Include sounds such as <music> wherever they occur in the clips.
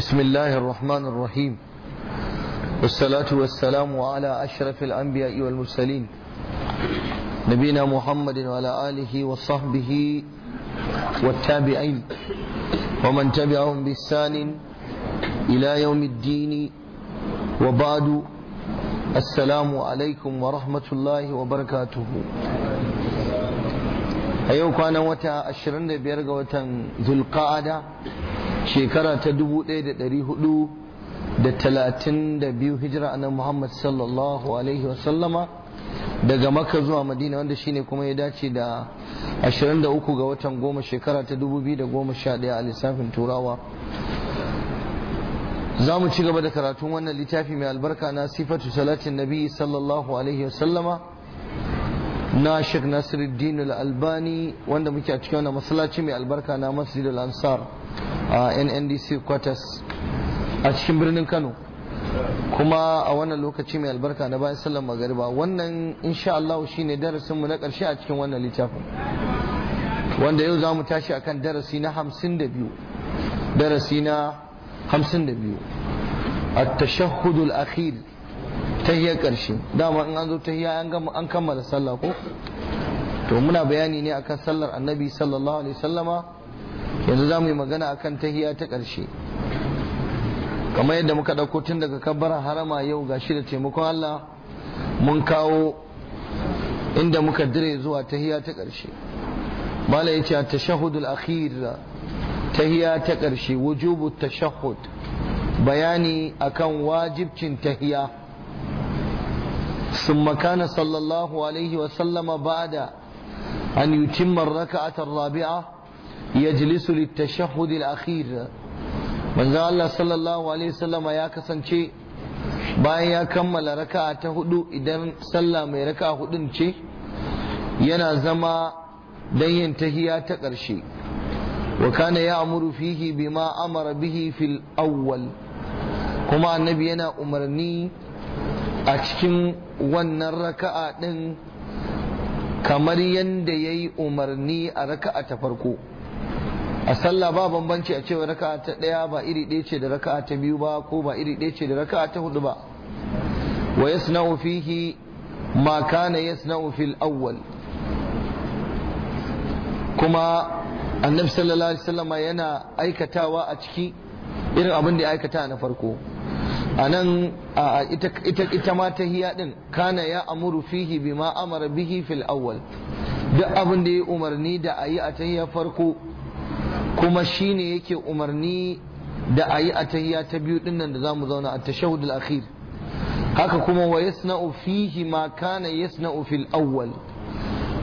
بسم الله الرحمن الرحيم والصلاة والسلام على أشرف الأنبياء والمرسلين نبينا محمد وعلى آله وصحبه والتابعين ومن تبعهم بإحسان إلى يوم الدين وبعد السلام عليكم ورحمة الله وبركاته أيوك أنا وتا أشرن بيرغ وتا ذو القعدة shekara ta 1432 hijira annabi Muhammad sallallahu alaihi wasallama daga maka zuwa Madina wanda shine kuma ya dace da 23 ga watan goma shekara ta 2011 a lissafin Turawa za mu ci gaba da karatun wannan littafi mai albarka na sifatu salatin nabi sallallahu alaihi wasallama na Sheikh Nasiruddin Al-Albani wanda muke a cikin wannan masallaci mai albarka na Al Ansar a nndc quarters a cikin birnin kano kuma a wannan lokaci mai albarka na bayan sallar magariba wannan insha Allah ne darasinmu na ƙarshe a cikin wannan littafin wanda yau za mu tashi akan darasi na hamsin da biyu darasi na hamsin da biyu a tashahudul akhir hiyar ƙarshe dama in an zo ta hiyar an kammala sallah ko to muna bayani ne akan sallar annabi sallallahu alaihi sallama yanzu za mu yi magana kan tahiya ta ƙarshe kamar yadda muka ɗauko tun daga kabbarar harama yau ga shi da taimakon Allah mun kawo inda muka dire zuwa tahiya ta ƙarshe bala ya ce a tashahudul akhir tahiya ta ƙarshe wujubu tashahud bayani akan wajibcin tahiya makana sallallahu alaihi الله عليه وسلم بعد أن يتم الركعة rabi'a. yajlisu litashahhud al-akhir manzo Allah sallallahu alaihi wasallam ya kasance bayan ya kammala raka'a ta hudu idan sallah mai raka'a hudun ce yana zama dan yin tahiya ta ƙarshe wakana ya ya'muru fihi bima amara bihi fil awwal kuma annabi yana umarni a cikin wannan raka'a ɗin kamar yadda ya yi umarni a raka'a ta farko a sallah ba bambanci a cewa raka'a ta ɗaya ba iri ɗaya ce da raka'a ta biyu ba ko ba iri ɗaya ce da raka'a ta hudu ba wa yasna'u fihi ma kana yasna'u fil awwal kuma annabi sallallahu alaihi salama yana aikatawa a ciki irin abin da ya aikata na farko a nan ita ma ta hiya din kana ya amuru fihi bima amara bihi fil awwal duk abin da ya umarni da a yi a ta farko kuma shine yake umarni da a yi tahiya ta biyu nan da zamu zauna a tashahudul akhir haka kuma wa yasna'u fihi ma kana yasna'u fil awwal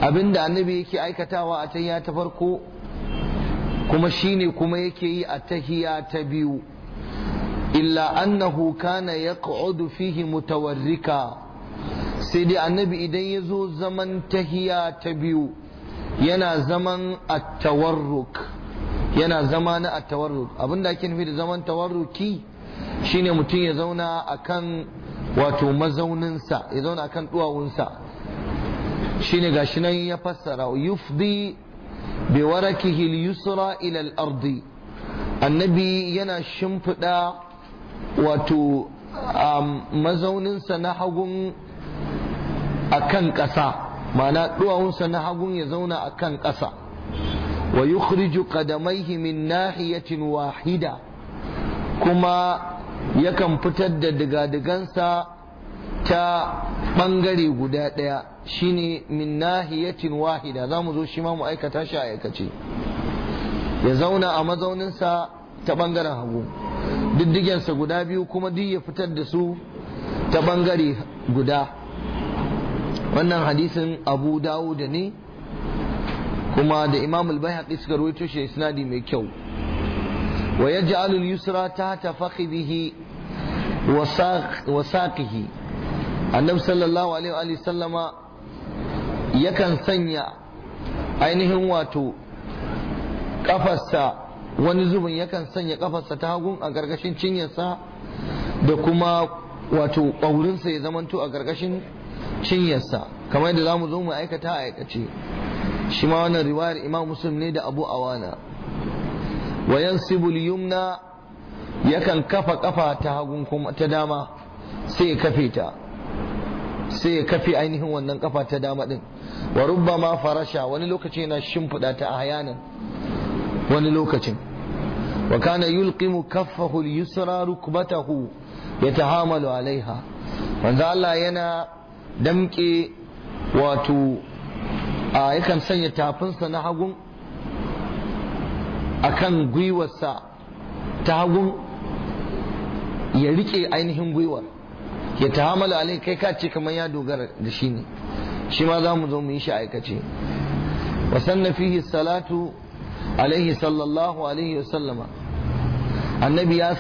abinda annabi yake aikatawa a tahiya ta farko kuma shine kuma yake yi a tahiya ta biyu illa annahu kana yaq'udu fihi mutawarrika sai dai annabi idan ya zo zaman tahiya ta biyu yana zaman at-tawarruk yana zama na at-tawarruk abinda ake nufi da zaman tawarruki shine mutum ya zauna akan wato mazauninsa ya zauna akan duwawunsa shine gashi nan ya fassara yufdi bi warakihi al-yusra ila al-ardi annabi yana shimfida wato um, mazauninsa na hagun akan ƙasa ma'ana duwawunsa na hagun ya zauna akan ƙasa wa yukhriju qadamaihi min nahiyatin wahida kuma yakan fitar da digadigansa ta bangare guda daya shine min nahiyatin wahida za mu zo shi ma mu aikata shi a ce. ya zauna a mazauninsa ta bangaren hagu diddigensa guda biyu kuma duk ya fitar da su ta bangare guda wannan hadisin abu dawo da ne kuma da imam al-bayhaqi suka rawaito shi isnadi mai kyau wa yaj'alu al-yusra tahta fakhidhihi wa saqihi annabi sallallahu alaihi wa sallama yakan sanya ainihin wato kafarsa wani zubin yakan sanya kafarsa ta hagun a gargashin cinyarsa da kuma wato ƙaurinsa ya zamanto a gargashin cinyarsa kamar yadda za mu zo mu aikata a aikace shi ma wannan riwayar imam muslim ne da abu awana Wayan sibul yumna yakan kafa kafa ta hagun kuma ta dama sai ya kafe ta sai ya kafe ainihin wannan kafa ta dama din wa rubbama farasha wani lokaci yana shimfiɗa ta a hayanan wani lokacin wa kana yulqimu kaffahu al-yusra rukbatahu yatahamalu alaiha manzo Allah yana damke wato a yakan sanya tafinsa na hagun akan gwiwarsa ta hagun ya rike ainihin gwiwar ya tahammala alai kai ka ce kamar ya dogara da shi ne shi ma za mu zo mu yi shi aikace wasanna fihi salatu alaihi sallallahu alaihi wasallama annabi ya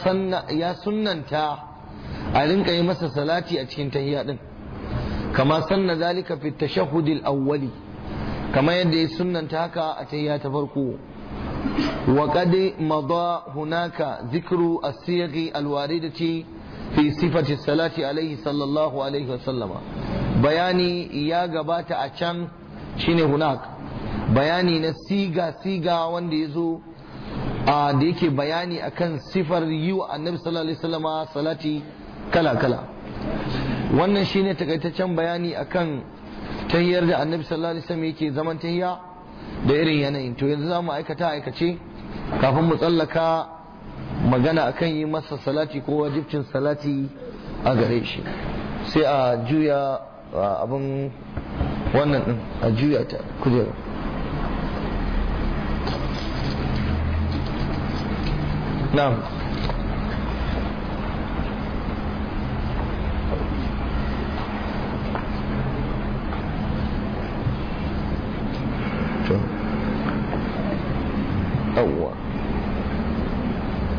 sunnanta a rinka yi masa salati a cikin tahiyya din kama sanna zalika fi tashahhud al-awwali kamar yadda ya sunanta haka a tayya ta farko wa qad maza hunaka dhikru as-siyaghi al-waridati fi sifati salati alaihi sallallahu alaihi wa sallama bayani ya gabata a can shine hunak bayani na siga siga wanda ya zo da yake bayani akan sifar yi wa annabi sallallahu alaihi wasallama salati kala kala wannan shine takaitaccen bayani akan tahiyar da annabi sallallahu alaihi wasallam yake zaman tahiya da irin yanayin to yanzu za mu aikata aikace kafin mu tsallaka magana akan yi masa salati ko wajibcin salati a gare shi sai a juya abin wannan din a juya ta kujera na'am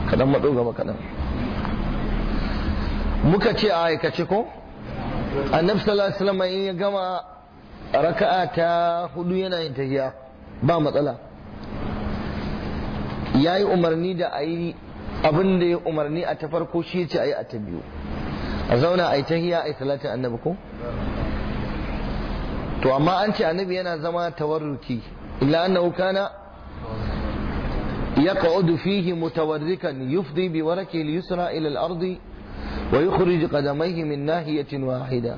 kaɗan matso gaba kaɗan muka ce a aikace ko annabi sallallahu alaihi wasallam in ya gama raka'a ta hudu yana yin tahiyya ba matsala ya umarni da ayi yi abin da ya umarni a ta farko shi ce a yi a ta biyu a zauna a yi ayi a salatin annabi ko to amma an ce annabi yana zama tawarruki illa annahu kana يقعد فيه متوركا يفضي بوركه اليسرى إلى الأرض ويخرج قدميه من ناحية واحدة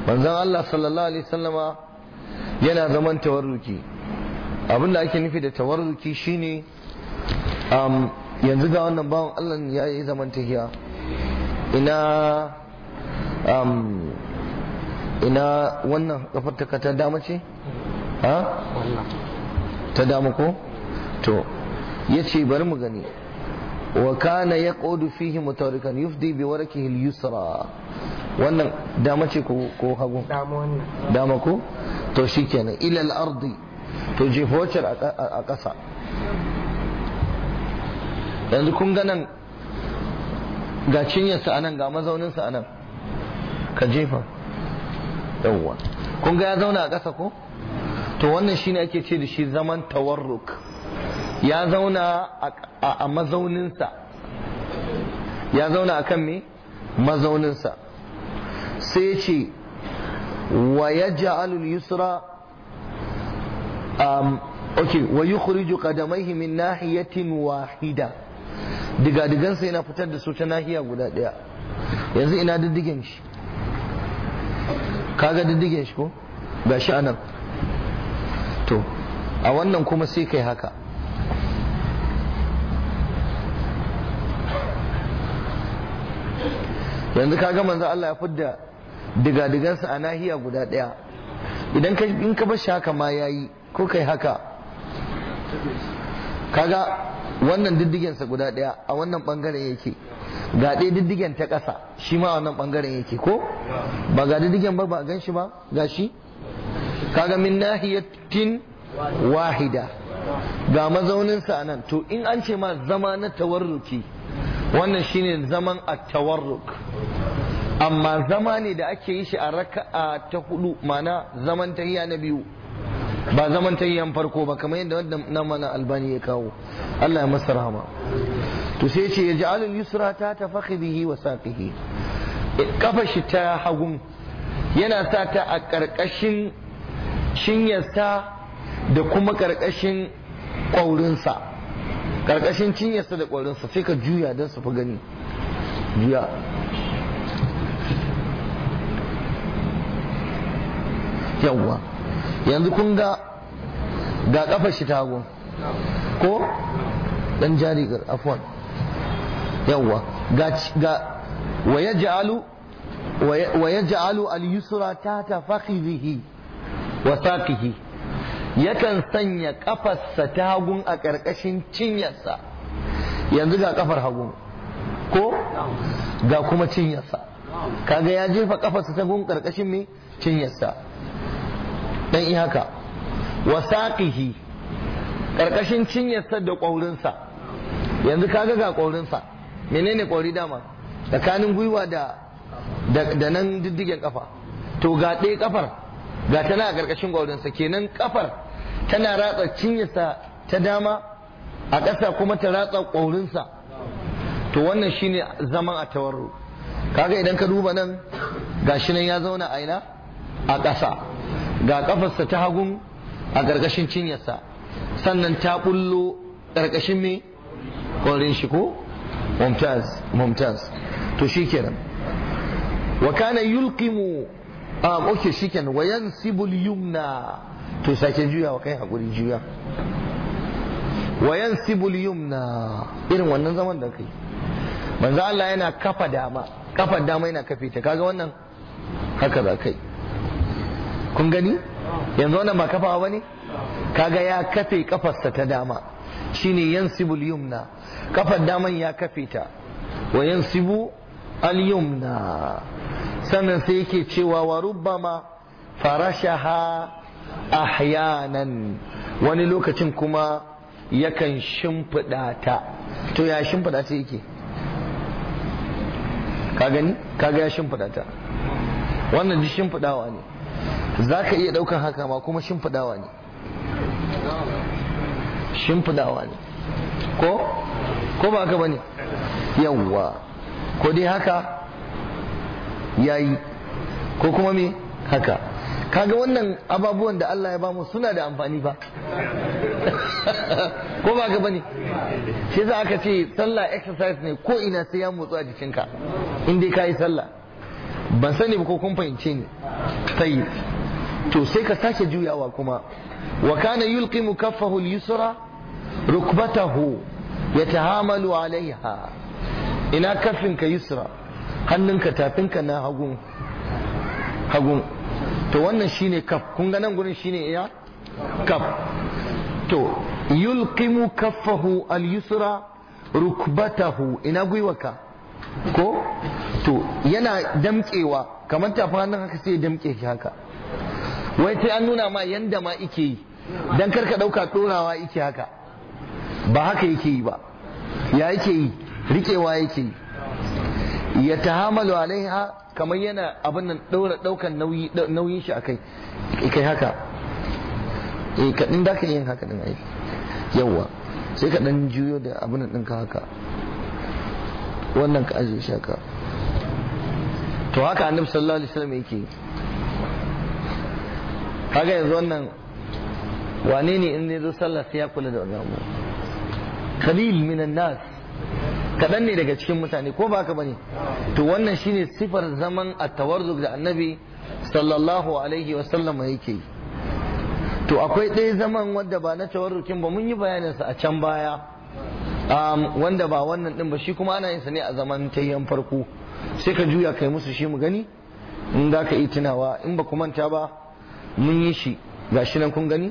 manzon Allah sallallahu alaihi sallama yana zaman tawarruki abinda ake nufi da tawarruki shine um, yanzu ga wannan bawan Allah ya yi zaman tahiya ina um, ina wannan kafar ta dama ce ha ta dama ko to ya ce bari mu gani wa kana ya ƙodu fihi mutarikan yufdi bi waraki yusra wannan dama ce ko hagu dama ko to shi kenan ilal ardi to jefa wacce a ƙasa yanzu kun ganan ga cinyarsa nan ga mazauninsa nan ka jefa yawwa kun ga ya zauna a ƙasa ko to wannan shine ake ce da shi zaman tawarruk ya zauna a mazauninsa ya zauna a kan me mazauninsa sai ya ce wa ya ja'alul yusra um, okay wa yukhriju qadamaihi min nahiyatin wahida diga digansa yana fitar da su ta nahiya guda daya yanzu ina diddigin shi kaga diddigin shi ko gashi anan to a wannan kuma sai kai haka yanzu ka kaga manzo Allah ya fidda digadigansa a nahiya guda daya idan ka in ka bashi haka ma yayi ko kai haka kaga wannan diddigensa guda daya a wannan bangaren yake ga ɗaya diddigen ta ƙasa shi ma a wannan bangaren yake ko ba ga diddigen ba ba gan shi ba ga shi kaga min nahiyatin wahida ga mazauninsa a nan to in an ce ma zama na tawarruki wannan shine zaman a tawarruk amma zama ne da ake yi shi a raka'a ta hudu mana zaman na biyu ba zaman tahiyan farko ba kamar yadda wannan nan mana albani ya kawo Allah ya masa rahama to sai ce ya ja'al al-yusra ta tafakhihi wa saqihi kafa shi ta hagun yana sa ta a ƙarƙashin shinyarsa da kuma ƙarƙashin ƙwaurinsa karkashin cinyarsa da ƙwarinsa sai ka juya don su fi gani juya yawwa yanzu kun ga ga ƙafa shi tago ko ɗan jarigar afwan yawwa ga ga wa yaj'alu wa al-yusra ta fakhidihi wa saqihi yakan sanya kafarsa ta hagun a ƙarƙashin cinyarsa yanzu ga kafar hagun ko ga kuma cinyarsa kaga ya jefa kafarsa ta hagun ƙarƙashin mai cinyarsa dan yi haka wasaqihi ƙarƙashin cinyarsa da ƙwaurinsa yanzu kaga ga ƙwaurinsa menene ƙwauri dama tsakanin gwiwa da da nan diddigen kafa to ga ɗaya kafar ga tana a ƙarƙashin gwaurinsa kenan kafar tana ratsa cinyarsa ta dama a ƙasa kuma ta ratsa ƙwaurinsa to wannan shine zaman a tawarru kaga idan ka duba nan shi nan ya zauna a ina a ƙasa ga ƙafarsa ta hagun a ƙarƙashin cinyarsa sannan ta ɓullo ƙarƙashin me ƙwaurin shi ko mumtaz mumtaz to shikenan wa kana yulqimu um, ok shiken wayan sibul yumna to sake juya wa kai hakuri juya wayan sibul yumna irin wannan zaman da kai manzo Allah yana kafa dama kafa dama yana kafe ta kaga wannan haka za kai kun gani yanzu wannan ba kafa ba ne kaga ya kafe kafarsa ta dama shine sibul yumna kafar daman ya kafe ta wa sibu al yumna sannan sai yake cewa wa rubbama farashaha ahyanan wani lokacin kuma yakan shimfida ta to ya shimfida ta yake ka gani kaga ya shimfida ta wannan ji shimfiɗawa ne za ka iya daukan haka ma kuma shimfiɗawa ne shimfiɗawa ne ko ko ba haka ba ne yawwa ko dai haka yayi ko kuma me haka kaga wannan ababuwan da Allah ya bamu suna da amfani ba? <laughs> ko ba gaba ne shi za aka ce sallah exercise ne ko ina sai ya motsu a jikinka in dai ka yi sallah ban sani ba ko kun fahimce ni yi. to sai ka sake juyawa kuma wa kana yulqi mukaffahu al-yusra rukbatahu yatahamalu alaiha ina kafin ka yusra hannunka tafinka na hagun hagun to wannan shine kaf kun ga nan gurin shine iya kaf to yulqimu kaffahu al-yusra rukbatahu ina gwiwaka ko to yana damkewa kamar tafi hannun haka sai damke shi haka wai sai an nuna ma yanda ma ike yi dan karka dauka dorawa ike haka ba haka yake yi ba ya yake yi rikewa yake yi ya tahamalu alaiha kamar yana abin nan ɗaukan nauyin shi a kai haka eh ka din da ka yin haka din ai yawa sai ka juyo da abin nan ka haka wannan ka ajiye shi haka to haka annabi sallallahu alaihi wasallam yake kaga yanzu wannan wane ne in ne zo sallah sai ya kula da wannan khalil minan nas kaɗan ne daga cikin mutane ko ba ka bane to wannan shine sifar zaman a tawarruk da annabi sallallahu alaihi wa sallama yake yi to akwai ɗaya zaman wanda ba na tawarrukin ba mun yi bayaninsa a can baya um, wanda ba wannan ɗin ba shi kuma ana yin sa ne a zaman tayyan farko sai ka juya kai musu shi mu gani in za ka yi tunawa in ba ku manta ba mun yi shi ga shi nan kun gani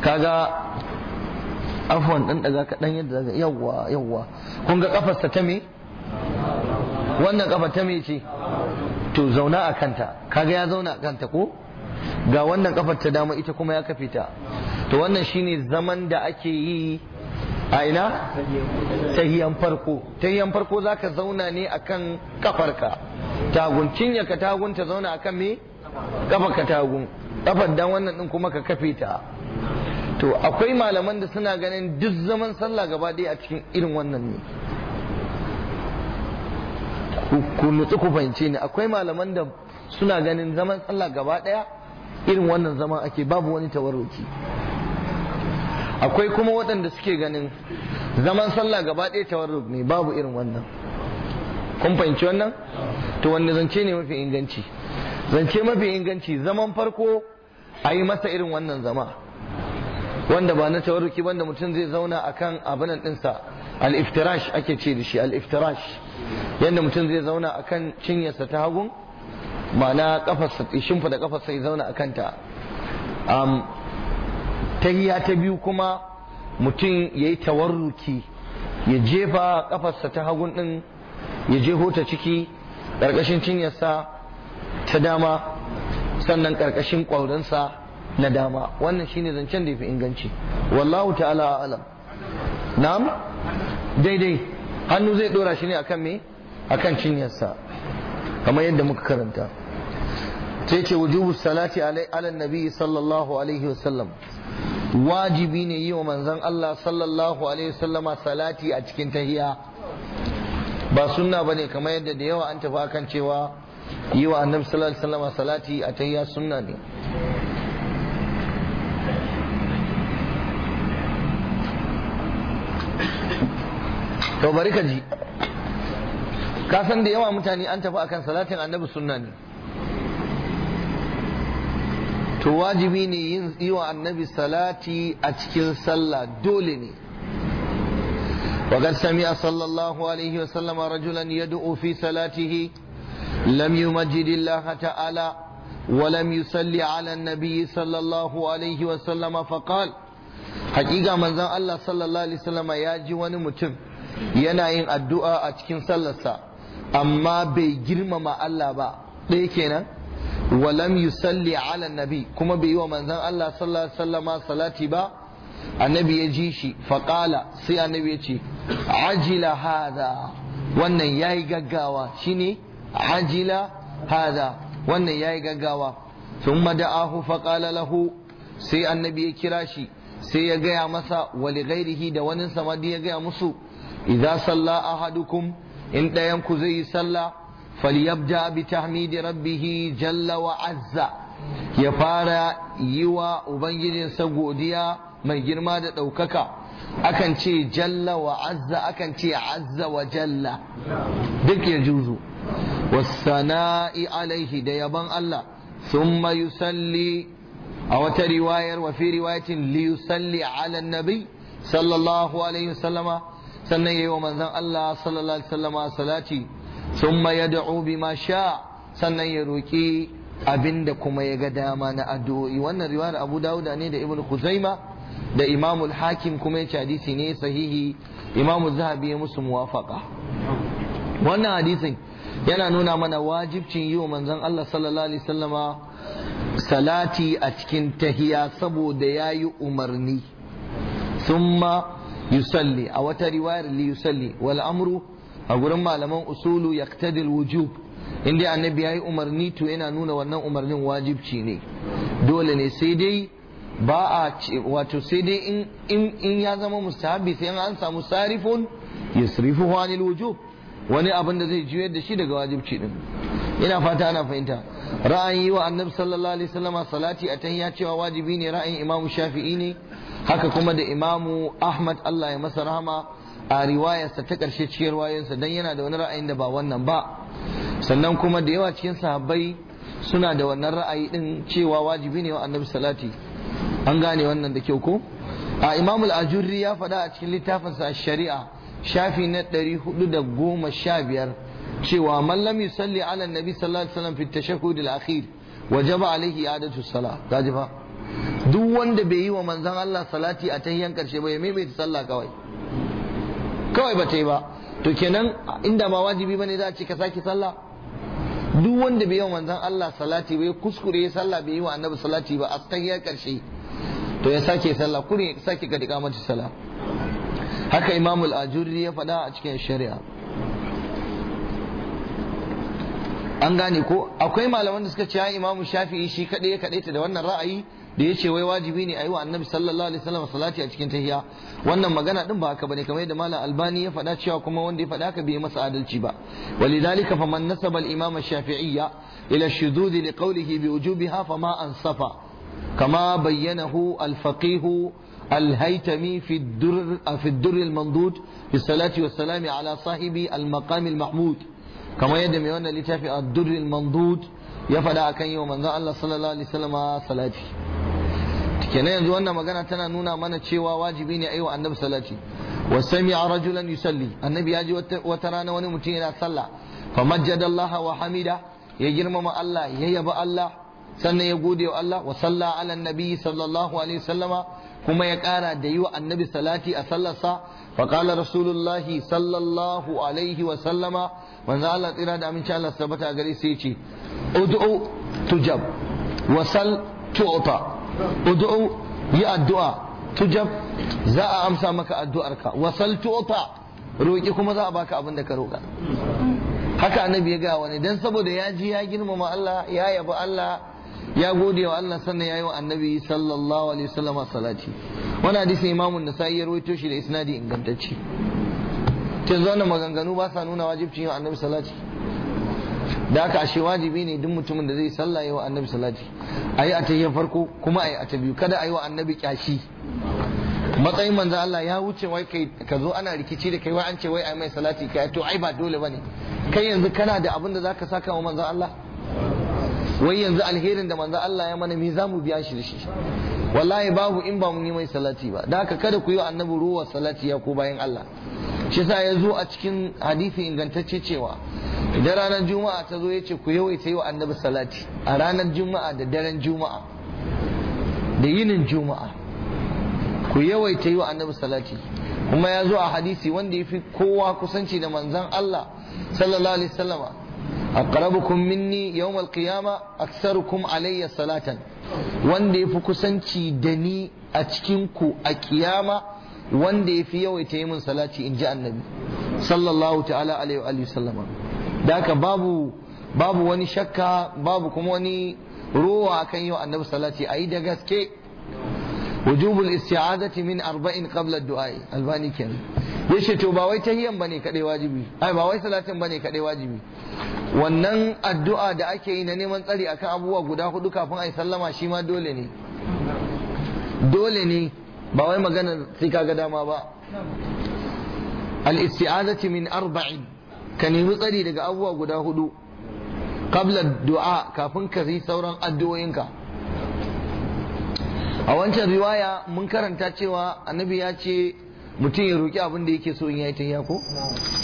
kaga afwan dan daga ka dan yadda zaka yawwa yawwa kun ga kafar ta me wannan kafar ta me ce to zauna a kanta kaga ya zauna a kanta ko ga wannan kafar ta dama ita kuma ya kafe ta to wannan shine zaman da ake yi a ina tahiyan farko tahiyan farko zaka zauna ne akan ka tagun ka tagun ta zauna akan me ka tagun kafar dan wannan din kuma ka kafe ta to akwai malaman da suna ganin duk zaman sallah gaba ɗaya a cikin irin wannan ne ku nutsu ku fahimce ni akwai malaman da suna ganin zaman sallah gaba ɗaya irin wannan zaman ake babu wani tawarruki akwai kuma waɗanda suke ganin zaman sallah gaba ɗaya tawarruk ne babu irin wannan kun fahimci wannan to wanne zance ne mafi inganci zance mafi inganci zaman farko a yi masa irin wannan zama wanda ba na tawarruki wanda mutum zai zauna akan abin ɗinsa al-iftirash ake ce da shi al-iftirash yanda mutum zai zauna akan cinyarsa ta hagun ma'ana kafarsa da kafarsa ya zauna akan ta um, ya ta biyu kuma mutum ya yi tawarruki ya jefa kafarsa ta hagun ɗin ya jeho ta ciki ƙarƙashin cinyarsa ta dama sannan ƙarƙashin ƙwaurinsa na dama wannan shine zancen da yafi inganci wallahu ta'ala alam na'am daidai hannu zai dora shi ne akan me akan cinyarsa kamar yadda muka karanta sai ce wujubu salati ala nabi sallallahu alaihi wasallam wajibi ne yi wa manzon Allah sallallahu alaihi wasallama salati a cikin tahiya ba sunna bane kamar yadda da yawa an tafi akan cewa yi wa annabi sallallahu alaihi wasallama salati a tahiya sunna ne to bari ka ji ka san da yawa mutane an tafi akan salatin annabi sunna ne to wajibi ne yin yi wa annabi salati a cikin sallah dole ne وقد سمع صلى الله عليه وسلم رجلا يدعو في صلاته لم يمجد الله تعالى ولم يصلي على النبي صلى الله عليه وسلم فقال حقيقة من ذا الله صلى الله عليه وسلم ياجي ونمتم yana yin addu'a a cikin sallarsa amma bai girmama Allah ba ɗaya kenan walam yusalli ala nabi kuma bai yi wa manzon Allah sallama salati ba annabi ya ji shi faƙala sai annabi ya ce ajila hada wannan ya yi gaggawa shi ne ajila hada wannan ya yi gaggawa sun da'ahu faƙala lahu sai annabi ya kira shi sai ya gaya masa wali gairihi da wani samadi ya gaya musu idza salla ahadukum in ɗayan ku zai yi sallah falyabda bi tahmidi rabbih jalla wa azza ya fara yiwa ubangijinsa godiya mai girma da ɗaukaka akan ce jalla wa azza akan ce azza wa jalla duk ya juzu wasana'i alaihi da yaban Allah thumma yusalli a wata riwayar wa fi riwayatin li yusalli nabi sallallahu alaihi wasallama sannan yayi wa manzon Allah sallallahu alaihi wasallama salati thumma yad'u bima sha sannan ya roki abinda kuma ya ga dama na addu'o'i wannan riwayar Abu Dawuda ne da Ibn Khuzaima da Imam al-Hakim kuma ya hadisi ne sahihi Imam Zahabi ya musu muwafaqa wannan hadisin yana nuna mana wajibcin yi wa manzon Allah sallallahu alaihi wasallama salati a cikin tahiya saboda yayi umarni Suma. yusalli a wata riwayar li yusalli wal amru a gurin malaman usulu yaqtadi al wujub inda annabi yayi umarni to yana nuna wannan umarnin wajibci ne dole ne sai dai ba a wato sai dai in in ya zama mustahabi sai an samu sarifun yasrifuhu anil wujub wani abin da zai juyar da shi daga wajibci din ina fata ana fahimta ra'ayin wa annabi sallallahu alaihi wasallama salati a ya cewa wajibi ne ra'ayin imamu shafi'i ne haka kuma da imamu ahmad allah ya masa rahama a riwayarsa ta karshe cikin riwayarsa don yana da wani ra'ayin da ba wannan ba sannan kuma da yawa cikin sahabbai suna da wannan ra'ayi din cewa wajibi ne wa annabi salati an gane wannan da kyau ko a imamul ajurri ya faɗa a cikin littafinsa shari'a shafi na ɗari hudu da goma sha biyar cewa mallam yusalli ala nabi sallallahu alaihi wasallam fi tashahhud al-akhir wajaba alaihi i'adatu salah ji fa. duk wanda bai yi wa manzan Allah salati a tahiyan karshe ba ya maimaita sallah kawai kawai ba ta yi ba to kenan inda ba wajibi bane za a ce ka saki sallah duk wanda bai yi wa manzan Allah salati bai kuskure ya sallah bai yi wa annabi salati ba a tahiyan karshe to ya sake sallah kuri sake ka dika mata sallah haka imamul ajuri ya faɗa a cikin shari'a an gane ko akwai malaman da suka ce ya imamu shafi'i shi kaɗai ya kaɗaita da wannan ra'ayi da yace wai wajibi ne ayi wa annabi sallallahu alaihi wasallam salati a cikin tahiyya wannan magana din ba haka bane kamar yadda malam albani ya faɗa cewa kuma wanda ya faɗa haka bai masa adalci ba walidhalika faman nasaba al-imam ash-shafi'iyya ila shudud li qawlihi liqawlihi biwujubiha fama ansafa kama bayyanahu al-faqih الهيتمي في الدر في الدر المنضود بالصلاة والسلام على صاحب المقام المحمود كما يدمي أن لتافي الدر المنضود ya faɗa akan yau manzon Allah sallallahu alaihi wasallam salati yanzu wannan magana tana nuna mana cewa wajibi ne aiwa annabi salati wa sami'a rajulan yusalli annabi ya ji wata rana wani mutum yana sallah fa majjada Allah wa hamida ya girmama Allah ya yaba Allah sannan ya gode wa Allah wa salla ala nabi sallallahu alaihi wasallama kuma ya ƙara da yi wa annabi salati a sallarsa faƙala rasulullahi sallallahu alaihi wa sallama manzo Allah tsira da amince Allah sabata a gare sai ce ud'u tujab wasal tu'ta ud'u yi addu'a tujab za a amsa maka addu'arka wasal tu'ta roƙi kuma za a baka abin da ka roƙa haka annabi ya ga wani dan saboda ya ji ya girmama Allah ya yabi Allah ya gode wa Allah sannan yayi wa annabi sallallahu alaihi wasallam salati wannan hadisi imamun nasa'i ya rawaito shi da isnadi ingantacce ta zana maganganu ba sa nuna wajibcin wa annabi salati da aka ashe wajibi ne duk mutumin da zai sallaye wa annabi salati ayi a ta farko kuma ayi a ta biyu kada ayi wa annabi kyashi matsayin manzo Allah ya wuce wai kai ka zo ana rikici da kai wai an ce wai ai mai salati kai to ai ba dole bane kai yanzu kana da abin da zaka saka wa manzo Allah wai yanzu alherin da manzo Allah ya mana za mu biya shi da shi wallahi babu in ba mun yi mai salati ba da haka kada ku yi annabi ruwa salati ya ko bayan Allah shi sa ya zo a cikin hadisi ingantacce cewa Da ranar juma'a ta zo ya ce ku yawaita yi wa annabi salati a ranar juma'a da daren juma'a da yinin juma'a ku yawaita yi wa annabi salati kuma ya zo a hadisi wanda ya fi kowa kusanci da manzan Allah sallallahu alaihi wasallama aqrabukum minni yawm al-qiyama aktharukum alayya salatan wanda yafi kusanci da ni a cikin ku a kiyama wanda yafi yawaita yi min salati in ji annabi sallallahu ta'ala alaihi wa alihi sallama da haka babu babu wani shakka babu kuma wani ruwa akan yau annabi salati ayi da gaske al istiadati min arba'in qabla du'ai albani kenan yace to ba wai tahiyyan bane kade wajibi ai ba wai salatin bane kadai wajibi wannan addu'a da ake yi na neman tsari akan abubuwa guda hudu kafin ai sallama shi ma dole ne dole ne ba wai magana sai kaga dama ba al istiadati min arba'in ka nemi tsari daga abubuwa guda hudu qabla du'a kafin ka yi sauran addu'o'inka a wancan riwaya mun karanta cewa annabi ya ce mutum ya roƙi abin da yake so in yayi tahiya ko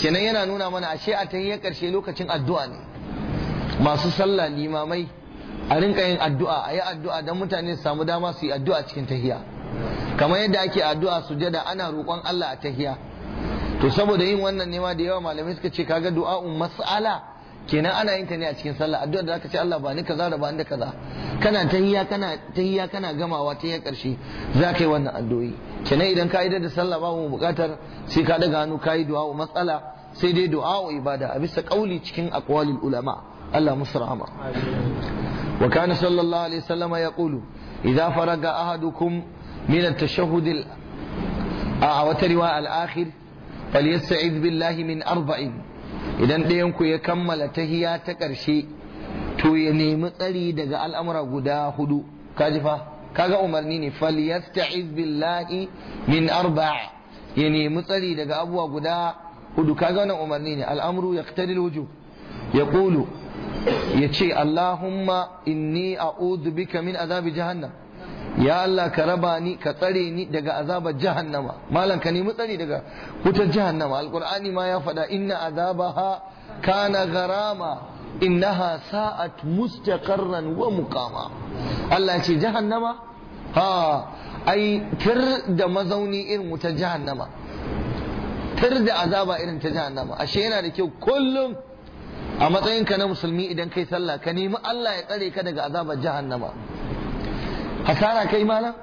kenan yana nuna mana ashe a tahiyyar karshe lokacin addu'a ne masu sallah limamai a rinka yin addu'a a yi addu'a don mutane su samu dama su yi addu'a cikin tahiya kamar yadda ake addu'a su jada, ana roƙon Allah a tahiya to saboda yin wannan nema da yawa malamai suka ce kaga du'a'un mas'ala kenan ana yin ta ne a cikin sallah addu'a da zaka ce Allah ba ni kaza da ba ni kaza kana tahiyya kana tahiyya kana gamawa tahiyya karshe zaka yi wannan addu'o'i kenan idan ka idar da sallah babu mu bukatar sai ka daga hannu ka yi wa matsala sai dai du'a ibada a bisa kauli cikin aqwalil ulama Allah musu rahama wa kana sallallahu alaihi wasallam yaqulu idza faraga ahadukum min at-tashahhud a wata riwaya al-akhir falyasta'id billahi min arba'in idan ɗayanku ya kammala tahiya ta ƙarshe to ya nemi tsari daga al'amura guda hudu kaga umarni ne falyasta'iz billahi min arba'a ya nemi tsari daga abubuwa guda hudu kaga wannan umarni ne al'amru yaqtadi al ya yaqulu yace allahumma inni a'udhu bika min azabi jahannam ya Allah ka raba ni ka tsare ni daga azabar jahannama malam ka nemi tsare daga wutar jahannama alkur'ani ma ya faɗa inna azabaha kana Inna innaha sa'at mustaqarran wa muqama Allah ce jahannama ha ai tir da mazauni irin wutar jahannama tir da azaba irin ta jahannama ashe yana da kyau kullum a matsayinka na musulmi idan kai sallah ka nemi Allah ya tsare ka daga azabar jahannama hasara kai malam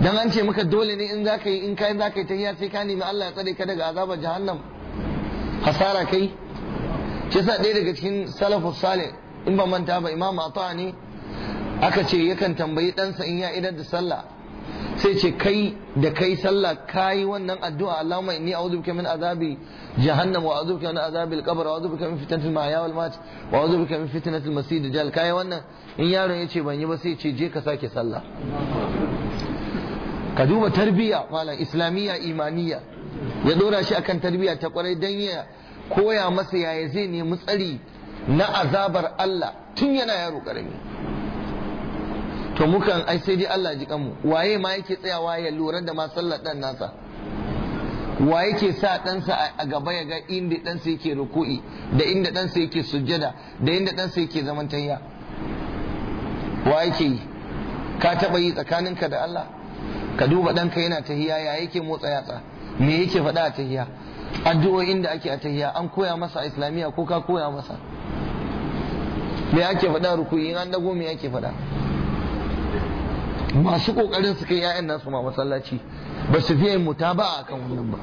dan an ce maka dole ne in zaka yi in kai zaka yi ta sai ka nemi Allah ya tsare ka daga azabar jahannam hasara kai shi sa ɗaya daga cikin salafus salih in ba manta ba imam ata ne aka ce yakan tambayi ɗansa in ya idar da sallah sai ce kai da kai sallah kayi wannan addu'a Allahumma inni a'udhu bika min azabi jahannam wa a'udhu bika min azabi al-qabr wa a'udhu bika min fitnatil mahya wal mamat wa a'udhu bika min fitnatil masih dajjal kayi wannan in yaron yace ban yi ba sai ce je ka sake sallah ka duba tarbiyya malam islamiyya imaniya ya dora shi akan tarbiyya ta kwarai dan ya koya masa yaya zai nemi tsari na azabar Allah tun yana yaro karami to mukan ai sai dai Allah ji kanmu waye ma yake tsayawa ya lura da ma sallar dan nasa wa yake sa ɗansa a gaba ya ga inda ɗansa yake ruku'i da inda ɗansa yake sujjada da inda ɗansa yake zaman tayya wa yake yi ka taɓa yi tsakaninka da Allah ka duba ɗanka yana tahiya ya yake motsa yatsa me yake faɗa a tahiya addu'o'in da ake a tahiya an koya masa a islamiyya ko ka koya masa me yake faɗa ruku'i in an dago me yake faɗa masu kokarin su kai nasu ma masallaci ba su fiye mutaba'a kan wannan ba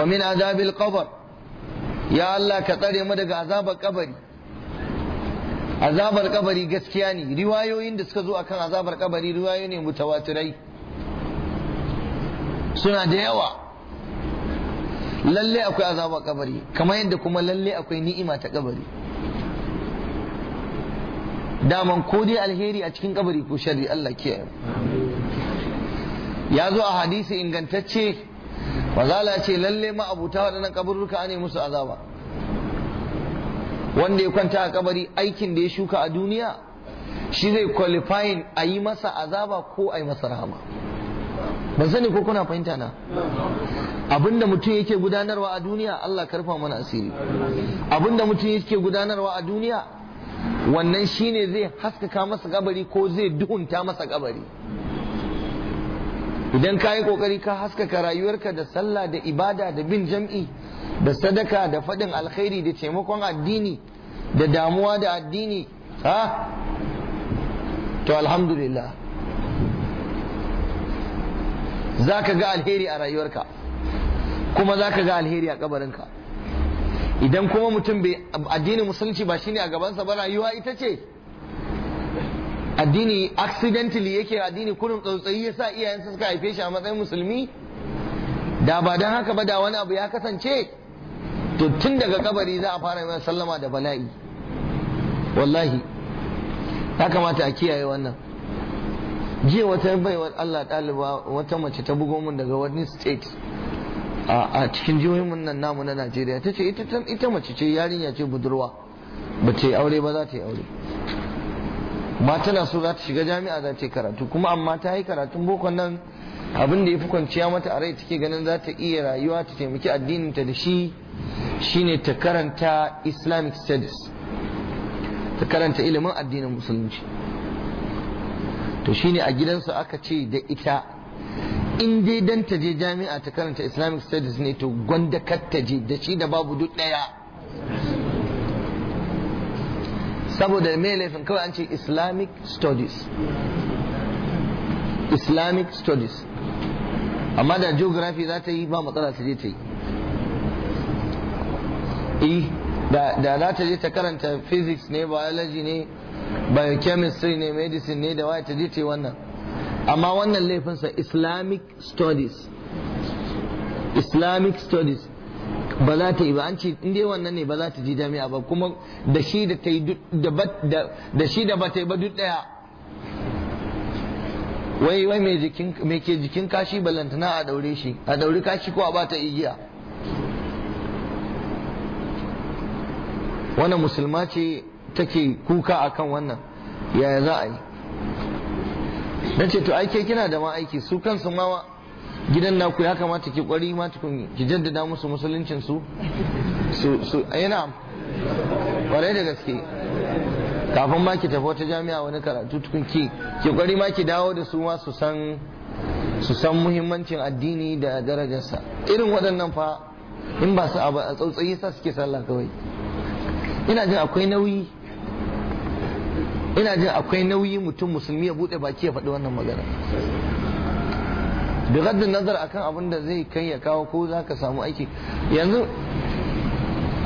wa min azabil qabr ya Allah ka tsare mu daga azabar kabari azabar kabari gaskiya ne riwayoyin da suka zo akan azabar kabari riwayoyi ne mutawatirai suna da yawa lalle akwai azabar kabari kamar yadda kuma lalle akwai ni'ima ta kabari daman ko dai alheri a cikin kabari ko shari Allah kiyaye ya zo a hadisi ingantacce la ce lalle ma abuta waɗannan kaburruka ne musu azaba wanda ya kwanta a kabari aikin da ya shuka a duniya shi zai kwalifayin a yi masa azaba ko a yi masa rahama ban sani ko kuna fahimta na abinda mutum yake gudanarwa a duniya Allah karfa mana asiri abinda mutum yake gudanarwa a duniya wannan shi ne zai haskaka masa kabari ko zai duhunta masa kabari idan ka yi kokari ka haskaka rayuwarka da sallah da ibada da bin jam'i da sadaka da faɗin alkhairi da taimakon addini da damuwa da addini ha to alhamdulillah za ka ga alheri a rayuwarka kuma za ka ga alheri a kabarinka idan kuma mutum bai addinin musulunci ba ne a gabansa ba rayuwa ita ce addini accidentally yake addini kurin tsautsayi sa iyayensa suka haife shi a matsayin musulmi da ba don haka ba da wani abu ya kasance to tun daga kabari za a fara yi sallama da bala'i wallahi ya kamata a kiyaye wannan jiya wata baiwar Allah ɗaliba wata mace ta bugo mun daga wani state a cikin jihohin nan namu na Najeriya ta ce ita mace ce yarinya ce budurwa ba ta yi aure ba za ta yi aure ba tana so za ta shiga jami'a za ta yi karatu kuma amma ta yi karatun boko nan abinda da ya fi kwanciya mata a rai take ganin za ta iya rayuwa ta taimaki addinin ta da shi shine ta karanta islamic studies ta karanta ilimin addinin musulunci to shine a gidansu aka ce da ita in dai dan ta je jami'a ta karanta islamic studies ne to gwanda kar ta je da shi da babu duk daya saboda mai laifin kawai an ce islamic studies islamic studies amma da geography za ta yi ba matsala ta je ta yi eh, da za ta je ta karanta physics ne biology ne biochemistry ne medicine ne da waya ta je ta yi wannan amma wannan laifinsa islamic studies islamic studies ba za ta yi ba an ce in dai wannan ne ba za ta ji jami'a ba kuma da shi da ta yi da shi da ba ta yi ba duk daya wai wai mai jikin mai ke jikin kashi balantana a daure shi a daure kashi ko a ba ta igiya wannan musulma ce take kuka akan wannan yaya za a yi na ce to ai kina da ma aiki su kansu ma gidan naku ya kamata ki kwari ma tukun ki jaddada musu musuluncin su su su yana eh, kwarai da gaske kafin ma ki tafi wata jami'a wani karatu tukun ki ki kwari ma ki dawo da su ma su san su san muhimmancin addini da darajarsa irin waɗannan fa in ba su a tsautsayi sa suke sallah kawai ina jin akwai nauyi ina jin akwai nauyi mutum musulmi ya bude baki ya faɗi wannan magana da gaddin nazar akan abin da zai kai ya kawo ko za ka samu aiki yanzu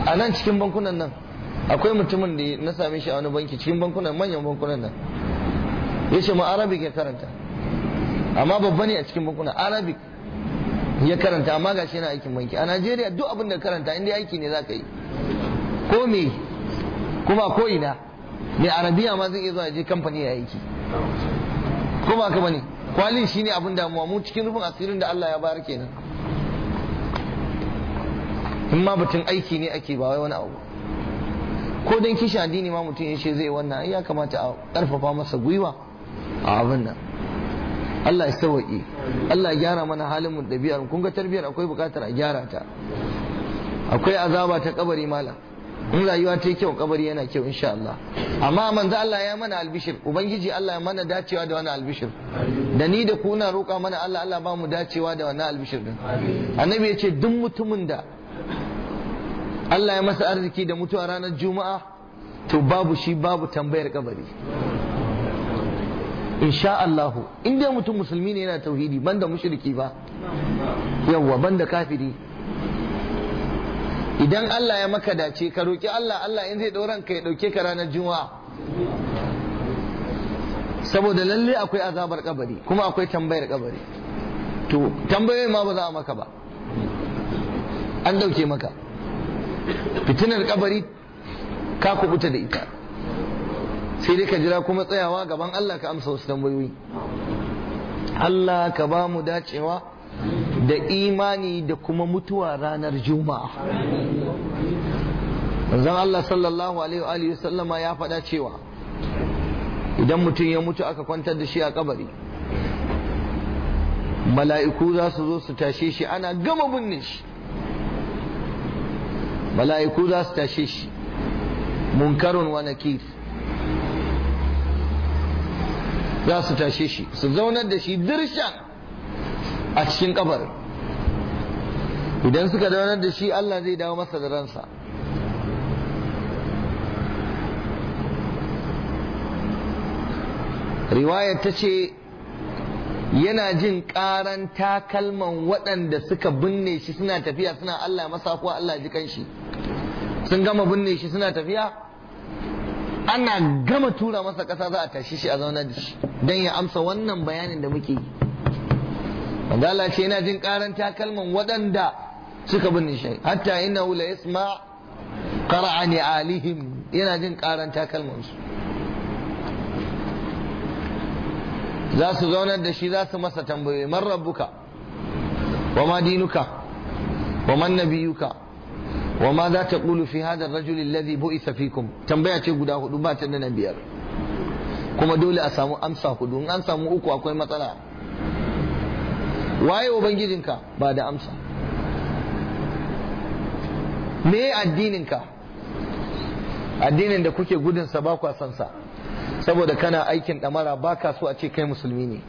a nan cikin bankunan nan akwai mutumin da na same shi a wani banki cikin bankunan manyan bankunan nan ya ce ma arabic ya karanta amma babba ne a cikin bankunan arabic ya karanta amma ga shi yana aikin banki a najeriya duk abin da karanta inda aiki ne za ka yi ko me kuma ko ina mai arabiya ma zai iya zuwa je kamfani ya aiki ko ba ka bane kwalin ne abin damuwa mu cikin rufin asirin da Allah ya bayar kenan in ma batun aiki ne ake ba wai wani abu ko dan kishi addini ma mutum yace zai wannan ya kamata a karfafa masa gwiwa a abin nan Allah ya sauwaƙe Allah ya gyara mana halin mu ɗabi'ar kun ga tarbiyar akwai buƙatar a gyara ta akwai azaba ta kabari malam in rayuwa ta yi kyau kabari yana kyau insha Allah amma manzo Allah ya mana albishir ubangiji Allah ya mana dacewa da wani albishir da ni da ku na roƙa mana Allah Allah ba mu dacewa da wannan albishir din annabi ya ce duk mutumin da Allah ya masa arziki da mutuwa ranar juma'a to babu shi babu tambayar kabari insha Allah in dai mutum musulmi ne yana tauhidi banda mushriki ba yawa banda kafiri idan Allah ya maka dace ka roki Allah Allah in zai ɗauran ka ya ɗauke ka ranar juma'a saboda lalle akwai azabar kabari kuma akwai tambayar kabari to tambayoyi ma ba za a maka ba an dauke maka fitinar kabari ka kubuta da ita sai dai ka jira kuma tsayawa gaban Allah ka amsa wasu tambayoyi Allah ka ba mu dacewa da imani da kuma mutuwa ranar juma'a manzon Allah sallallahu alaihi wa sallama ya faɗa cewa idan mutum ya mutu aka kwantar da shi a kabari mala'iku za su zo su tashe shi ana gama binne shi mala'iku za su tashe shi munkarun wa nakir za su tashe shi su zaunar da shi dirshan a cikin ƙafar idan suka daunar da shi Allah zai dawo masa da ransa riwaya ta ce yana jin karan takalman waɗanda suka binne shi suna tafiya suna Allah masa ko Allah ji kanshi sun gama binne shi suna tafiya ana gama tura masa ƙasa za a tashi shi a zauna da shi don ya amsa wannan bayanin da muke yi manzala ce yana jin karan takalman waɗanda suka binne shi hatta innahu la yasma qara'ani alihim yana jin karan takalman su za su zaunar da shi za su masa tambayoyi man rabbuka wa ma dinuka wa man nabiyuka wa ma za ta ƙulu fi hadar rajuli alladhi bu'isa fikum tambaya ce guda hudu ba ta da na biyar kuma dole a samu amsa hudu in an samu uku akwai matsala waye ubangijinka ba da amsa me addininka addinin da kuke gudunsa ba kwa sansa saboda kana aikin ɗamara ba ka so a ce kai musulmi ne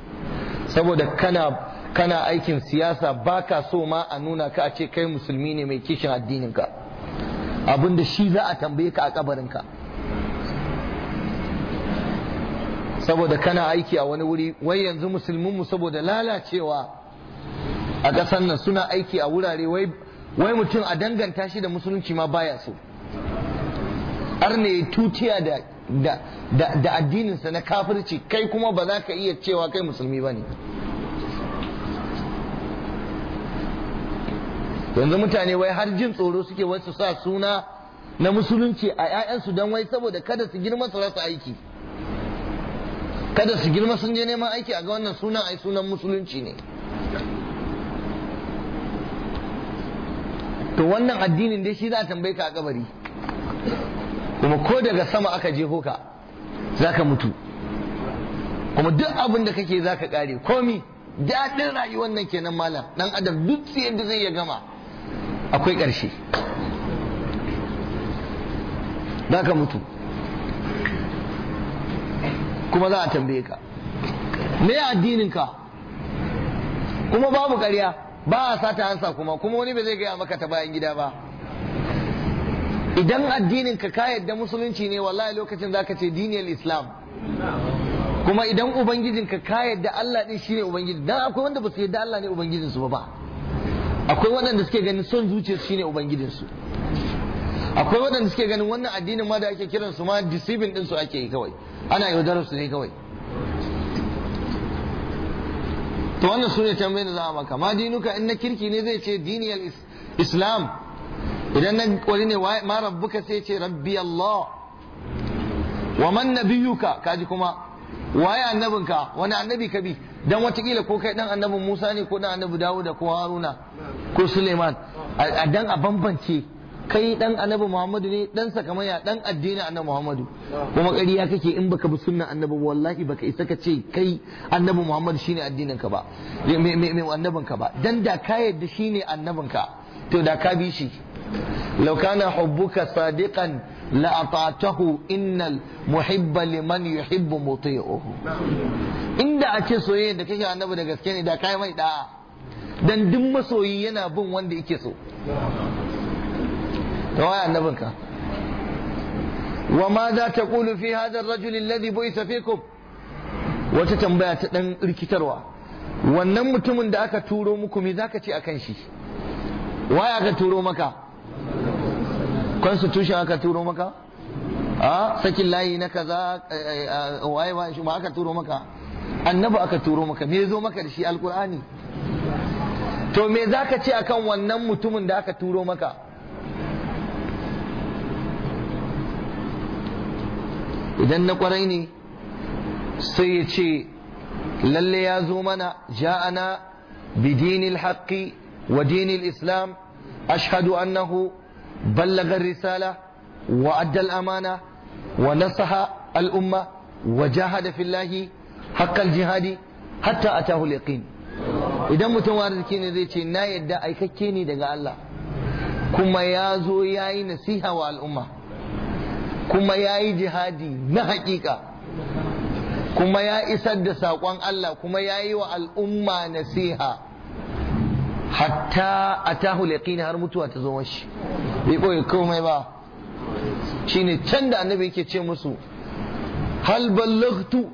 saboda kana kana aikin siyasa ba ka so ma a nuna ka a ce kai musulmi ne mai kishin addininka abinda shi za a tambaye ka a kabarinka saboda kana aiki a wani wuri wai yanzu musulminmu saboda lalacewa a ƙasar nan suna aiki a wurare wai mutum a danganta shi da musulunci ma baya so arne tutiya da addininsa na kafirci kai kuma ba za ka iya cewa kai musulmi ba ne yanzu mutane wai har jin tsoro suke wai su sa suna na musulunci a 'ya'yansu don wai saboda kada su girma su rasa aiki kada su girma sun je neman aiki a ga wannan sunan ai sunan musulunci ne to wannan addinin dai shi za a tambaye ka a kabari kuma ko daga sama aka je ka za ka mutu kuma duk abin da kake za ka kare komi daɗin rayuwar nan kenan malam ɗan adam duk tsayar da zai ya gama akwai ƙarshe za ka mutu kuma za a tambaye ka me ka kuma babu ƙarya ba a sata hansa kuma kuma wani ba zai gaya maka ta bayan gida ba idan addinin ka ka yadda musulunci ne wallahi lokacin zaka ce diniyar islam kuma idan ubangijin ka ka yadda Allah din shine ubangiji dan akwai wanda ba su yadda Allah ne ubangijin su ba ba akwai waɗanda suke ganin son zuciyar shine ubangijin su akwai waɗanda suke ganin wannan addinin ma da ake kiransu ma deceiving din su ake yi kawai ana yaudarar su ne kawai to wannan sune tambayin da za a maka dinuka in na kirki ne zai ce diniyal islam idan na kwari ne ma rabbuka sai ce rabbi Allah wa man nabiyuka kaji kuma waye annabinka wani annabi ka bi dan watakila ko kai dan annabin Musa ne ko dan annabi Dawud da ko Haruna ko Suleiman a dan a bambance kai dan annabi Muhammadu ne dan ya dan addini annabi Muhammadu kuma ƙarya kake in baka bi sunnan annabi wallahi baka isa ka ce kai annabi Muhammadu shine addinin ka ba me me annabin ka ba dan da ka yarda shine annabin ka to da ka bi shi law kana hubbuka sadiqan la ata'tahu innal muhibba liman yuhibbu muti'uhu inda a ce soyayya da kake annabi da gaske ne da kai mai da'a dan duk masoyi yana bin wanda yake so to wai annabinka wa ma za ta kulu fi hadar rajulin ladhi bu'itha fikum wata tambaya ta dan rikitarwa wannan mutumin da aka turo muku me zaka ce akan shi waye aka turo maka constitution aka turo maka sakin layi na kaza turo maka annabi aka turo maka me zo maka da shi alqur'ani to me zaka ce akan wannan mutumin da aka turo maka idan na kwarai ne sai ya ce lalle ya zo mana ja'ana bidinil dinil haqqi wa dinil islam ashhadu annahu ballaga risala wa adda amana wa nasaha al'umma wa jahada fillahi haqqa jihadi hatta atahu al-yaqin idan mutum arziki ne zai ce na yadda aikakke ne daga Allah kuma ya zo ya yi nasiha wa al'umma kuma ya yi jihadi na hakika kuma ya isar da saƙon Allah kuma ya yi wa al'umma nasiha hatta a tahul yaqini har mutuwa ta zo shi. bai ɓoye komai ba ne can da annabi yake ce musu hal ballaghtu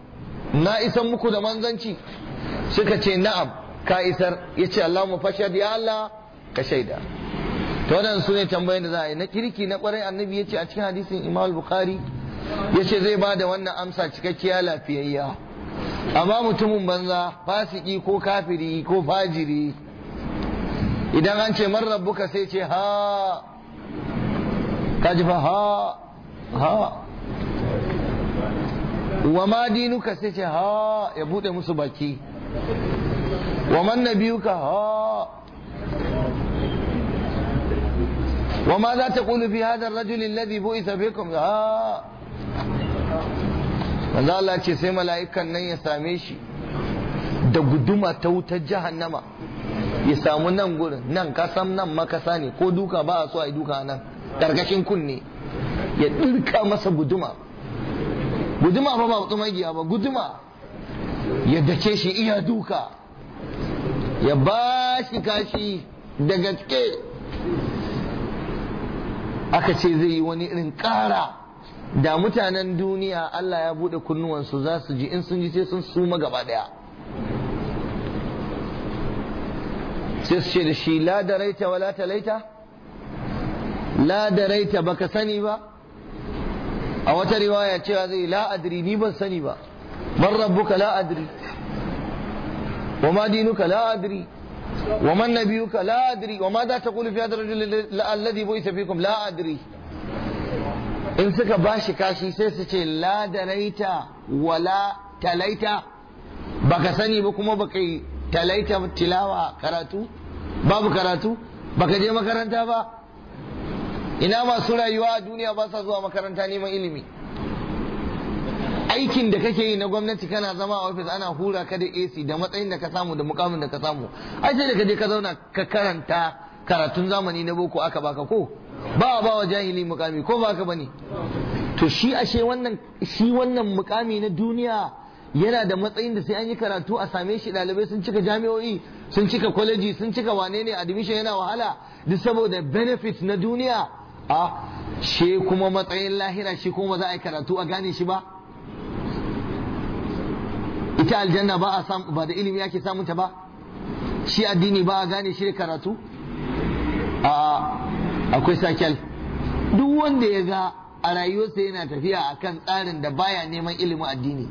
na isan muku da manzanci suka ce na'am ka isar Ya yace mu fashar ya Allah ka shaida to wannan su ne tambayoyin da za a yi na kirki na kwarai annabi ya ce a cikin hadisin imam bukhari ya ce zai ba da wannan amsa cikakkiya lafiyayya amma mutumin banza fasiki ko kafiri ko fajiri idan an ce man rabbuka sai ce ha ka ji fa ha ha wa ma dinuka sai ce ha ya bude musu baki wa man nabiyuka ha وماذا تقول في هذا الرجل الذي بعث بكم آه manzo Allah ce sai mala'ikan nan ya same shi da guduma ta wutar jahannama ya samu nan gurin nan kasam nan makasa ne ko duka ba a so a yi duka nan karkashin kunne ya dirka masa guduma guduma ba ba tsumagiya ba guduma ya dake shi iya duka ya bashi shi kashi da gaske aka ce zai yi wani irin ƙara da mutanen duniya Allah ya buɗe kunnuwansu za su ji in sun ji sai sun suma gaba ɗaya sai su ce da shi la da raita wa la talaita la da raita baka sani ba a wata riwaya cewa zai la adri ni ban sani ba Ban rabbuka la adri wa ma dinuka la adri ومن نبيك لا أدري وماذا تقول في هذا الرجل الذي بئس فيكم لا أدري in suka bashi kashi sai su ce la daraita wala talaita baka sani ba kuma baka yi talaita tilawa karatu babu karatu baka je makaranta ba ina masu rayuwa a duniya ba sa zuwa makaranta neman ilimi aikin da kake yi na gwamnati kana zama a ofis ana hura ka da AC da matsayin da ka samu da mukamin da ka samu ai sai da ka je ka zauna ka karanta karatun zamani na boko aka baka ko ba ba wa jahili mukami ko ba ka bane to shi ashe wannan shi wannan mukami na duniya yana da matsayin da sai an yi karatu a same shi dalibai sun cika jami'o'i sun cika kwaleji sun cika wane ne admission yana wahala duk saboda benefit na duniya a ah, she kuma matsayin lahira shi kuma za a yi karatu a gane shi ba ita aljanna ba a samu ba da ilimi ake ta ba shi addini ba a gane shi karatu a akwai sakel duk wanda ya ga a rayuwarsa yana tafiya a kan tsarin da baya neman ilimin addini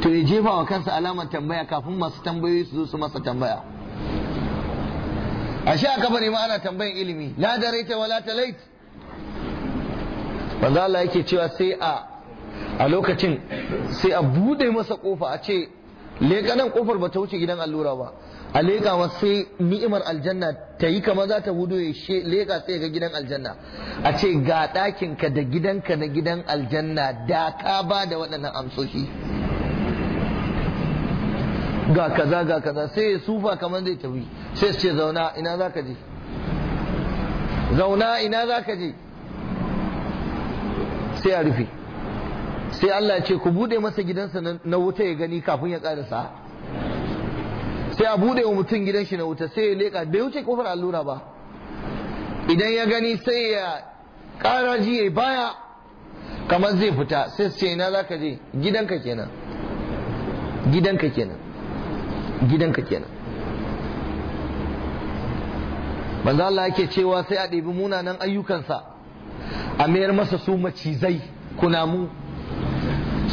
to ya jefa wa kansa alamar tambaya kafin masu tambayoyi su zo su masa tambaya a sha kafa ne ma ana tambayin ilimi la ta wala talait wanda Allah yake cewa sai a a lokacin sai a buɗe masa ƙofa a ce leƙa nan ƙofar ba ta wuce gidan allura ba a leƙa ma sai ni'imar aljanna ta yi kama za ta hudu ya leƙa sai ga gidan aljanna a ce ga ɗakinka da gidanka na gidan aljanna da ka ba da waɗannan amsoshi ga kaza ga kaza sai ya sufa kamar zai tafi sai su ce zauna ina za ka je zauna ina za ka je sai a rufe sai Allah ya ce ku bude masa gidansa na wuta ya gani kafin ya sa. sai a bude wa mutum gidan shi na wuta sai ya leka bai wuce kofar allura ba idan ya gani sai ya kara ji ya baya kamar zai fita sai ce ina ka je gidanka kenan gidanka kenan gidanka kenan za Allah yake cewa sai a ɗebi munanan ayyukansa a mayar masa su macizai kunamu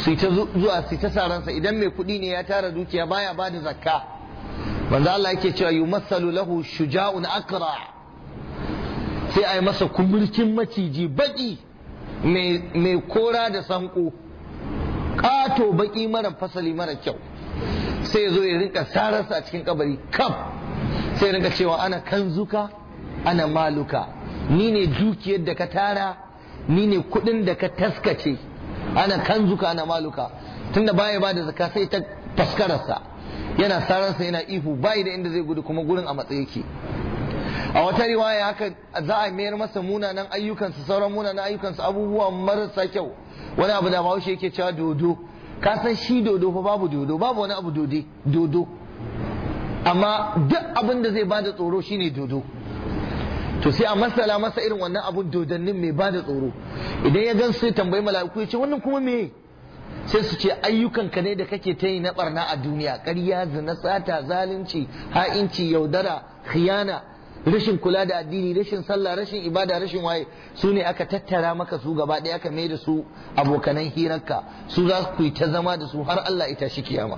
su ta zuwa su ta saransa idan mai kuɗi ne ya tara dukiya baya ba da zakka manzo Allah yake cewa yumassalu lahu shuja'un akra sai a masa kumburkin maciji baki mai kora da sanko ƙato baki mara fasali mara kyau sai ya zo ya rinka sararsa a cikin kabari kaf sai rinka cewa ana kanzuka ana maluka ni ne dukiyar da ka tara ni ne kuɗin da ka taskace ana kanzuka ana maluka tunda baya ba da zaka sai ta faskararsa yana sararsa yana ihu bayi da inda zai gudu kuma gurin a matsayi yake a wata riwaya haka za a mayar masa munanan ayyukansu sauran munanan ayyukansu abubuwa marasa kyau wani abu da bahaushe yake cewa dodo ka san shi dodo fa babu dodo babu wani abu dodo amma duk abin da zai bada tsoro shine dodo to sai a masala masa irin wannan abun dodannin mai ba da tsoro idan ya gan sai tambayi mala'iku ya ce wannan kuma me sai su ce ayyukanka ne da kake ta yi na barna a duniya ƙarya zina sata zalunci ha'inci yaudara khiyana rashin kula da addini rashin sallah rashin ibada rashin waye su ne aka tattara maka su gaba ɗaya aka mai da su abokanan hirarka su za ku yi ta zama da su har Allah ita shi kiyama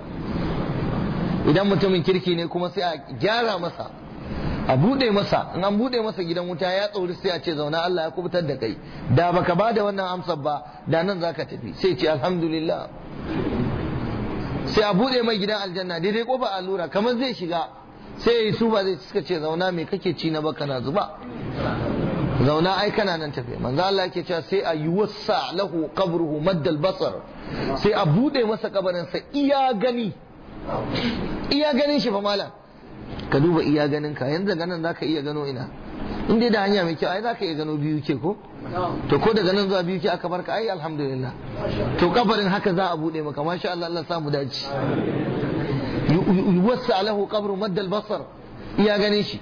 idan mutumin kirki ne kuma sai a gyara masa a bude masa in an bude masa gidan wuta ya tsori sai a ce zauna Allah ya kubutar da kai da baka ba da wannan amsar ba da nan zaka tafi sai ce alhamdulillah sai a bude mai gidan aljanna daidai kofa allura kamar zai shiga sai ya su ba zai suka ce zauna mai kake ci na baka na zuba zauna ai kana nan tafe manzo Allah yake cewa sai a yi wasa lahu qabruhu maddal basar sai a bude masa kabarin sa iya gani iya ganin shi fa malam ka duba iya ganin ka yanzu ganin zaka iya gano ina in dai da hanya mai kyau ai zaka iya gano biyu ke ko to ko daga nan zuwa biyu ke aka barka ai alhamdulillah to kabarin haka za a bude maka masha Allah Allah mu dace yuwassa alahu qabru maddal basar iya ganin shi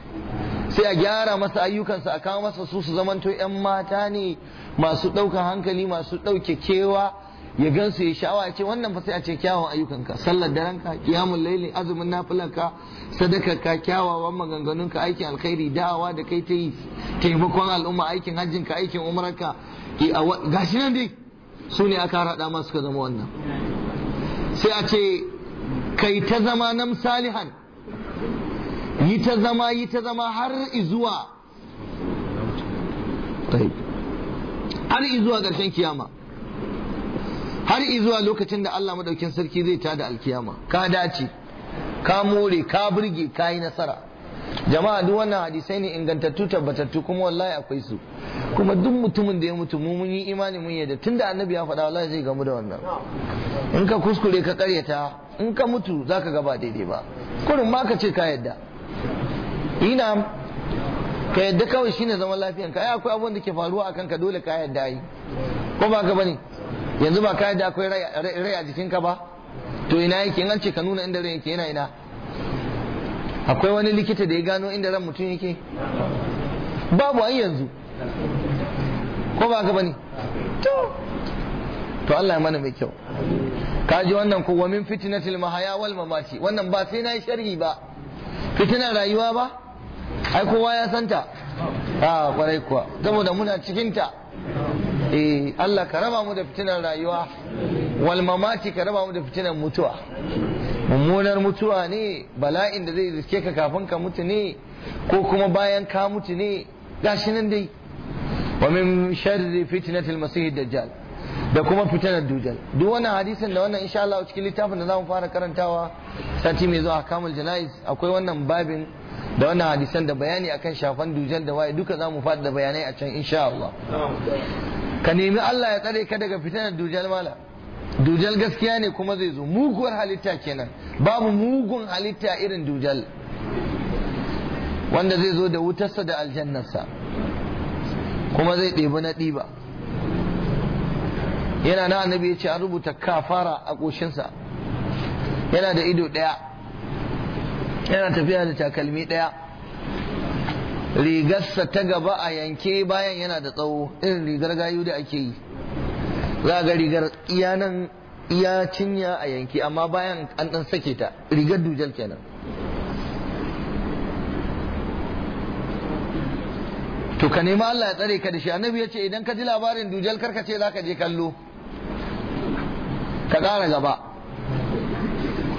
sai a gyara masa ayyukansa a kawo masa su su zamanto 'yan mata ne masu ɗaukan hankali masu ɗauke kewa ya gansu ya sha'awa ya ce wannan fa sai a ce kyawun ayyukanka sallar daranka kiyamun laili azumin nafilanka sadakarka kyawawan maganganunka aikin alkhairi da'awa da kai ta yi taimakon al'umma aikin hajjinka aikin umarka gashi nan dai su ne aka raɗa masu ka zama wannan sai a ce kai ta zama nan salihan yi ta zama yi ta zama har izuwa har izuwa ƙarshen kiyama har izuwa lokacin da Allah madaukin sarki zai tada alkiyama ka dace ka more ka burge ka yi nasara jama'a duk wannan hadisai ne ingantattu tabbatattu kuma wallahi akwai su kuma duk mutumin da ya mutu mu mun yi imani mun yadda tunda annabi ya faɗa wallahi zai gamu da wannan in ka kuskure ka karyata in ka mutu zaka ka ba daidai ba kurin ma ka ce ka yadda ina ka yadda kawai shine zaman lafiyanka ka ai akwai abin da ke faruwa akan ka dole ka yadda ai ko ba ka bane yanzu ba ka da akwai rai a jikinka ba to ina yake in an ce ka nuna inda rai yake yana ina akwai wani likita da ya gano inda ran mutum yake babu ai yanzu ko ba ka bane to to Allah ya mana mai kyau kaji wannan ko wa min fitnatil mahaya wal mamati wannan ba sai nayi sharhi ba fitnar rayuwa ba ai kowa ya santa a ah, kwarai kuwa saboda muna cikin ta eh Allah ka raba mu da fitinar rayuwa wal mamati ka raba mu da fitinar mutuwa mummunar mutuwa ne bala'in da zai riske ka kafin ka mutu ne ko kuma bayan ka mutu ne gashi nan dai wa min sharri fitnatil masih dajjal da kuma fitinar dujal duk wannan hadisin da wannan insha Allah cikin littafin da zamu fara karantawa sati mai zuwa kamul janaiz akwai wannan babin da wannan hadisan da bayani akan shafan dujal da waye duka zamu fada da bayanai a can insha Allah ka nemi Allah ya tsare ka daga fitanar dujal mala dujal gaskiya ne kuma zai zo muguwar halitta kenan babu mugun halitta irin dujal wanda zai zo da wutarsa da aljannarsa kuma zai ɗebi na ɗiba yana na annabi ya ce an rubuta kafara a ƙoshinsa yana da ido ɗaya yana tafiya da takalmi ɗaya rigarsa ta gaba a yanke bayan yana da tsawo irin rigar gayu da ake yi za ga rigar iya nan cinya a yanke amma bayan an dan sake ta rigar dujal kenan to ka nema Allah ya tsare ka da shi annabi ya ce idan ka ji labarin dujal karka ce za ka je kallo ka ƙara gaba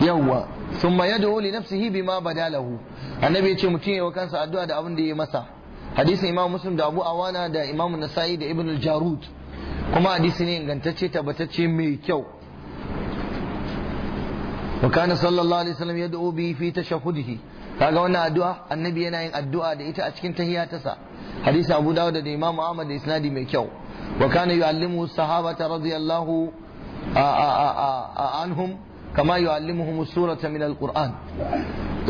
yawwa Sun thumma yad'u li nafsihi bima badalahu annabi ya ce mutum ya kansa addu'a da abin da ya yi masa hadisin imam muslim da abu awana da imam nasa'i da ibn al-jarud kuma hadisi ne ingantacce tabbatacce mai kyau wa kana sallallahu alaihi wasallam yad'u bi fi tashahhudihi ga wannan addu'a annabi yana yin addu'a da ita a cikin tahiyyatasa hadisi abu dawud da imam ahmad da isnadi mai kyau wa kana yu'allimu sahabata radiyallahu anhum kama yu'allimuhum surata min alquran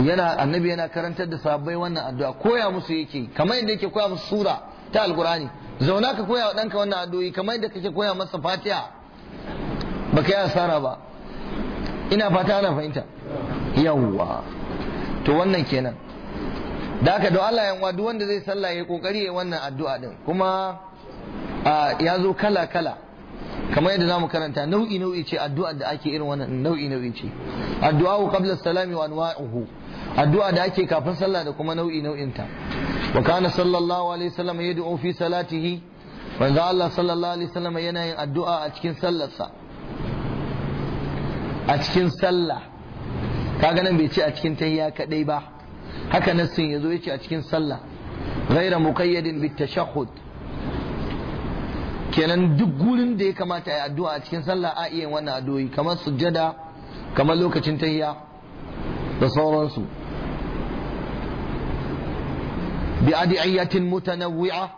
yana annabi yana karantar da sahabbai wannan addu'a koya musu yake kamar yadda yake koya musu sura ta alqurani zauna ka koya wa danka wannan addu'o'i kamar yadda kake koya masa fatiha baka yi asara ba ina fata ana fahimta yawwa to wannan kenan da haka don Allah yan duk wanda zai sallah ya kokari ya wannan addu'a din kuma ya zo kala kala kamar yadda zamu karanta nau'i nau'i ce addu'a da ake irin wannan nau'i nau'i ce addu'a qabla salami wa anwa'uhu addu'a da ake kafin sallah da kuma nau'i nau'in ta wa kana sallallahu alaihi wasallam yad'u fi salatihi manzo Allah sallallahu alaihi wasallam yana yin addu'a a cikin sallarsa a cikin sallah kaga nan bai ce a cikin tahiyya kadai ba haka nassin yazo yace a cikin sallah ghayra muqayyadin bit tashahhud kenan duk gurin da ya kamata ya addu'a a cikin sallah a iya wannan addu'o'i kamar sujjada kamar lokacin tahiya da sauransu bi adiyatin mutanawwi'a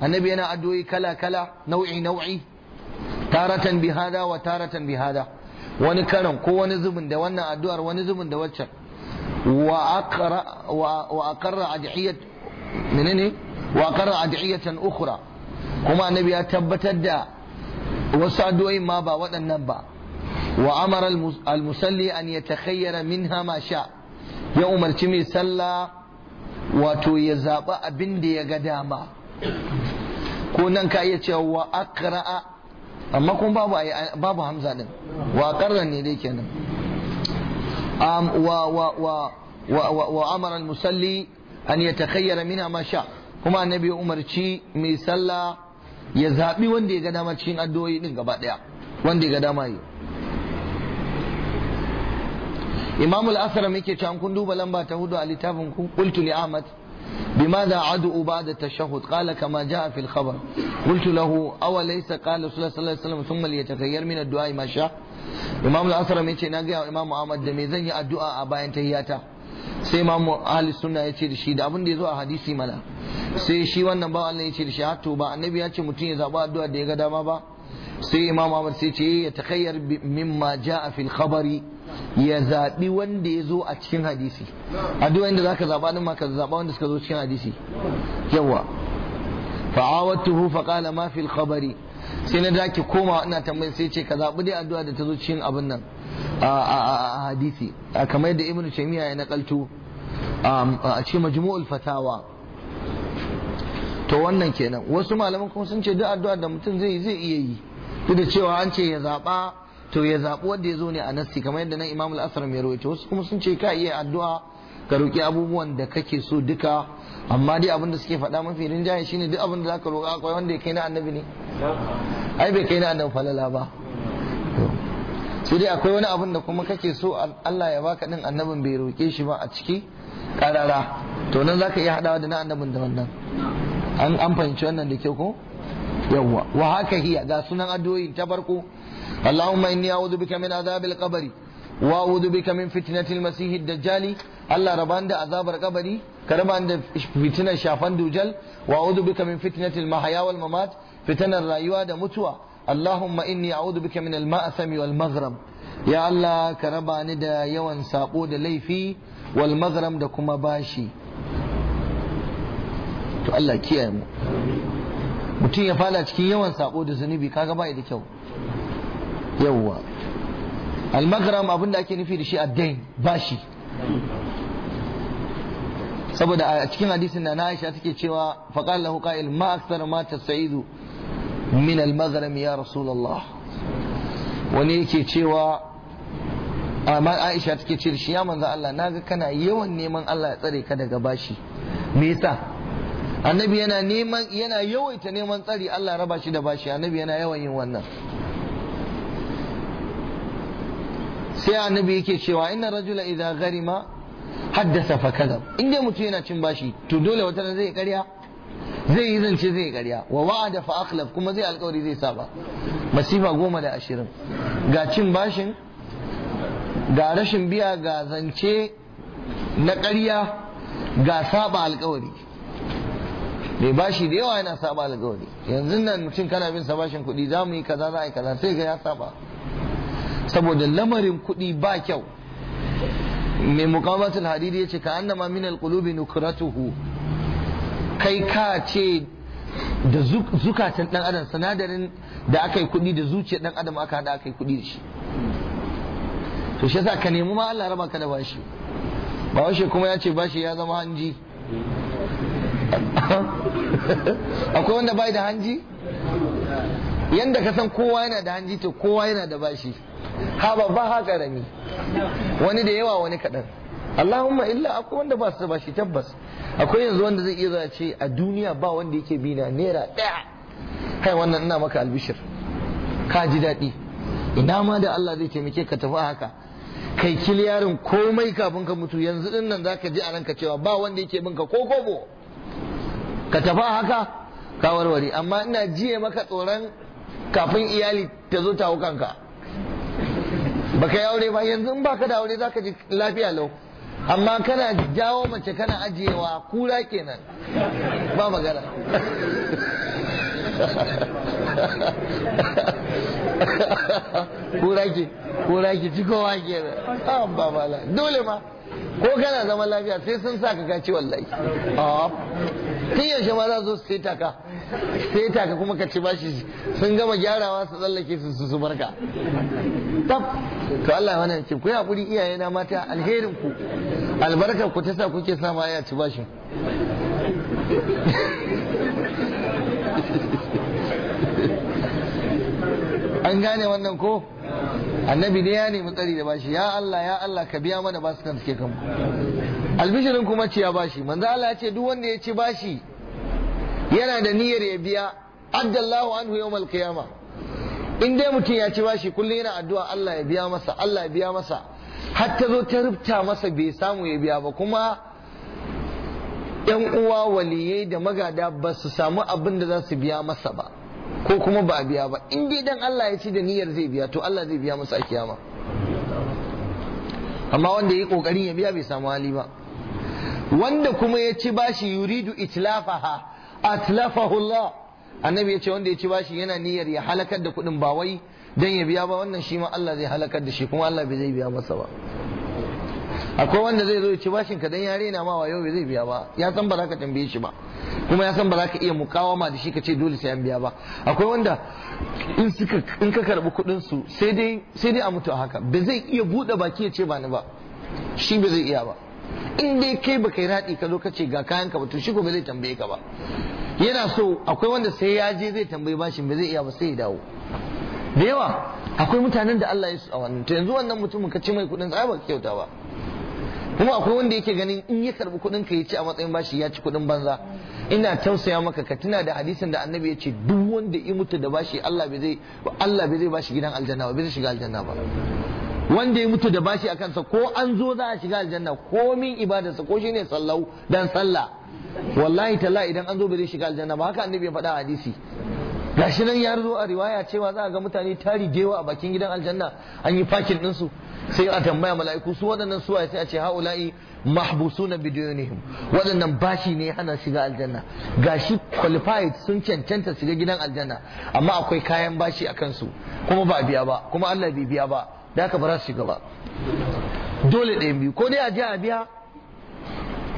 annabi yana addu'o'i kala kala nau'i nau'i taratan bi hada wa taratan bi hada wani karan ko wani zubin da wannan addu'ar wani zubin da waccan wa aqra wa aqarra adiyat menene wa aqarra adiyatan ukhra kuma annabi ya tabbatar da wasu addu'o'in ma ba waɗannan ba wa amara al-musalli an yatakhayyara minha ma sha ya umarci mai sallah wato ya zaɓa abin da ya ga dama ko nan ka iya cewa wa akra'a amma kuma babu babu hamza din wa qarra ne dai kenan am wa wa wa wa wa amara al-musalli an yatakhayyara minha ma sha' kuma annabi ya umarci mai sallah ya zaɓi wanda ya ga damar cikin addu'o'i ɗin gaba ɗaya wanda ya ga dama yi imam al-asra muke cewa kun duba lamba ta hudu a littafin ku qultu li ahmad bimadha adu'u ba'da tashahhud qala kama ja'a fil khabar qultu lahu aw laysa qala sallallahu alaihi wasallam thumma liyatakayyar min ad-du'a ma sha imam al-asra muke na ga imam ahmad da me zan yi addu'a a bayan ta tahiyata sai mu ahli sunna ya ce da shi da abin da ya zo a hadisi mana sai shi wannan ba Allah ya ce da shi hato ba annabi ya ce mutum ya zaba addu'a da ya ga dama ba sai imam Ahmad sai ce eh, ya takhayyar mimma jaa fil khabari ya zabi wanda ya zo a cikin hadisi addu'a inda zaka zaba din ma ka zaba wanda suka zo cikin hadisi yawa fa'awatuhu faqala ma fil khabari sai na dake koma ina tambayin sai ce ka zabi dai addu'a da ta zo cikin abin nan a hadisi kamar yadda ibnu taymiya ya nakaltu um, a ce majmu'ul fatawa to wannan kenan wasu malaman kuma sun ce duk addu'a da mutum zai zai iya yi duk da cewa an ce ya zaba to ya zabi wanda ya zo ne a nasti kamar yadda nan imamul asr mai rawaito wasu kuma sun ce ka iya addu'a ka roki abubuwan da kake so duka amma dai abin da suke faɗa mafi rinjaye shine duk abin da zaka roƙa akwai wanda ya kai na annabi ne ai bai kai na annabi falala ba sai dai akwai wani abin da kuma kake so Allah ya baka din annabin bai roke shi ba a ciki karara to nan zaka iya hadawa da na annabin da wannan an an fahimci wannan da ke ko yawwa wa haka hiya ga sunan addu'o'i ta farko Allahumma inni a'udhu bika min azabil qabri wa a'udhu bika min fitnatil masiihid dajjali Allah raban da azabar kabari ka da fitinan shafan dujal wa a'udhu bika min fitnatil mahya wal mamat fitanar rayuwa da mutuwa Allahumma inni a'udhu bika min al-ma'thami wal maghrab ya Allah ka raba ni da yawan sako da laifi wal maghrab da kuma bashi to Allah kiyaye mu mutum ya fada cikin yawan sako da zunubi kaga bai da kyau yawwa al maghrab abinda ake nufi da shi addain bashi saboda a cikin hadisin da na Aisha take cewa faqala lahu qa'il ma akthar ma tasaidu min al-maghrib ya rasulullah wani yake cewa amma Aisha take ce shi ya manzo Allah naga kana yawan neman Allah ya tsare ka daga bashi me yasa annabi yana neman yana yawaita neman tsari Allah raba shi da bashi annabi yana yawan yin wannan sai annabi yake cewa inna rajula idza gharima haddasa fa kadhab inda mutum yana cin bashi to dole wata zai karya zai yi zance zai karya wa wa'ada fa aklaf kuma zai alkawari zai saba masifa goma da ashirin ga cin bashin ga rashin biya ga zance na karya ga saba alkawari mai bashi da yawa yana saba alkawari yanzu nan mutum kana bin sa bashin kuɗi za mu yi kaza za a yi kaza sai ga ya saba saboda lamarin kuɗi ba kyau mai mukamatul hadidi ya ce ka annama min alqulubi nukratuhu kai ka ce da zukatan dan adam sanadarin da aka yi kudi da zuciyar dan adam aka hada aka yi kudi da shi to shi yasa ka nemi ma Allah raba ka da bashi ba washe kuma ya ce bashi ya zama hanji <laughs> akwai wanda bai da hanji yanda ka san kowa yana da hanji to kowa yana da bashi ha babba ha karami wani da yawa wani kadan. Allahumma illa akwai wanda ba su ba tabbas akwai yanzu wanda zai iya ce a duniya ba wanda yake bina na naira ɗaya kai wannan ina maka albishir ka ji daɗi ina ma da Allah zai taimake ka tafi haka kai kiliyarin komai kafin ka mutu yanzu din nan zaka ji a ranka cewa ba wanda yake binka ko kobo ka tafi haka ka warware amma ina jiye maka tsoron kafin iyali ta zo ta hukanka baka yi aure ba yanzu in baka da aure zaka ji lafiya lau amma kana jawo mace kana ajiyewa kura kenan ba magana kura ke kura ke cikowa kenan ba ba dole ma ko kana zama lafiya sai sun sa ka gaci wallahi tun yaushe ma za su sai taka sai taka kuma ka ci bashi sun gama gyarawa su tsallake su su zubar ka tab to Allah ya ce ku ya kuri iyaye na mata alherin ku albarka ku ta sa kuke sama ya ci bashin <laughs> an gane wannan ko annabi ne ya nemi tsari da bashi ya Allah ya Allah ka biya mana basu kan suke kanmu albishirin kuma ce ya bashi manzo Allah ya ce duk wanda ya ci bashi yana da niyyar ya biya addallahu anhu yawmal qiyama in dai mutum ya ci bashi kullum yana addu'a Allah ya biya masa Allah ya biya masa har ta zo ta rubta masa bai samu ya biya ba kuma yan uwa waliyai da magada ba su samu abin da za su biya masa ba ko kuma ba a biya ba in dai dan Allah ya ci da niyyar zai biya to Allah zai biya masa a kiyama amma wanda ya yi kokarin ya biya bai samu hali ba wanda kuma ya ci bashi yuridu itlafaha atlafahu Allah annabi ya ce wanda ya ci bashi yana niyyar ya halakar da kuɗin ba wai dan ya biya ba wannan shi ma Allah zai halakar da shi kuma Allah bai zai biya masa ba akwai wanda zai zo ya ci bashin ka dan yare na ma wayo bai zai biya ba ya san ba za ka tambaye shi ba kuma ya san ba za ka iya mukawama da shi ka ce dole sai an biya ba akwai wanda in suka in ka karbi kuɗin su sai dai sai dai a mutu a haka ba zai iya buɗe baki ya ce ba ni ba shi ba zai iya ba in dai kai ba kai radi ka zo ka ce ga kayan ka ba to shi ko ba zai tambaye ka ba yana so akwai wanda sai ya je zai tambayi bashin ba zai iya ba sai ya dawo da yawa akwai mutanen da Allah ya su a wannan to yanzu wannan mutumin ka ce mai kuɗin tsaba ba kyauta ba kuma akwai wanda yake ganin in ya karbi kuɗin ka ya ci a matsayin bashi ya ci kuɗin banza ina tausaya maka ka tuna da hadisin da annabi ya ce duk wanda ya mutu da bashi Allah bai zai bashi gidan aljanna ba bai zai shiga aljanna ba wanda ya mutu da bashi a kansa ko an zo za a shiga aljanna ko min ibadarsa ko shine sallau dan sallah wallahi talla idan an zo bai zai shiga aljanna ba haka annabi ya faɗa hadisi gashi nan ya zo a riwaya cewa za a ga mutane tari da yawa a bakin gidan aljanna an yi fakin ɗinsu sai a tambaya mala'iku su waɗannan suwa sai a ce haula'i mahbusuna bidiyonihim waɗannan bashi ne hana shiga aljanna gashi qualified sun cancanta shiga gidan aljanna amma akwai kayan bashi a kansu kuma ba biya ba kuma Allah bai biya ba da haka ba za su shiga ba dole ɗaya biyu ko dai a je a biya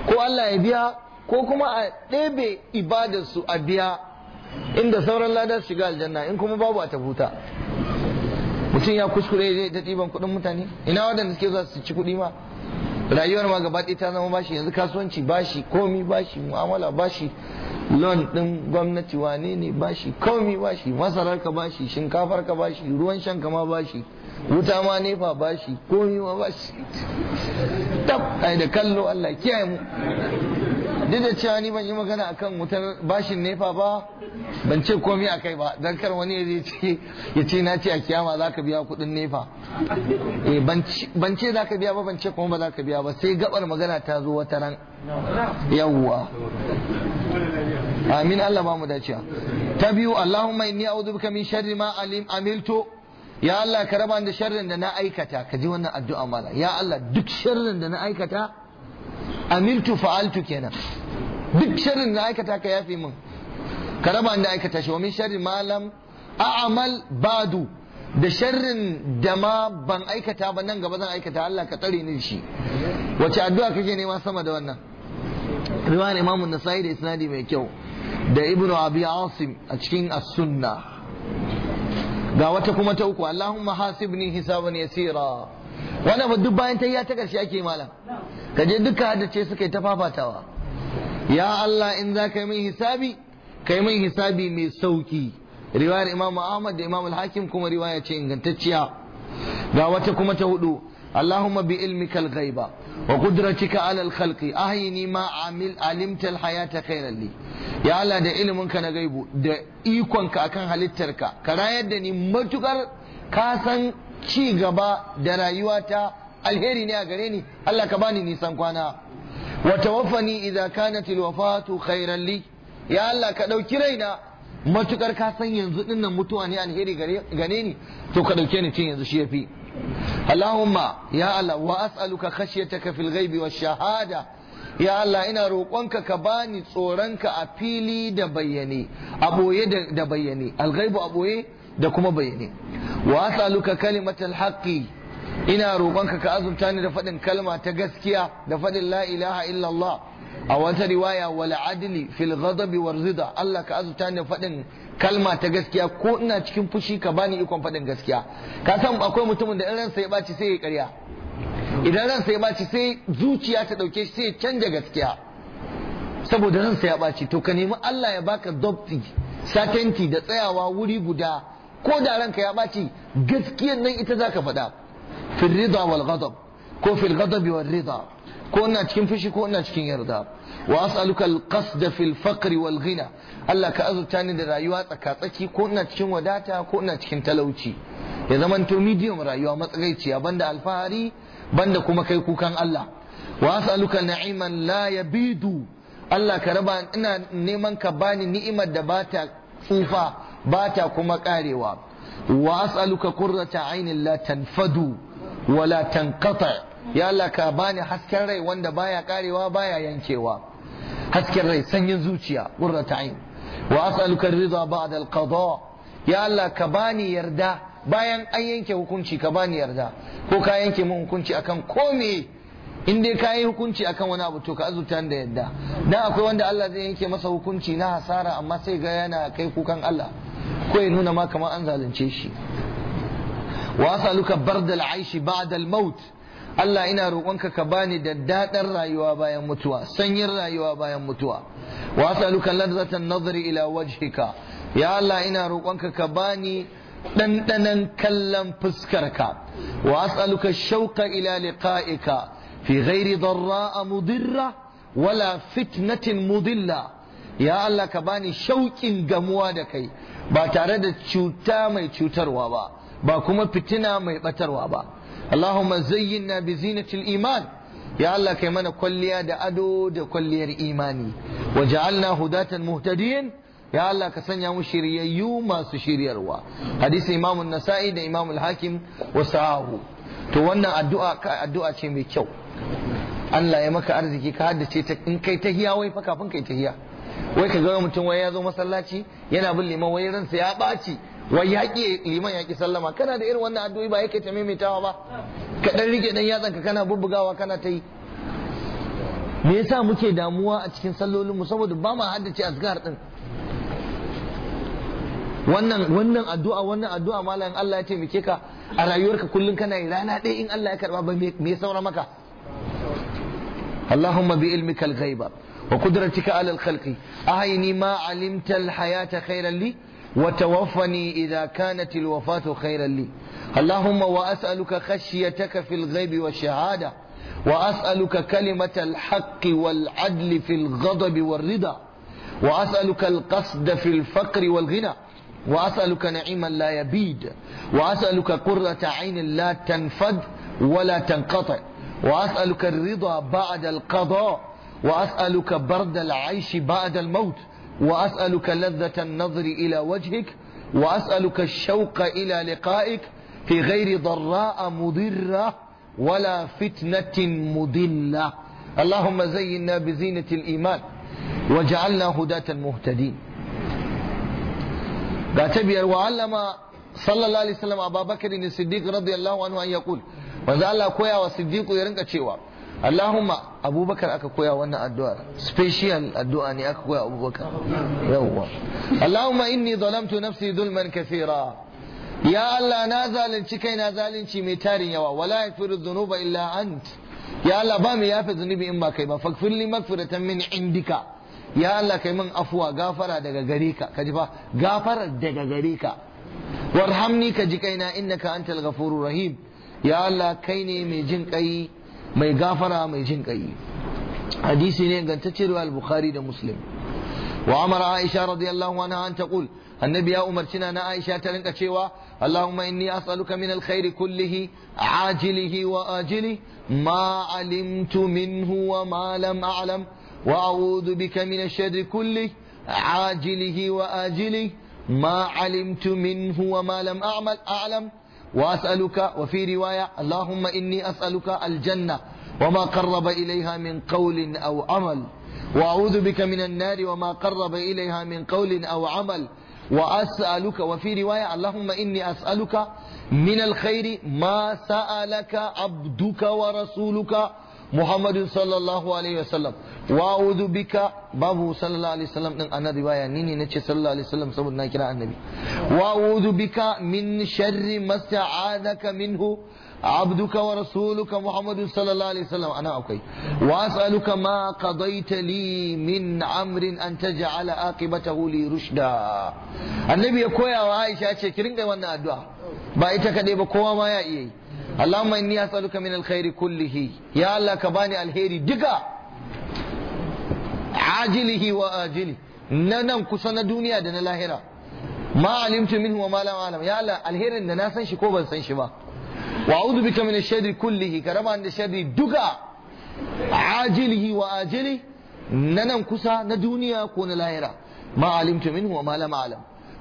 ko Allah ya biya ko kuma a ɗebe ibadarsu a biya inda sauran lada shiga aljanna in kuma babu a tafuta mutum ya kuskure zai ta ɗiban kuɗin mutane ina waɗanda suke zuwa su ci kuɗi ma rayuwar ma gaba ɗaya ta zama bashi yanzu kasuwanci bashi komi bashi mu'amala bashi loan ɗin gwamnati wane ne bashi komi bashi masarar ka bashi shinkafar ka bashi ruwan shan ka bashi wuta ma nefa bashi komi ma bashi tab ai da kallo Allah kiyaye mu duk da cewa ni ban yi magana akan wutar bashin nefa ba ban ce komai a kai ba don kar wani ya ce ya ce na ce a kiyama za ka biya kuɗin nefa eh, ban ce za ka biya ba ban ce kuma ba za ka biya ba sai gabar magana ta zo wata ran yawwa amin Allah ba mu dace ta biyu Allahumma inni a'udhu bika min sharri ma alim amiltu ya Allah ka raba da sharrin da na aikata ka ji wannan addu'a mala ya Allah duk sharrin da na aikata amiltu fa'altu kenan duk shirin na aikata ka yafe min ka raba da aikata shi wa min sharri malam a'mal badu da sharrin da ma ban aikata ba nan gaba zan aikata Allah ka tsare ni shi wace addu'a kake nema sama da wannan riwayar Imam Nasa'i da isnadi mai kyau da Ibn Abi Asim a cikin As-Sunnah ga wata kuma ta uku Allahumma hasibni hisaban yasira wannan ba duk bayan tayya ta karshe ake malam ka je duka haddace suka yi ta fafatawa ya Allah in za ka yi min hisabi ka yi min hisabi mai sauki riwayar Imam Ahmad da Imam Al-Hakim kuma riwaya ce ingantacciya ga wata kuma ta hudu wa qudratika ala al-khalqi الخلق ma amil alimta al hayata khayran li ya allah da ka na gaibu da ikonka akan halittarka ka rayar da ni matukar ka san ci gaba da rayuwata alheri ne a gare ni Allah ka bani nisan kwana wa tawaffani idza kanat alwafatu khairan li ya Allah ka dauki raina matukar ka san yanzu dinnan mutuwa ne alheri gare ni to ka dauke ni tun yanzu shi yafi Allahumma ya Allah wa as'aluka khashyataka fil ghaibi wash shahada ya Allah ina roƙonka ka bani tsoronka a fili da bayyane a boye da bayyane alghaibu a boye da kuma bayani wa as'aluka kalimatal haqqi ina roƙonka ka azumta ni da faɗin kalma ta gaskiya da faɗin la ilaha illallah a wata riwaya wal adli fil ghadabi war rida Allah ka azurta ni da faɗin kalma ta gaskiya ko ina cikin fushi ka bani ikon faɗin gaskiya ka san akwai mutumin da in ransa ya baci sai ya ƙarya idan ransa ya baci sai zuciya ta ɗauke shi sai ya canja gaskiya saboda ransa ya baci to ka nemi Allah ya baka dabti satanti da tsayawa wuri guda ko da ranka ya ɓaci gaskiyan nan ita zaka faɗa fil rida wal ghadab ko fil ghadab wal rida ko ina cikin fushi ko ina cikin yarda wa as'aluka al qasda fil faqri wal ghina Allah ka azurta ni da rayuwa tsakatsaki ko ina cikin wadata ko ina cikin talauci ya zamanto medium rayuwa matsagaiciya banda alfahari banda kuma kai kukan Allah wa as'aluka na'iman la yabidu Allah ka raba ina neman ka bani ni'imar da bata tsufa ba ta kuma karewa wa as'aluka qurrata ainin la tanfadu wa la tanqata ya Allah ka bani hasken rai wanda baya karewa baya yankewa hasken rai sanyin zuciya qurrata ain wa as'aluka ridha ba'da al-qada ya Allah ka bani yarda bayan an yanke hukunci ka bani yarda ko ka yanke min hukunci akan komai in dai ka yi hukunci akan wani abu to ka azurta da yadda dan akwai wanda Allah zai yanke masa hukunci na hasara amma sai ga yana kai kukan Allah ko ya nuna ma kamar an zalunce shi wa asaluka bardal aishi ba'da al-maut Allah ina roƙonka ka bani da dadar rayuwa bayan mutuwa sanyin rayuwa bayan mutuwa wa asaluka ladzatan nazari ila wajhika ya Allah ina roƙonka ka bani ɗanɗanan kallon fuskarka wa asaluka shauka ila liqa'ika fi ghairi darra mudirra wala fitnatin mudilla ya Allah ka bani shauƙin gamuwa da kai ba tare da cuta mai cutarwa ba ba kuma fitina mai batarwa ba Allahumma zayyinna bi zinatil iman ya Allah kai mana kwalliya da ado da kwalliyar imani wa ja'alna hudatan muhtadiyin ya Allah ka sanya mu shiryayyu masu shiryarwa hadisi imamun nasa'i da imamul hakim wa sahahu to wannan addu'a addu'a ce mai kyau Allah ya maka arziki ka haddace ta in kai hiya wai fa kafin kai hiya. wai ka ga mutum wai ya zo masallaci yana bin liman wai ransa ya baci wai ki liman ki sallama kana da irin wannan addu'o'i ba yake ta maimaitawa ba ka dan rike dan yatsan ka kana bubbugawa kana ta yi me yasa muke damuwa a cikin sallolin mu saboda ba mu haddace azkar din wannan wannan addu'a wannan addu'a malam Allah ya taimake ka a rayuwarka kullun kana yi rana ɗaya in Allah ya karba ba me saura maka اللهم بعلمك الغيب وقدرتك على الخلق أعيني ما علمت الحياة خيرا لي وتوفني إذا كانت الوفاة خيرا لي اللهم وأسألك خشيتك في الغيب والشهادة وأسألك كلمة الحق والعدل في الغضب والرضا وأسألك القصد في الفقر والغنى وأسألك نعيما لا يبيد وأسألك قرة عين لا تنفد ولا تنقطع وأسألك الرضا بعد القضاء وأسألك برد العيش بعد الموت وأسألك لذة النظر إلى وجهك وأسألك الشوق إلى لقائك في غير ضراء مضرة ولا فتنة مضلة اللهم زينا بزينة الإيمان وجعلنا هداة المهتدين قاتبير وعلم صلى الله عليه وسلم أبا بكر الصديق رضي الله عنه أن يقول manzo Allah koyawa siddiqu ya rinka cewa Allahumma abubakar aka koya wannan addu'ar special addu'a ne aka koya abubakar yawwa Allahumma inni zalamtu nafsi zulman kathira ya Allah na zalunci kaina zalunci mai tarin yawa wala yaghfiru dhunuba illa ant ya Allah ba mu yafe zunubi in ba kai ba faghfir li maghfiratan min indika ya Allah kai min afuwa gafara daga gare ka kaji fa gafara daga gare ka warhamni ka ji kaina innaka antal ghafurur rahim ya Allah kai ne mai jin kai mai gafara mai jin kai hadisi ne ingantacce ruwa al-bukhari da muslim wa amara aisha radiyallahu anha an taqul annabi ya umarci na aisha ta rinka cewa allahumma inni as'aluka min alkhairi kullihi ajilihi wa ajili ma alimtu minhu wa ma lam a'lam wa a'udhu bika min ash-sharri kullihi ajilihi wa ajili ma alimtu minhu wa ma lam a'lam وأسألك وفي رواية اللهم إني أسألك الجنة وما قرب إليها من قول أو عمل وأعوذ بك من النار وما قرب إليها من قول أو عمل وأسألك وفي رواية اللهم إني أسألك من الخير ما سألك عبدك ورسولك Muhammadu sallallahu alaihi wasallam wa a'udhu bika babu sallallahu alaihi wasallam din anan riwaya nini na ce sallallahu alaihi wasallam saboda na kira annabi wa a'udhu bika min sharri masta'adaka minhu abduka wa rasuluka Muhammadu sallallahu alaihi wasallam ana akwai wa tsaluka ma qadaita li min amrin an taj'ala akibata huli rushda annabi ya koya wa Aisha ce ki rinka wannan addu'a ba ita kaɗai ba kowa ma ya iya yi Allahumma inni as'aluka min alkhairi kullihi ya ka bani alheri duka ajilihi wa ajili na kusa na duniya da na lahira ma wa ma alam ya Allah da na san shi ko ban san shi ba wa a'udhu bika min ash-sharri kullihi ka raba ni da sharri duka ajilihi wa na kusa na duniya ko na lahira wa alam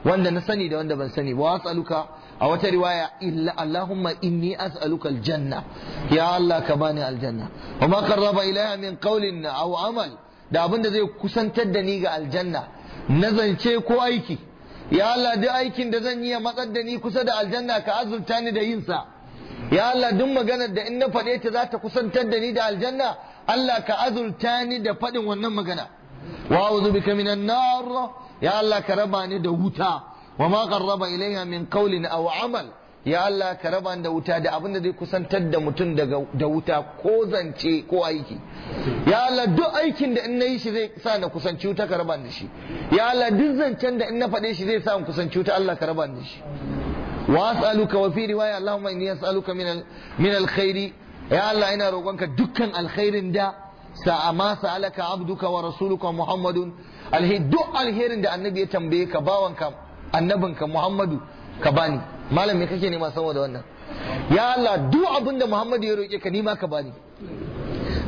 wanda na sani da wanda ban sani ba as'aluka a wata riwaya illa allahumma inni as'aluka aljanna ya allah ka bani aljanna wa ma qarraba ilayha min qawlin aw amal da abinda zai kusantar da ni ga aljanna na zance ko aiki ya allah duk aikin da zan yi ya matsar da ni kusa da aljanna ka azurta ni da yin sa ya allah duk maganar da in na faɗe ta za ta kusantar da ni da aljanna allah ka azurta ni da faɗin wannan magana wa a'udhu bika minan nar ya Allah ka raba ni da wuta wa ma qarraba ilayha min qawlin aw amal ya Allah ka raba ni da wuta da abin da zai kusantar da mutum da wuta ko zance ko aiki ya Allah duk aikin da in nayi shi zai sa na kusanci wuta ka raba da shi ya Allah duk zancen da in na faɗe shi zai sa in kusanci wuta Allah ka raba ni da shi wa as'aluka wa min ya Allah ina roƙonka dukkan alkhairin da sa'a ma abduka wa rasuluka Muhammadun duk alherin da annabi ya tambaye ka bawanka annabinka muhammadu ka bani malam me kake nema saboda wannan ya Allah duk abin da muhammadu ya roƙe ka nima ka bani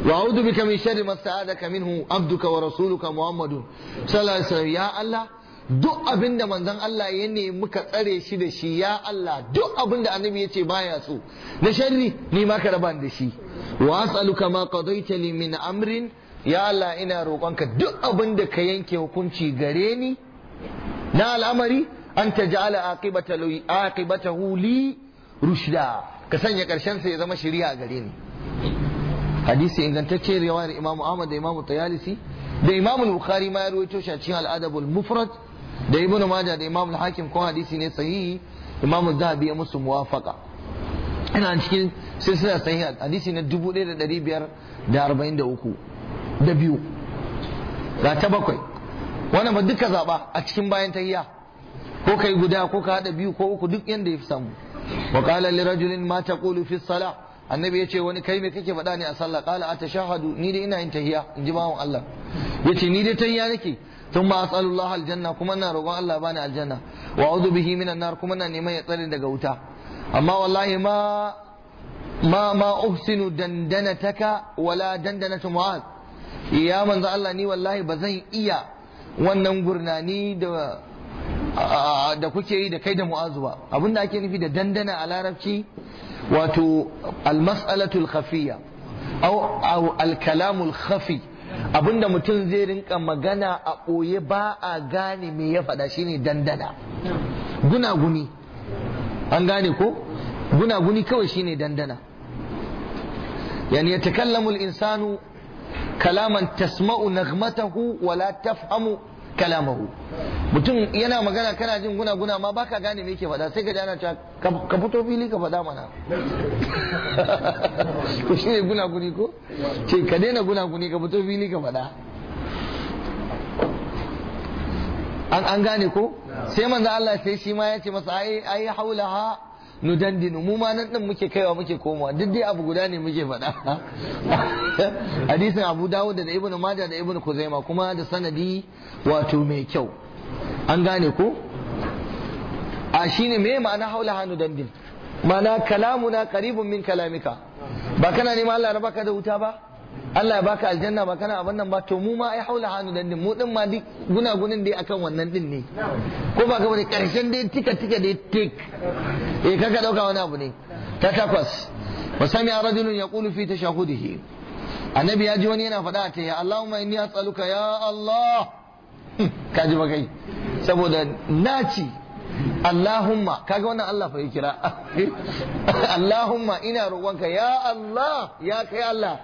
wa a'udhu bika min sharri ma sa'adaka minhu abduka wa rasuluka muhammadu sallallahu alaihi wasallam ya Allah duk abin da manzon Allah ya ne muka tsare shi da shi ya Allah duk abin da annabi ya ce baya so na sharri nima ka raba da shi wa as'aluka ma qadaita li min amrin ya Allah ina roƙonka duk abin da ka yanke hukunci gare ni na al'amari an ta ala aqibatahu huli rushda ka sanya ƙarshen sa ya zama shari'a gare ni hadisi ingantacce riwayar Imam Ahmad da Imam Tayalisi da Imam Bukhari ma ya rawaito shi a cikin al-Adabul Mufrad da Ibn Majah da Imam Hakim ko hadisi ne sahihi Imam Zahabi ya musu muwafaqa ina cikin silsila sahiha hadisi na 1543 da biyu Za ta bakwai wannan ba duka zaba a cikin bayan tahiya ko kai guda ko ka haɗa biyu ko uku duk ya fi samu wa qala li rajulin ma taqulu fi salah annabi wani kai me kake faɗa ne a sallah qala atashahadu ni dai ina yin tahiya in ji bawon Allah yace ni dai tahiya nake tun ma as'alullah aljanna kuma na roƙon Allah bani aljanna wa a'udhu bihi minan nar kuma na neman ya tsare daga wuta amma wallahi ma ma ma uhsinu dandanataka wala dandanatu mu'az ya manzo Allah ni wallahi ba zan iya wannan gurnani da da kuke yi da kai da mu'azu ba abinda ake nufi da dandana a larabci wato al almas'alatul khafiyya au kalamul khafi abinda mutum zai rinka magana a ɓoye ba a gane me ya faɗa shine dandana gunaguni an gane ko gunaguni kawai shine dandana yani yatakallamu al-insanu kalaman tasma'u nagmatahu wala tafhamu kalamahu mutum yana magana kana jin guna guna ma baka gane me yake faɗa sai ka ana cewa ka fito fili ka faɗa mana ko <laughs> shi ne guna guni ko ce ka daina guna guni ka fito fili ka faɗa an gane ko sai manzo Allah sai shi ma ya ce masa ai ai haulaha nudandinu mu ma nan din muke kaiwa muke komawa duk dai abu guda ne muke faɗa <laughs> hadisin Abu Dawud da Ibn Majah da Ibn Kuzaima kuma da sanadi wato mai kyau an gane ko a shine me ma'ana haula hanu dandin ma'ana kalamuna qaribun min kalamika ba kana neman Allah na baka da wuta ba Allah ya baka aljanna ba kana abin nan ba to mu ma ai haula hanu dan mu din ma duk gunagunin dai akan wannan din ne ko ba gaba da karshen dai tika tika dai tik eh kaka dauka wani abu ne ta takwas wa sami'a rajulun yaqulu fi tashahudihi annabi ya ji wani yana faɗa ta ya Allahumma inni as'aluka ya Allah <laughs> ka ji ba kai saboda naci Allahumma kaga wannan Allah fa kira <laughs> Allahumma ina roƙonka ya Allah ya kai Allah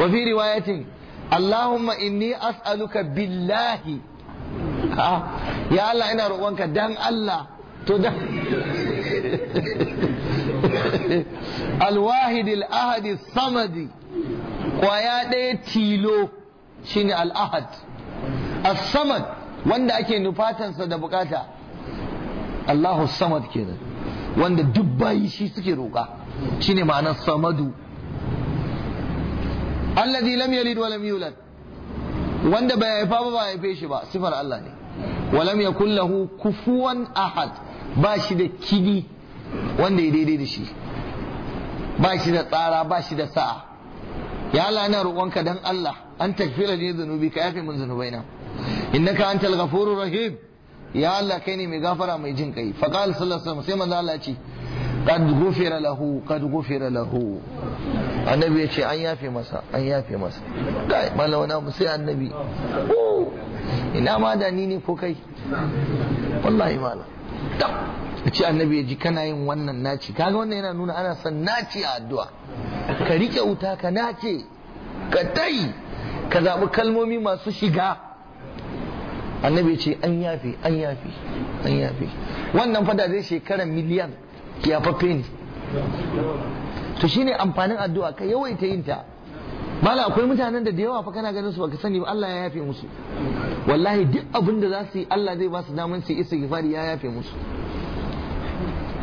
wa fi riwayatin Allahumma inni as'aluka billahi ya Allah ina roƙonka dan Allah to da <laughs> alwahid samadi kwaya ɗaya tilo shine al-ahad as-samad wanda ake nufatansa da bukata Allahu samad kenan wanda duk bayi shi suke roƙa shine ma'anar samadu allazi lam yalid wa lam yulad wanda bai haifa ba bai haife shi ba sifar Allah ne wa lam yakul lahu kufuwan ahad ba shi da kidi wanda ya daidai da shi ba shi da tsara ba shi da sa'a ya Allah ina roƙonka dan Allah an takfira ne zanubi ka yafe min zanubaina innaka antal ghafurur rahim ya Allah kai ne mai gafara mai jin kai fa qala sallallahu alaihi wasallam sai manzo Allah ya ce qad ghufira lahu qad ghufira lahu annabi ya ce an yafe masa an yafe masa kai malawana mu sai annabi ina ma da ni ne ko kai wallahi malam tab ce annabi ya ji kana yin wannan naci kaga wannan yana nuna ana son naci a addu'a ka rike wuta ka nace ka tai ka zaɓi kalmomi masu shiga annabi ce an yafe an yafe an yafe wannan fada zai shekara miliyan kiyafaffe ne to shine amfanin addu'a ka yawaita yin ta mala akwai mutanen da da yawa fa kana ganin su baka sani ba Allah ya yafe musu wallahi duk abin da za su yi Allah zai ba su daman su yi istighfari ya yafe musu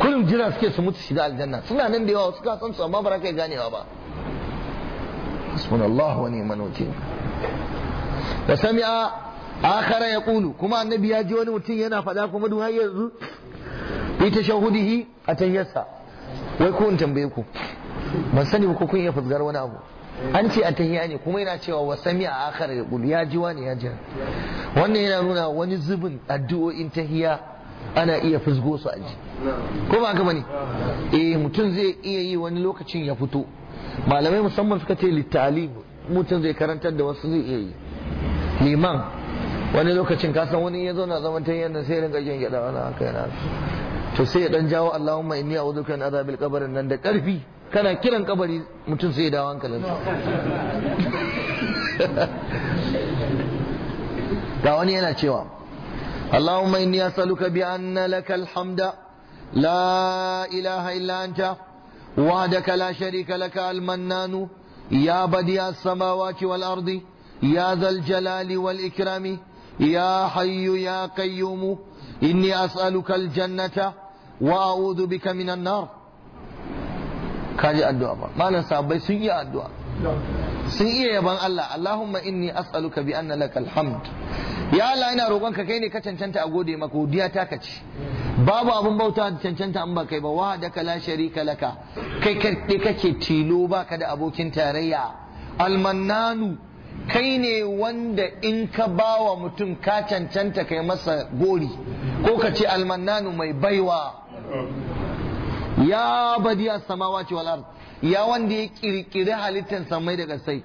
kullum jira suke su mutu shiga aljanna suna nan da yawa suka san su amma ba ka ganewa ba subhanallahi wa ni'mal wakeel da sami'a akhara yaqulu kuma annabi ya ji wani mutum yana fada kuma har yanzu bi tashahudihi a tahiyyarsa wai ko in tambaye ku ban sani ba ko kun iya fusgar wani abu an ce a tahiyya ne kuma yana cewa wa sami a akhar ya ji wani ya ji wannan yana nuna wani zubin addu'o'in tahiya ana iya fusgo su aji ko ba gaba ne eh mutum zai iya yi wani lokacin ya fito malamai musamman suka ce littali mutum zai karantar da wasu zai iya yi liman wani lokacin kasan wani ya zauna zaman tahiyyar nan sai rinka jin gyada wani haka yana to sai ya dan jawo Allahumma inni a'udhuka min azabil qabr nan da karfi kana kiran kabari mutum sai ya dawo hankalin <laughs> ga wani yana cewa Allahumma inni as'aluka bi anna lakal hamda la ilaha illa anta wahdaka la sharika laka al ya badia samawati wal arzi. ya zal jalali wal ikirami. ya hayyu ya qayyum inni as'aluka jannata wa a'udhu bika minan nar kaji addu'a ba malan sabai sun yi addu'a sun iya yaban Allah Allahumma inni as'aluka bi anna lakal hamd ya Allah ina roƙonka kai ne ka cancanta a gode maka godiya ta kace babu abun bauta cancanta an ba kai ba wahdaka la sharika laka kai kai kake tilo baka da abokin tarayya almannanu kai ne wanda in ka bawa mutum ka cancanta kai masa gori ko ka ce almannanu mai baiwa ya badiya samawa ce wal ya wanda ya kirkiri halittar samai daga sai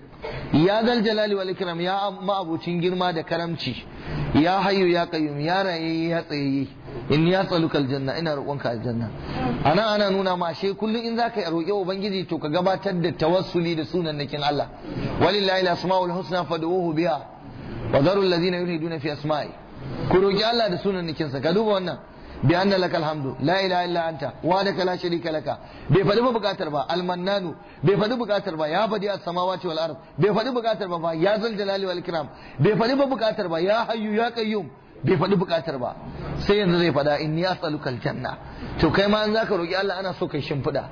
ya zal jalali wal ikram ya ma'abucin girma da karamci ya hayu ya qayyum ya raye ya tsayayye inni as'aluka janna ina roƙonka aljanna ana ana nuna ma shi kullun in zaka yi roƙe ubangiji to ka gabatar da tawassuli da sunan nakin Allah walillahi alasmaul husna fad'uhu biha wa daru alladhina yulhiduna fi asma'i ku roƙi Allah da sunan nakin sa ka duba wannan bi anna lakal hamdu la ilaha illa anta wa laka la sharika laka bai faɗi ba buƙatar ba almannanu bai faɗi buƙatar ba ya faɗi as samawati wal ard bai faɗi buƙatar ba ya zal jalali wal ikram bai faɗi ba buƙatar ba ya hayyu ya qayyum bai faɗi buƙatar ba sai yanzu zai faɗa in ya tsalu aljanna to kai ma an zaka roƙi Allah ana so kai shimfiɗa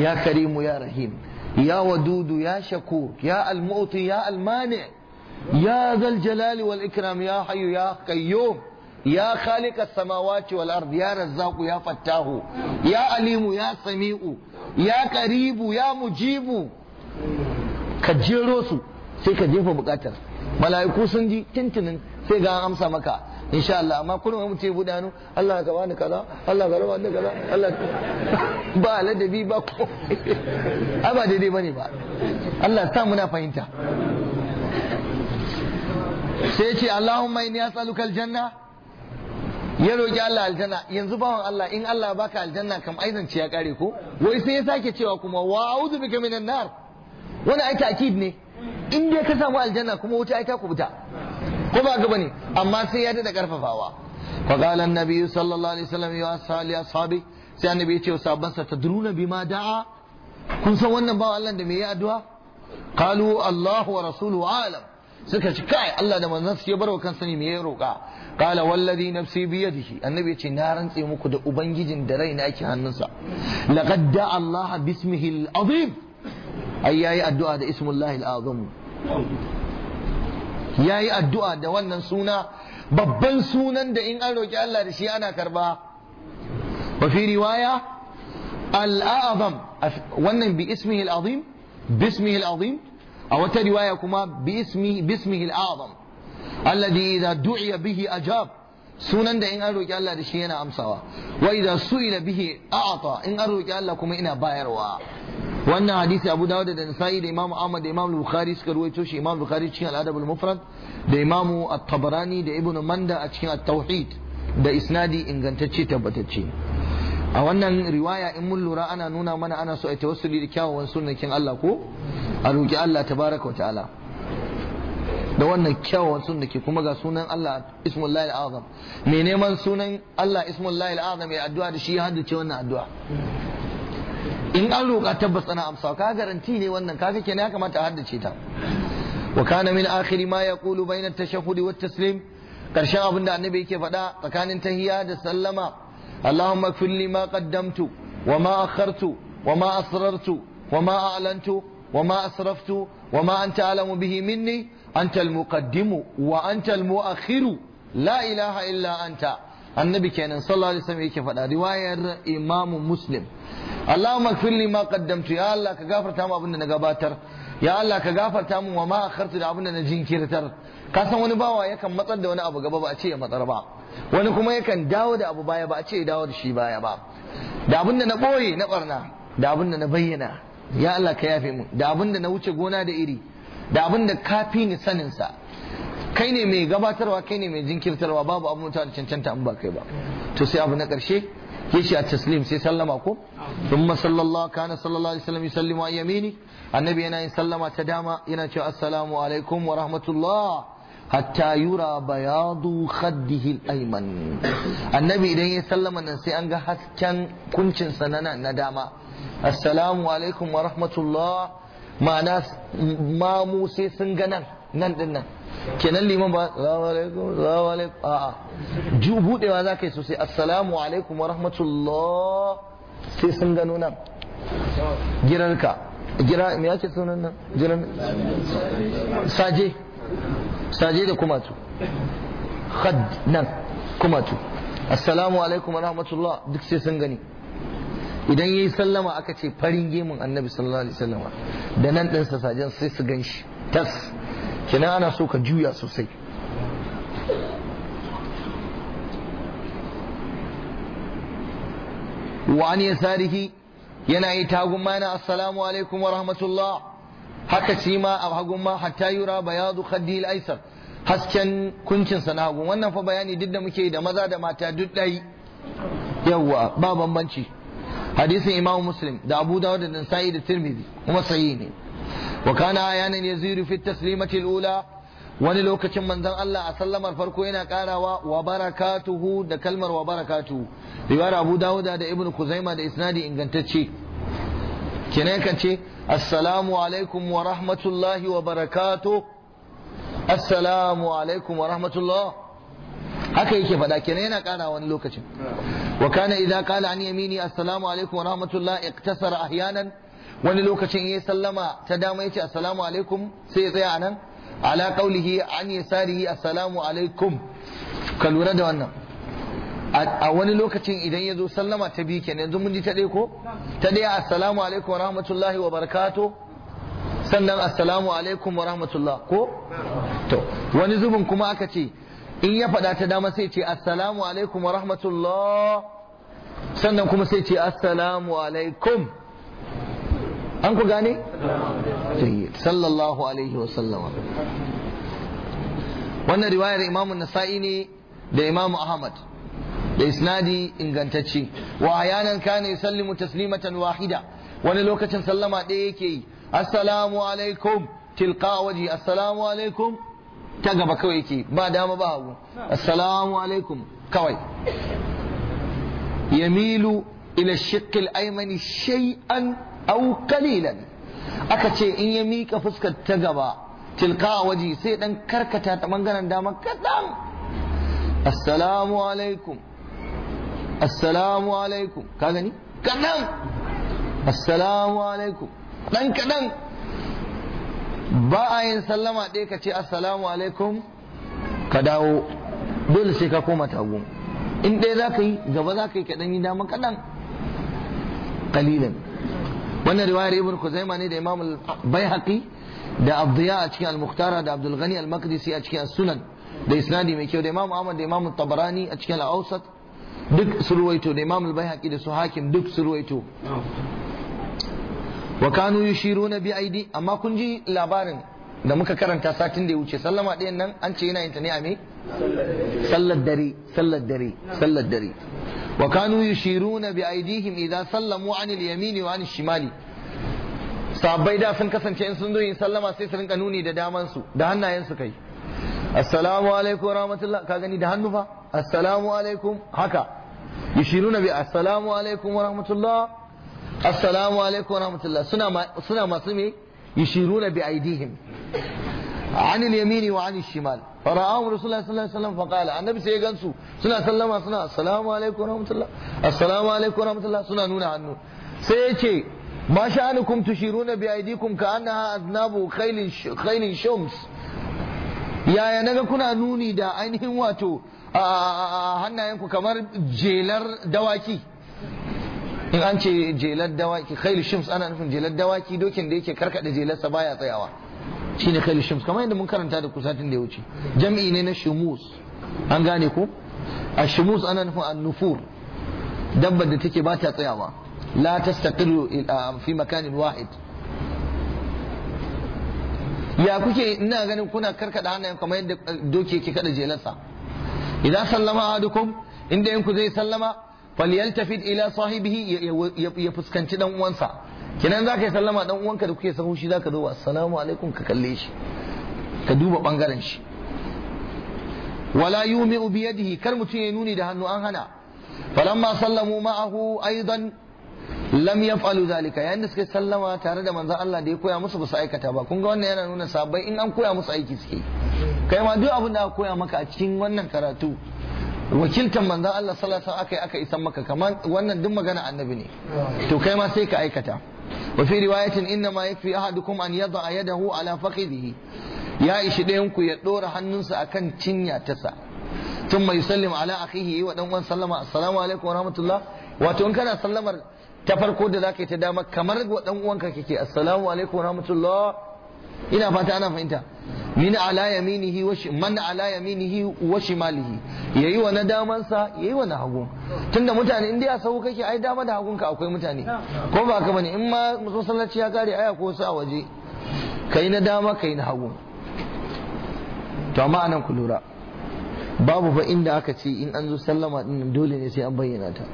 ya karimu ya rahim ya wadudu ya shaku ya almu'ti ya almani ya zal jalali wal ikram ya hayyu ya qayyum ya khaliq as-samawati wal ard ya razzaqu ya fattahu ya alimu ya sami'u ya Karibu ya mujibu ka jero su sai ka jefa buƙatar mala'iku sun ji tintinin sai ga an amsa maka sha Allah amma kullum mai mutum ya buɗe hannu Allah ka bani kaza Allah ka rawa da kaza Allah <laughs> ba ladabi ba ko ai ba daidai bane ba Allah sa muna fahimta sai ce Allahumma inni as'aluka aljanna ya roki Allah aljanna yanzu bawan Allah in Allah baka aljanna kam aizanci ya kare ko wai sai ya sake cewa kuma wa a'udhu bika minan nar wani ai ta'kid ne in dai ka samu aljanna kuma wuce ai ta kubuta ko ba ka bane amma sai ya dada karfafawa fa qala annabi sallallahu alaihi wasallam ya ashabi ashabi sai annabi ya ce wa sahabban sa tadruna bima da'a kun san wannan bawa Allah da me ya addu'a qalu Allahu wa rasuluhu alam suka ci kai Allah da manzon su ya barwa kan sani me ya roka qala wallazi nafsi bi yadihi annabi ya ce na rantse muku da ubangijin da raina yake hannunsa laqad da'a Allah bismihi al-azim ai yayi addu'a da ismullahi al-azim ya yi addu'a da wannan suna babban sunan da in an roƙi Allah da shi ana karba wa fi riwaya al'azam wannan bi ismihi al'azim bismihi al'azim a wata riwaya kuma bi ismihi al'azam alladhi idza du'iya bihi ajab sunan da in an roƙi Allah da shi yana amsawa wa idza su'ila bihi a'ata in an roƙi Allah kuma ina bayarwa wannan hadisi Abu Dawud da Nasa'i da Imam Ahmad da Imam Bukhari suka ruwaito shi Imam Bukhari cikin Al-Adab al-Mufrad da Imam At-Tabarani da Ibnu Manda a cikin At-Tauhid da isnadi ingantacce tabbatacce a wannan riwaya in mun lura ana nuna mana ana so a tawassuli da kyawawan kin Allah ko a roki Allah tabaraka wata ta'ala da wannan kyawawan ke kuma ga sunan Allah ismul al-azam me neman sunan Allah ismul al-azam ya addu'a da shi ya haddace wannan addu'a in an roƙa tabbas ana amsa ka garanti ne wannan kake ne ya kamata a haddace ta wa kana min akhiri ma yaqulu bayna at tasha wa at-taslim karshen abin da annabi yake faɗa tsakanin tahiyya da sallama Allahumma ighfir li ma qaddamtu wa ma akhartu wa ma asrartu wa ma a'lantu wa ma asraftu wa ma anta alamu bihi minni anta al-muqaddimu wa anta al-mu'akhiru la ilaha illa anta annabi kenan sallallahu alaihi wasallam yake faɗa riwayar imam muslim allahumma ighfir li ma qaddamtu ya allah ka gafarta mu abin na gabatar ya allah ka gafarta mu wa ma akhartu da abin na jinkirtar ka san wani bawa yakan matsar da wani abu gaba ba a ce ya matsar ba wani kuma yakan dawo da abu baya ba a ce ya dawo da shi baya ba da abin na boye na barna da abin na bayyana ya allah ka yafe mu da abin na wuce gona da iri da abin da kafi ni saninsa kai ne mai gabatarwa kai ne mai jinkirtarwa babu abin da cancanta an ba kai ba to sai abu na karshe shi a taslim sai sallama ko thumma sallallahu kana sallallahu alaihi wasallam yusallimu a yamini annabi yana yin sallama ta dama yana cewa assalamu alaikum wa rahmatullah hatta yura bayadu khaddihi al-ayman annabi idan ya sallama nan sai an ga hasken kuncin sa na dama assalamu alaikum wa rahmatullah ma'ana ma mu sai sun ga nan nan din nan kenan liman ba assalamu alaikum assalamu alaikum a ju budewa za ka yi sosai assalamu alaikum wa rahmatullah sai sun gano nan girarka gira me yake sunan nan giran saje saje da kumatu khad nan kumatu assalamu alaikum wa rahmatullah duk sai sun gani idan yayi sallama aka ce farin gemun annabi sallallahu alaihi wasallam da nan sa sajen sai su gan shi tas kina ana so ka juya sosai wani ya sariki yana yi tagumana assalamu alaikum wa rahmatullah haka shi ma a hagunma hatta yura bayadu khaddil aisar hasken kuncin sana hagun wannan fa bayani duk da muke da maza da mata duk dai yawwa ba bambanci hadisin imamu muslim da abu dawud da nasai da tirmidhi kuma sahihi ne wa kana ayanan yaziru fi taslimati al-ula wani lokacin manzon Allah a sallamar farko yana karawa wa barakatuhu da kalmar wa barakatuhu riwayar Abu Dawuda da Ibn Kuzaima da isnadi ingantacce kenan kan ce assalamu alaikum wa rahmatullahi wa barakatuh assalamu alaikum wa rahmatullah haka yake faɗa kenan yana ƙara wani lokacin wa kana idza qala an yamini assalamu alaikum wa rahmatullah iktasara ahyanan wani lokacin yayi sallama ta dama yace assalamu alaikum sai ya tsaya anan ala qaulihi an yasarihi assalamu alaikum ka lura da wannan a wani lokacin idan ya zo sallama ta biyu kenan yanzu mun ji ta ɗaya ko ta ɗaya assalamu alaikum wa rahmatullahi wa barakatuh sannan assalamu alaikum wa rahmatullah ko to wani zubin kuma aka ce in ya faɗa ta dama sai ce assalamu alaikum wa rahmatullah sannan kuma sai ce assalamu alaikum an ku gane sallallahu alaihi wa sallama wannan riwayar imamu nasa'i ne da imamu ahmad da isnadi ingantacce wa ayanan kana yusallimu taslimatan wahida wani lokacin sallama ɗaya yake yi assalamu alaikum tilqa waji assalamu alaikum ta gaba kawai yake ba dama ba hagu assalamu alaikum kawai yamilu ila shiqqil aymani shay'an aw qalilan aka ce in ya mika fuskar ta gaba tilka a waje sai dan karkata ta bangaren dama kadan assalamu alaikum assalamu alaikum ka gani kadan assalamu alaikum dan kadan ba a yin sallama ɗaya ka ce assalamu alaikum ka dawo dole sai ka koma tagu in ɗaya za ka yi gaba za ka yi kaɗan yi dama kaɗan ƙalilan wannan riwayar ibn kuzaima ne da imam al-baihaqi da abdiya a cikin al-mukhtara da abdul ghani al-maqdisi a cikin sunan da isnadi mai kyau da imam ahmad da imam tabarani a cikin al-awsat duk surwaito da imam al-baihaqi da su hakim duk surwaito wa kanu yushiruna bi aidi amma kun ji labarin da muka karanta satin da ya wuce sallama ɗayan nan an ce yana yin ta ne a me sallar dare sallar dare sallar dare wa kanu yushiruna bi aidihim idan sallamu an yamini wa an shimali sahabbai da sun kasance in sun zo yin sallama sai su rinka nuni da daman su da hannayen su kai assalamu alaikum rahmatullah ka gani da hannu fa assalamu alaikum haka yushiruna bi assalamu alaikum wa rahmatullah assalamu alaikum wa rahmatullah suna suna masu me yushiruna bi Ani al-yamini wa an shimal fara'ahu rasulullah sallallahu alaihi wasallam faqala annabi sai ya gansu suna sallama suna assalamu alaikum wa rahmatullah assalamu alaikum wa rahmatullah suna nuna hannu sai yace ce ma sha'anukum tushiruna bi aydikum ka annaha aznabu khailin khailin shums yaya naga kuna nuni da ainihin wato hannayenku kamar jelar dawaki in an ce jelar dawaki khailu shims ana nufin jelar dawaki dokin da yake karkada jelarsa baya tsayawa ne khairu shams kamar yadda mun karanta da kusatin da ya wuce jam'i ne na shimus an gane ku a shimus ana nufin an-nufur dabbar da take ba ta tsayawa la a fi makanin wahid ya kuke ina ganin kuna karkada hannayen kamar yadda eh, doki yake kada jelarsa idan sallama dukkan inda yanku zai sallama falyaltafid ila sahibihi ya fuskanci dan uwansa kinan za ka yi sallama dan uwanka da kuke sahu shi za ka duba assalamu alaikum ka kalle shi ka duba bangaren shi wala yumi'u bi yadihi kar mutum ya nuni da hannu an hana falamma sallamu ma'ahu aidan lam yaf'alu zalika yayin da suka sallama tare da manzon Allah da ya koya musu ba su aikata ba kun ga wannan yana nuna sabai in an koya musu aiki suke kai ma duk abin da aka koya maka a cikin wannan karatu wakiltan manzon Allah sallallahu alaihi wasallam aka yi aka isan maka kamar wannan duk magana annabi ne to kai ma sai ka aikata وفي رواية إنما يكفي أحدكم أن يضع يده على فخذه ya ishi ɗayan ku ya ɗora hannunsa akan cinya tasa tun mai sallim ala akhihi wa dan uwan sallama assalamu alaikum wa rahmatullah wato in kana sallamar ta farko da zaka yi ta dama kamar wa dan kake alaikum ina fata ana fahimta min ala yaminihi wa man ala yaminihi wa shimalihi yayi wa na daman sa yayi wa na hagun tunda mutane in dai kake ai dama da hagun ka akwai mutane ko ba ka bane in ma masallaci ya kare aya ko su a waje kai na dama kai na hagun to amma anan ku lura babu fa inda aka ce in an zo sallama din dole ne sai an bayyana ta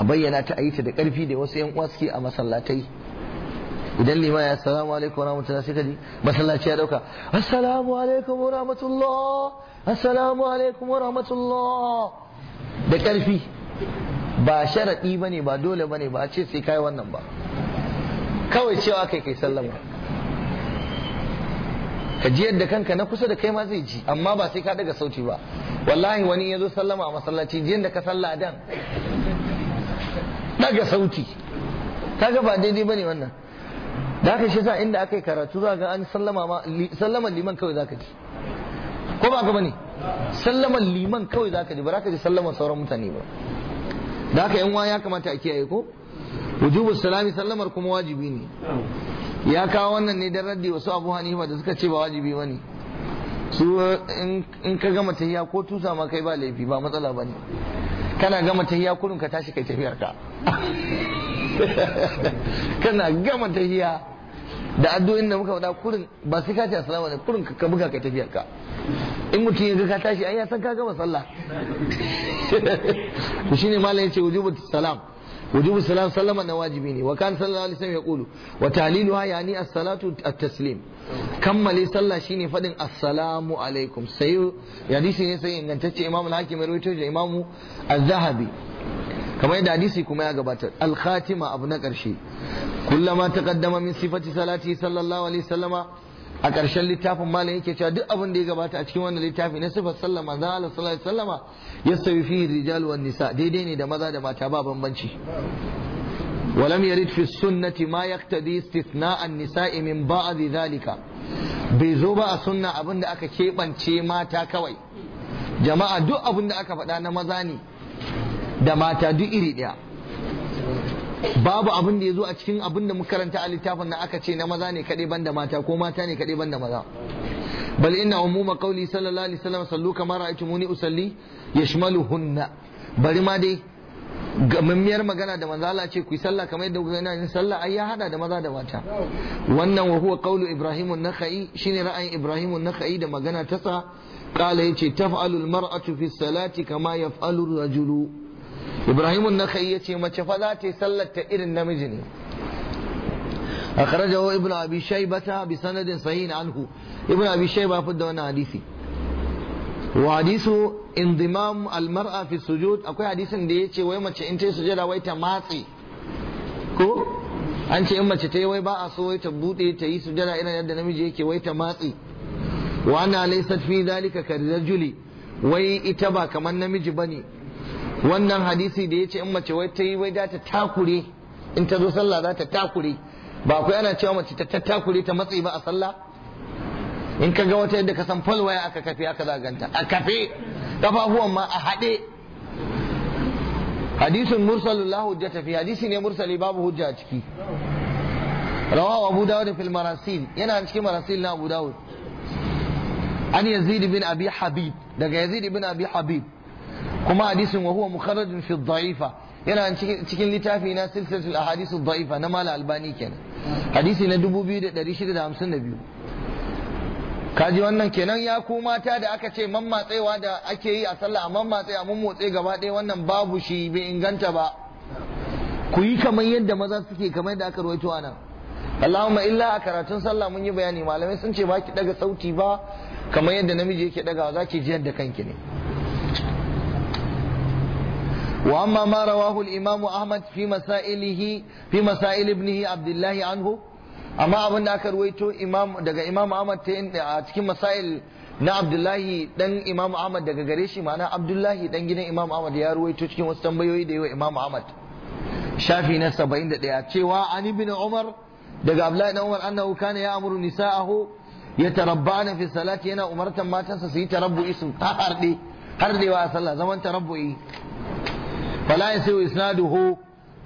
a bayyana ta a yi ta da karfi da wasu 'yan uwa suke a masallatai idan lima ya assalamu alaikum wa rahmatullah sai ka ji masallaci ya dauka assalamu alaikum wa rahmatullah assalamu alaikum wa rahmatullah da karfi ba sharadi bane ba dole bane ba a ce sai kai wannan ba kawai cewa kai kai sallama ka ji yadda kanka na kusa da kai ma zai ji amma ba sai ka daga sauti ba wallahi wani ya zo sallama a masallaci ji yadda ka salla dan daga sauti kaga ba daidai bane wannan da aka shi sa inda aka yi karatu za ga an sallaman liman kawai za ka ji ko ba ka bane sallaman liman kawai za ka ji ba za ka ji sallaman sauran mutane ba da aka yan ya kamata a kiyaye ko wujubu salami sallamar kuma wajibi ne ya kawo wannan ne dan raddi wasu abu hanifa da suka ce ba wajibi bane su in ka gama tahiya ko tusa ma kai ba laifi ba matsala bane kana gama tahiya kurun ka tashi kai tafiyar ka <laughs> kana gama tahiya da addu'in da muka faɗa kudin ba sai ka ce assalamu alaikum kudin ka buga kai tafiyar ka in mutum ya ga ka tashi ai ya san ka gama sallah <laughs> shine malam yace wujubu salam wujubu salam sallama na wajibi ne wa kan sallallahu alaihi wasallam yaqulu wa taliluha yani as-salatu at-taslim kammale sallah shine fadin assalamu alaikum sai hadisi ne sai ingantacce imamu al-hakim rawaito da imamu az-zahabi kamar yadda hadisi kuma ya gabata. al abu na karshe kullama taqaddama min sifati salati sallallahu alaihi wasallama a ƙarshen littafin malam yake cewa duk abin da ya gabata a cikin wannan littafi na sifar sallama za ala sallallahu alaihi sallama ya sauyi fi rijal wa nisa daidai ne da maza da mata ba bambanci walam yarid fi sunnati ma yaqtadi imin nisa'i min ba'd dhalika bai zo ba a sunna abin da aka keɓance mata kawai jama'a duk abin da aka faɗa na maza ne da mata duk iri ɗaya babu abin da ya zo a cikin abin da muka karanta a littafin na aka ce na maza ne kaɗai da mata ko mata ne kaɗai da maza bal inna umuma qawli sallallahu alaihi wasallam sallu kama muni usalli yashmaluhunna bari ma dai gamammiyar magana da manzo Allah ce ku yi sallah kamar yadda kuka ina yin sallah ai ya hada da maza da mata wannan wa huwa qawlu ibrahim an-nakhai shine ra'ayin ibrahim an-nakhai da magana ta sa qala yace taf'alu al-mar'atu fi salati kama yaf'alu ar-rajulu ibrahim ya ce mace fa za ta yi sallar ta irin namiji ne akhrajahu ibnu abi shaybata bi sanadin sahih anhu ibnu abi shayba fudda wannan hadisi wa hadisu indimam almar'a fi sujud akwai hadisin da ce wai mace in ta yi sujada wai ta matsi ko an ce in mace ta yi wai ba a so wai ta bude ta yi sujada irin yadda namiji yake wai ta matsi wa ana laysat fi dhalika karajuli wai ita ba kamar namiji bane wannan hadisi da ya ce in mace wai ta yi wai ta takure in ta zo sallah za ta takure ba akwai ana cewa mace ta takure ta matsi ba a sallah in ka ga wata yadda ka san falwaya aka kafe aka zaganta. a kafe kafafuwan ma a haɗe hadisin mursalun la hujja tafi hadisi ne mursali babu hujja a ciki rawahu abu dawud fil marasil yana cikin marasil na abu dawud an yazid bin abi habib daga yazid bin abi habib kuma hadisin wa huwa mukharrajun fi dha'ifa yana cikin littafi na silsilatul ahadith dha'ifa na mala albani kenan hadisi na 2652 kaji wannan kenan ya kuma ta da aka ce mammatsewa da ake yi a sallah amma matsayi mun motsa gaba ɗaya wannan babu shi bai inganta ba ku yi kamar yadda maza suke kamar yadda aka rawaito anan Allahumma illa a karatun sallah mun yi bayani malamai sun ce baki ki daga sauti ba kamar yadda namiji yake daga zaki jiyar da kanki ne وأما ما رواه الإمام أحمد في مسائله في مسائل ابنه عبد الله عنه أما أبن أكر ويتو إمام دقا إمام أحمد cikin مسائل na Abdullahi dan Imam Ahmad daga gare shi ma'ana Abdullahi dan gidan Imam Ahmad ya ruwaito cikin wasu tambayoyi da yawa Imam Ahmad shafi na 71 cewa an ibn Umar daga Abdullahi dan Umar annahu kana ya amuru nisa'ahu yatarabbana fi salati yana umartan matansa su yi tarabbu'i su harde hardewa a sallah zaman tarabbu'i fala yasu isnaduhu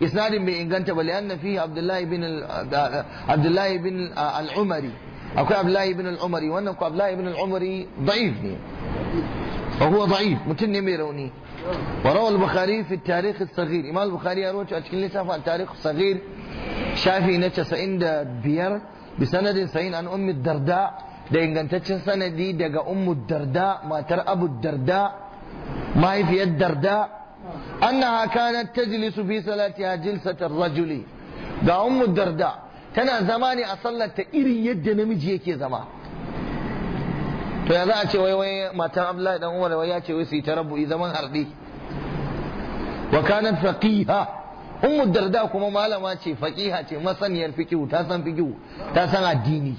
isnadin bai inganta ba li'anna fihi abdullahi bin al-umari akwai abdullahi bin al-umari wannan ko abdullahi bin al-umari da'if ne wa huwa da'if mutum ne mai rauni wa rawa fi tarihi as-saghir imam ya rawaito a cikin littafin tarikh as shafi na 95 da sanadin sahih an ummi darda da ingantaccen sanadi daga ummu darda matar abu darda mahaifiyar darda annaha kanat tajlisu fi salatiha jilsatar rajuli ga ummu darda tana zama ne a sallar ta irin yadda namiji yake zama to ya za a ce wai wai matan Abdullahi dan Umar ya ce su yi tarabbu'i zaman hardi wa kanat faqiha ummu kuma malama ce faqiha ce masaniyar fiqhu ta san fiqhu ta san addini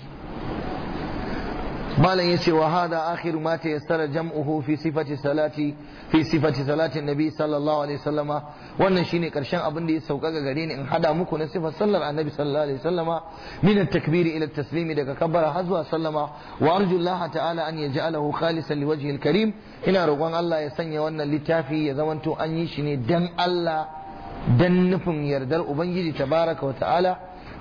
malam yace wa hada akhiru ma tayassara jam'uhu fi sifati salati fi sifati salati annabi sallallahu alaihi wasallama wannan shine karshen abin da ya sauka ga gare ni in hada muku na sifar sallar annabi sallallahu alaihi wasallama min at-takbiri ila at-taslimi daga kabbara har zuwa sallama wa arju Allah ta'ala an yaj'alahu khalisan liwajhi al-karim ina roƙon Allah ya sanya wannan littafi ya zamanto an yi shi ne dan Allah dan nufin yardar ubangiji tabaraka wa ta'ala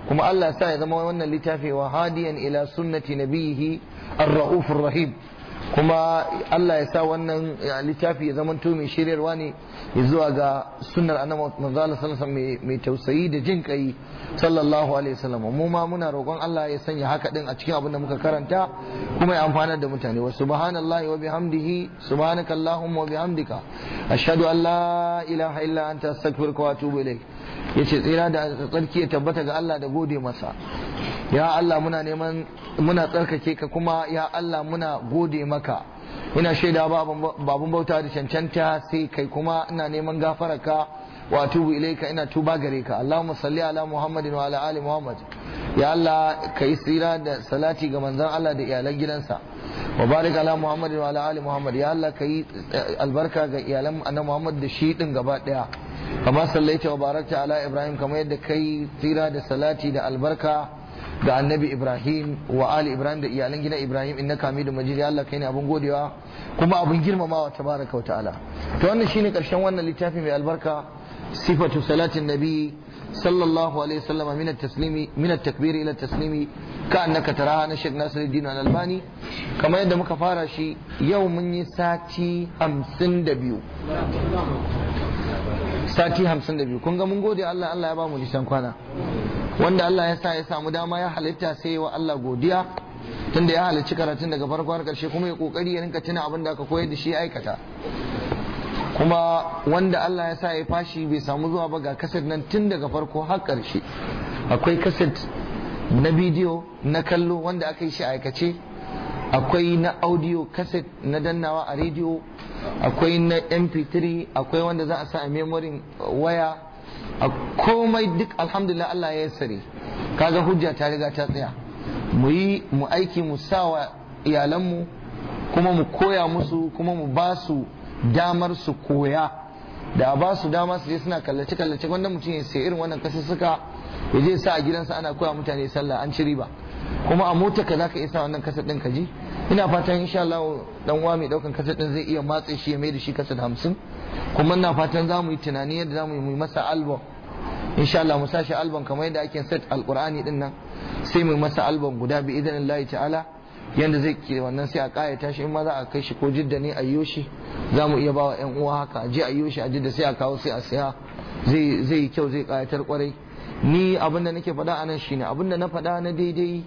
kuma Allah sa ya zama wannan littafi wa hadiyan ila sunnati nabih ar ar rahim kuma Allah ya sa wannan littafi ya zama to mai shiryarwa ne zuwa ga sunnar annabi manzala sallallahu mai tausayi da jin kai sallallahu alaihi wasallam mu ma muna roƙon Allah ya sanya haka din a cikin abin da muka karanta kuma ya amfanar da mutane wa subhanallahi wa bihamdihi subhanakallahumma wa bihamdika ashhadu an la ilaha illa anta astaghfiruka wa atubu ilayk yace tsira da tsarki ya tabbata ga Allah da gode masa ya Allah muna neman muna tsarkake ka kuma ya Allah muna gode maka ina shaida babun bauta da cancanta sai kai kuma ina neman ka wa tubu ilaika ina tuba gare ka Allahumma salli ala Muhammadin wa ala ali Muhammad ya Allah ka yi tsira da salati ga manzon Allah da iyalan gidansa wa barik ala Muhammadin wa ala ali Muhammad ya Allah ka yi eh, albarka ga iyalan annabi Muhammad da shi din gaba daya kama sallaita wa barakta ala Ibrahim kamar yadda kai tsira da salati da albarka ga annabi Ibrahim wa ali Ibrahim da iyalan gidan Ibrahim innaka hamidum majid ya Allah kai ne abun godewa kuma abun girmamawa tabaraka wa ta'ala to wannan shine karshen wannan littafi mai albarka صفة صلاة النبي صلى الله عليه وسلم من التسليم من التكبير إلى التسليم كأنك تراها نشك ناصر الدين الألباني كما يدى مكفارة شي يوم ساتي همسن دبيو sati hamsin da biyu kun ga mun gode Allah Allah ya ba mu nisan kwana wanda Allah ya sa ya samu dama ya halitta sai wa Allah godiya tunda ya halicci karatun daga farko har karshe kuma ya kokari ya rinka tuna abin da aka koyar da shi aikata kuma wanda Allah ya sa ya fashi bai samu zuwa ba ga kaset nan tun daga farko har ƙarshe akwai kaset na bidiyo na kallo wanda aka yi shi aikace akwai na audio kaset na dannawa a rediyo akwai na mp3 akwai wanda za a sa a memorin uh, waya a komai duk alhamdulillah Allah ya sare kaga hujja ta riga ta tsaya mu yi mu aiki mu sawa iyalanmu kuma mu koya musu kuma mu ba su damar su koya da ba su dama su je suna kallace kallace wanda mutum ya sai irin wannan kasa suka ya je sa a gidansa ana koya mutane sallah an ci riba kuma a mota ka zaka isa wannan kasa din ka ji ina fatan insha Allah dan uwa mai daukan kasa din zai iya matsa shi ya mai da shi kasa da hamsin kuma ina fatan za yi tunani yadda za mu yi masa album insha Allah mu sashi album kamar yadda ake set alqur'ani din nan sai mu masa album guda bi idanillahi ta'ala yadda zai ke wannan sai a ƙayata shi in ma za a kai shi ko jidda ne a yi shi za mu iya ba wa 'yan uwa haka a je a yi shi a jidda sai a kawo sai a siya zai yi kyau zai ƙayatar kwarai ni abin da nake faɗa anan shi ne abin da na faɗa na daidai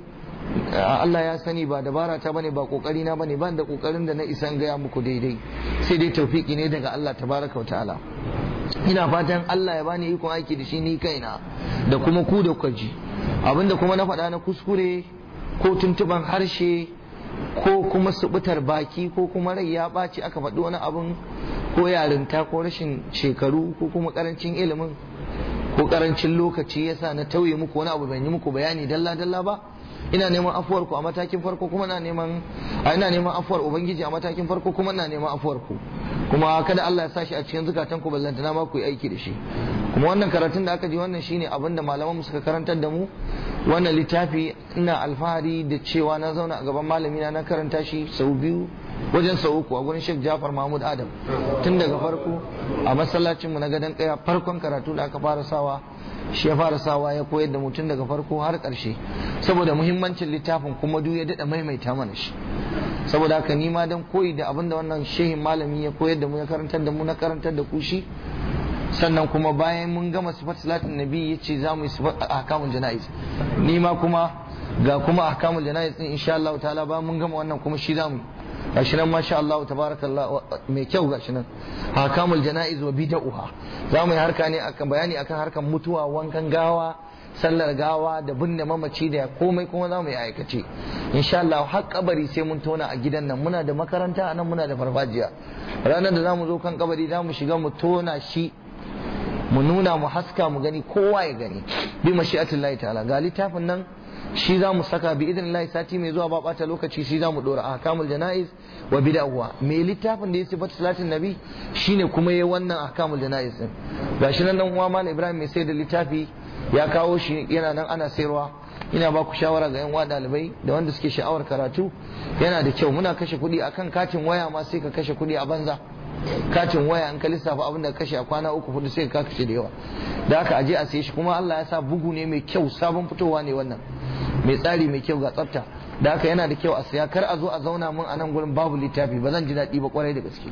Allah ya sani ba dabara ta bane ba kokari na bane ban da kokarin da na isan gaya muku daidai sai dai taufiki ne daga Allah tabaraka ta'ala ina fatan Allah ya bani ikon aiki da shi ni kaina da kuma ku da kuka ji abinda kuma na faɗa na kuskure ko tuntuban harshe ko kuma subutar baki ko kuma rai ya ɓaci aka faɗi wani abin ko yarinta ko rashin shekaru ko kuma ƙarancin ilimin ko ƙarancin lokaci yasa na tauye muku wani abu ban yi muku bayani dalla dalla ba ina neman afuwar ku a matakin farko kuma ina neman ina neman afuwar ubangiji a matakin farko kuma na neman afuwar ku kuma kada Allah ya sashi a cikin zukatan ku ballantana ma ku yi aiki da shi kuma wannan karatun da aka ji wannan shine abin da malaman mu suka karantar da mu wannan littafi ina alfahari da cewa na zauna a gaban malamina na karanta shi sau biyu wajen sau uku a gurin Sheikh Jafar Mahmud Adam tun daga farko a masallacin mu na gadon ɗaya farkon karatu da aka fara sawa shi ya fara sawa ya koyar da mutum daga farko har karshe saboda muhimmancin littafin kuma duk ya dada maimaita mana shi saboda haka ni ma dan koyi da abinda wannan shehin malami ya koyar da mu ya karantar da mu na karantar da ku shi sannan kuma bayan mun gama sifat salatin nabi ya ce za mu yi sifat ahkamul jana'iz ni ma kuma ga kuma ahkamul jana'iz din insha Allah ta'ala ba mun gama wannan kuma shi za mu yi gashi nan masha Allah tabarakallah mai kyau gashi nan hakamul janaiz wa bid'uha za mu yi harka ne akan bayani akan harkan mutuwa wankan gawa sallar gawa da binne mamaci da komai kuma za mu yi aikace insha Allah har kabari sai mun tona a gidan nan muna da makaranta a nan muna da farfajiya ranar da zamu zo kan kabari za mu shiga mu tona shi mu nuna mu haska mu gani kowa ya gani bi mashi'atullahi ta'ala ga littafin nan shi za mu saka bi idan lai sati mai zuwa ba bata lokaci shi za mu dora a kamul jana'iz wa bid'awa mai littafin da ya sifata salatin nabi Shi ne kuma yayi wannan kamul jana'iz din gashi nan dan uwa mal ibrahim mai sai da littafi ya kawo shi yana nan ana sayarwa ina ba ku shawara ga yan wa dalibai da wanda suke sha'awar karatu yana da kyau muna kashe kuɗi akan katin waya ma sai ka kashe kuɗi a banza katin waya an ka lissafa abin da kashe a kwana uku hudu sai ka kashe da yawa da aka aje a sai shi kuma Allah ya sa bugu ne mai kyau sabon fitowa ne wannan mai tsari mai kyau ga tsafta da aka yana da kyau a saya kar a zo a zauna mun a nan gurin babu littafi ba zan ji daɗi ba kwarai da gaske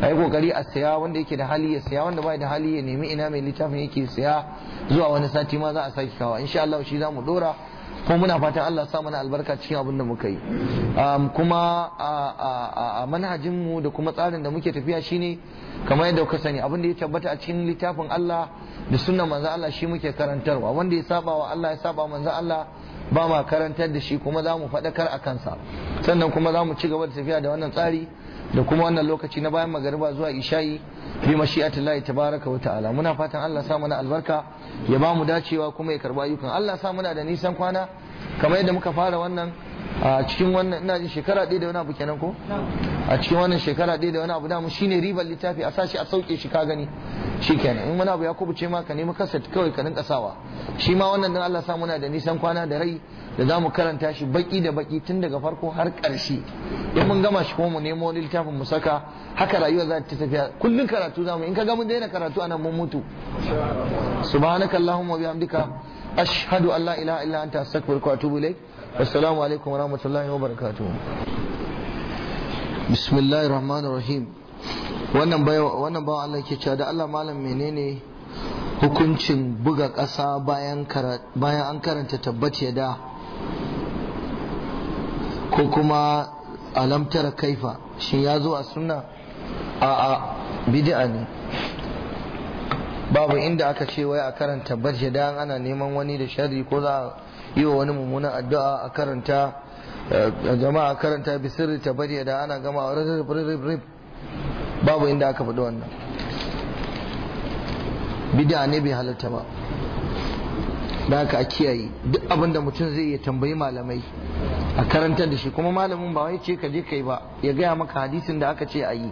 Ayi kokari a saya wanda yake da hali ya saya wanda bai da hali ya nemi ina mai littafin yake saya zuwa wani sati ma za a sake kawo insha Allah shi za mu dora ko muna fatan Allah sa mana albarka cikin abin da muka yi kuma a manhajin mu da kuma tsarin da muke tafiya shine kamar yadda kuka sani abin da ya tabbata a cikin littafin Allah da sunnan manzo Allah shi muke karantarwa wanda ya saba wa Allah ya saba manzo Allah ba ma karantar da shi kuma za mu faɗakar a kansa sannan kuma za mu ci gaba da tafiya da wannan tsari da kuma wannan lokaci na bayan magariba zuwa isha'i bi mashi'atillahi tabaraka wa ta'ala muna fatan Allah sa mana albarka ya ba mu dacewa kuma ya karba ayyukan Allah sa muna da nisan kwana kamar yadda muka fara wannan a cikin wannan ina jin shekara ɗaya da wani abu kenan ko a cikin wannan shekara ɗaya da wani abu damu shine ribar littafi a sashi a sauke shi ka gani shikenan in wani abu ya kubuce ma ka nemi kasa kawai ka rinka sawa shi ma wannan dan Allah sa muna da nisan kwana da rai da za mu karanta shi baki da baki tun daga farko har ƙarshe in mun gama shi kuma mu nemo wani littafin mu saka haka rayuwa za ta tafiya kullum karatu za mu in ka ga mun daina karatu anan mun mutu allahumma wa bihamdika ashhadu an la ilaha illa anta astaghfiruka wa atubu ilaik wassalamu alaikum wa rahmatullahi wa barakatuh bismillahir rahmanir rahim wannan wannan bawa Allah yake cewa da Allah malam menene hukuncin buga ƙasa bayan an karanta tabbat ya da ko kuma alamtar kaifa shi ya zo a suna? a a bid'a ne babu inda aka ce wai a karanta barje da ana neman wani da shari ko za a yi wa wani mummunan addu'a a karanta eh, jama'a karanta bisirri ta barje da ana gama a rib babu inda aka faɗi wannan bid'a ne bai halatta ba da aka a kiyaye duk abinda mutum zai iya tambayi malamai a karantar da shi kuma malamin ba wai ce ka je kai ba ya gaya maka hadisin da aka ce a yi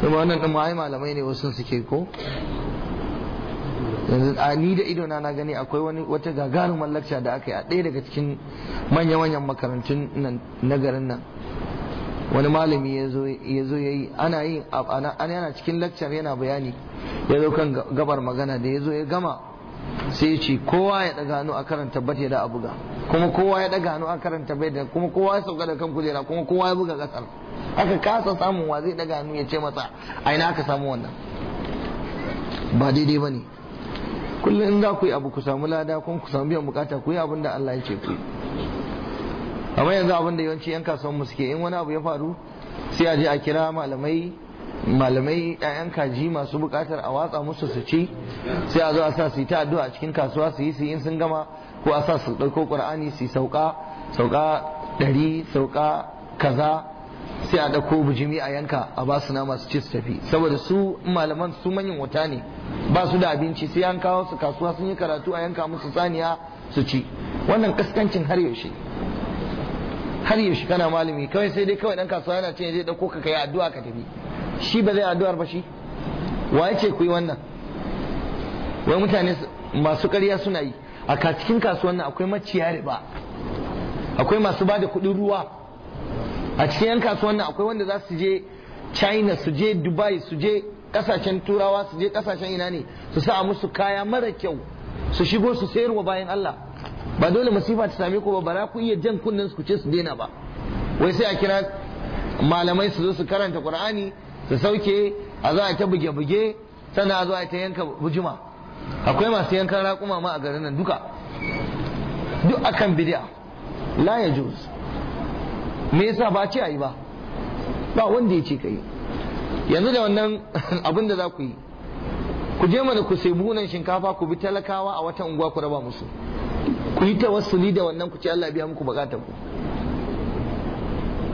kuma wannan ɗin malamai ne wasu suke ko yanzu a ni da idona na gani akwai wani wata gagarumar lakca da aka yi a ɗaya daga cikin manya-manyan makarantun nan na garin nan wani malami ya zo ya yi ana yi ana cikin lakcar yana bayani ya zo kan gabar magana da ya zo ya gama sai ya ce kowa ya ɗaga hannu a karanta bat ya da buga. kuma kowa ya daga hannu an karanta bai da kuma kowa ya sauka da kan kujera kuma kowa ya buga kasar aka kasa samun wa zai daga hannu ya ce masa a ina aka samu wannan ba daidai ba ne kullum in za ku yi abu ku samu lada kun ku samu biyan bukata ku yi abin da Allah ya ce ku amma yanzu abin da yawanci yan kasuwan mu suke in wani abu ya faru sai a je a kira malamai malamai ɗayan kaji masu buƙatar a watsa musu su ci sai a zo a sa su yi ta addu'a a cikin kasuwa su yi su in sun gama ko a sa su ɗauko ƙur'ani su sauka sauka ɗari sauka kaza sai a ɗauko bijimi a yanka a ba su nama su ci su tafi saboda su malaman su manyan wata ne ba su da abinci sai an kawo su kasuwa sun yi karatu a yanka musu saniya su ci wannan kaskancin har yaushe har yaushe kana malami kawai sai dai kawai ɗan kasuwa yana cin zai ɗauko ka kai addu'a ka tafi shi ba zai addu'ar ba shi wa ya ce ku yi wannan wai mutane masu karya suna yi a cikin kasuwan nan akwai maciya riba akwai masu ba da kuɗin ruwa a cikin yan kasuwan nan akwai wanda za su je china su je dubai su je kasashen turawa su je kasashen ina ne su sa musu kaya mara kyau su shigo su sayarwa bayan Allah ba dole masifa ta same ku ba bara ku iya jan kunnen su ce su daina ba wai sai a kira malamai su zo su karanta qur'ani su sauke a za a ta buge-buge sannan a zo a ta yanka bujuma akwai masu yankan raƙuma ma a garin nan duka duk akan bid'a la ya juz me yasa ba ce ayi ba ba wanda ya ce kai yanzu da wannan <laughs> abin da za ku yi ku je mana ku sai buhunan shinkafa ku bi talakawa a wata unguwa ku raba musu ku yi tawassuli da wannan ku ce Allah biya muku bukatar ku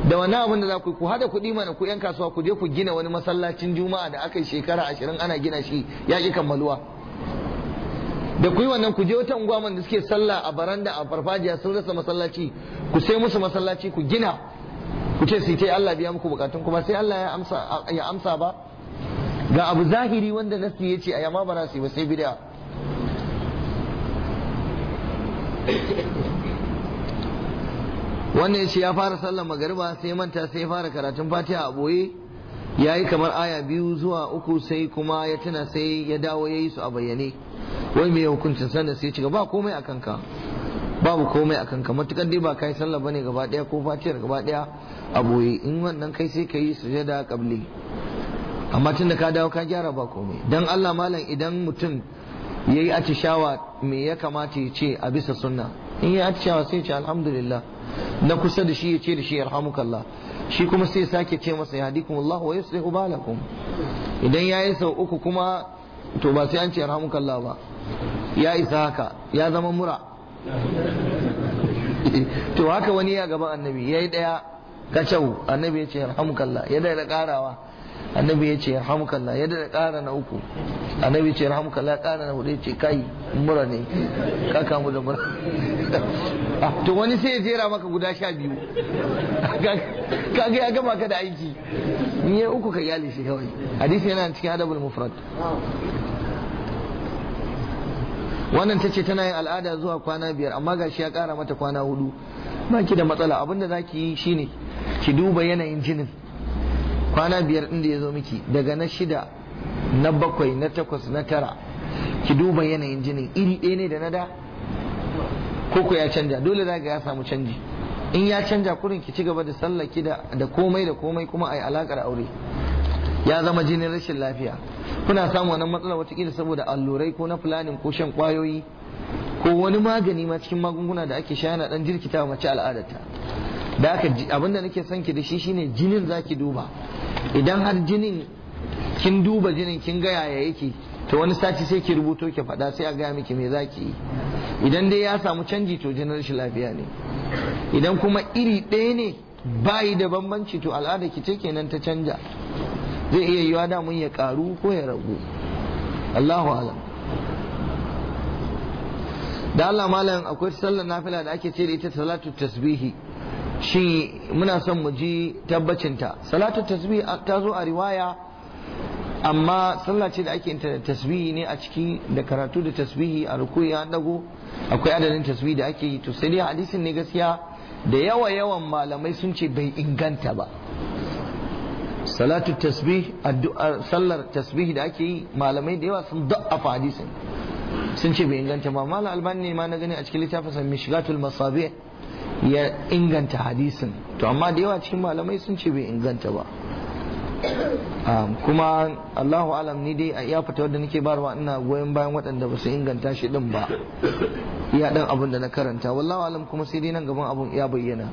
da wannan abin da za ku yi ku hada kuɗi mana ku yan kasuwa ku je ku gina wani masallacin juma'a da aka yi shekara ashirin ana gina shi ya ƙi kammaluwa da ku yi wannan ku je wata unguwa da suke sallah a baranda a farfajiya sun rasa masallaci ku sai musu masallaci ku gina ku ce su ce Allah biya muku bukatun kuma sai Allah ya amsa ya amsa ba ga abu zahiri wanda nasi yace ce a yamma bara su ba sai bid'a wannan ya ce ya fara sallar magariba sai manta sai fara karatun fatiha a boye ya yi kamar aya biyu zuwa uku sai kuma ya tuna sai ya dawo ya yi su a bayyane wai mai hukuncin sanda sai ya ba komai a kanka babu komai a kanka matukar dai ba kai sallah bane gaba daya ko fatiyar gaba daya a boye in wannan kai sai ka yi da kabli amma tun da ka dawo ka gyara ba komai dan Allah malam idan mutum yayi atishawa me ya kamata ya ce a bisa sunna in yayi atishawa sai ya ce alhamdulillah na kusa da shi ya ce da shi yarhamukallah shi kuma sai sake ce masa Allah wa yuslihu balakum idan yayi sau uku kuma to ba sai an ce yarhamukallah ba ya isa haka ya zama mura <laughs> to haka wani ya gaban annabi yayi daya kacau annabi ya ce yarhamukallah ya da karawa annabi ya ce yarhamukallah ya da kara na uku annabi ya ce yarhamukallah kara na hudu ya ce kai mura ne ka kamu da mura <laughs> to wani sai ya jera maka guda sha biyu <laughs> kaga ya gama ka da aiki in yi uku ka iyali shi kawai hadisi yana cikin adabul mufrad wannan ta ce tana yin al'ada zuwa kwana biyar amma ga shi ya kara mata kwana hudu ba ki da matsala abinda za ki yi shine ki duba yanayin jinin kwana biyar ɗin da ya zo miki daga na shida na bakwai na takwas na tara ki duba yanayin jinin iri ɗaya ne da na da koko ya canja dole za ga ya samu canji in ya canja kurin ki ci gaba da sallaki da komai da komai kuma a yi alakar aure ya zama jinin rashin lafiya kuna samu wannan matsala watakila saboda allurai ko na fulanin ko shan kwayoyi ko wani magani ma cikin magunguna da ake sha yana dan jirkita wa mace al'adarta da haka abinda nake son ki da shi shine jinin zaki duba idan har jinin kin duba jinin kin ga yaya yake to wani sati sai ki rubuto ki faɗa sai a gaya miki me za ki yi idan dai ya samu canji to jinin shi lafiya ne idan kuma iri ɗaya ne bayi da bambanci to al'ada ki ce kenan ta canja zai iya yiwa da mun ya karu ko ya ragu Allahu alam da Allah malam akwai sallar nafila da ake ce da ita salatu tasbihi shi muna son mu ji tabbacinta salatu tasbihi ta zo a riwaya amma sallah ce da ake yin tasbihi ne a ciki da karatu da tasbihi a ruku'i ya dago akwai adadin tasbihi da ake yi to sai dai hadisin ne gaskiya da yawa yawan malamai sun ce bai inganta ba salatu tasbih addu'a sallar tasbih da ake yi malamai da yawa sun da'afa hadisin sun ce bai inganta ba malam albani ne ma na gani a cikin littafin sa mishgatul masabih ya inganta hadisin to amma da yawa cikin malamai sun ce bai inganta ba kuma Allahu alam ni dai a iya fita wadda nake barwa ina goyon bayan waɗanda ba su inganta shi din ba iya ɗan abin da na karanta wallahu alam kuma sai dai nan gaban abun ya bayyana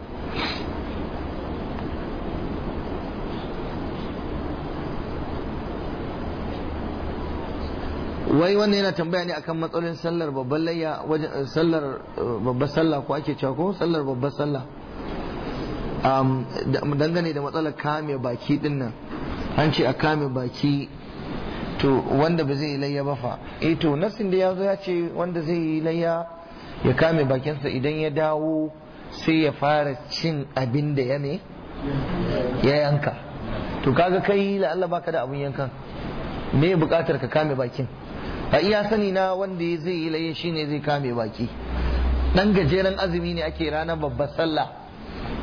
wai wannan yana tambaya ne akan matsalolin sallar babban layya wajen eh, sallar eh, babbar sallah ko ake cewa ko sallar babbar sallah dangane da matsalar kame baki din nan an ce a kame baki to wanda ba zai layya ba fa eh to nasin da ya ya ce wanda zai yi layya ya kame bakinsa idan ya dawo sai ya fara cin abin da ya ne ya yanka to kaga kai la'alla baka da abun yankan me bukatar ka kame bakin a iya sani na wanda zai yi layya shine zai kame baki dan gajeren azumi ne ake ranar babbar sallah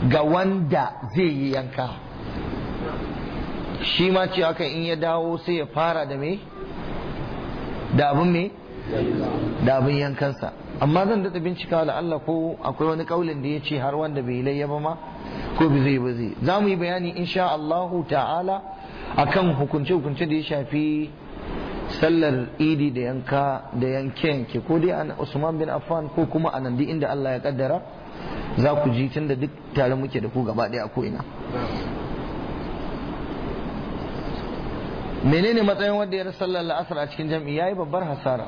ga wanda zai yi yanka shi ma ce haka in ya dawo sai ya fara da me da abin me da abin yankansa amma zan daɗa bincikawa da Allah ko akwai wani kaulin da ya ce har wanda bai layya ba ma ko bai zai ba zai za mu yi bayani insha Allah ta'ala kan hukunce hukunce da ya shafi sallar idi da yanka da yanke yanke ko dai an Usman bin Affan ko kuma anan duk inda Allah ya kaddara za ku ji tun da duk tare muke da ku gaba ɗaya ko ina menene matsayin wanda ya rasa sallar la'asar a cikin jam'i yayi babbar hasara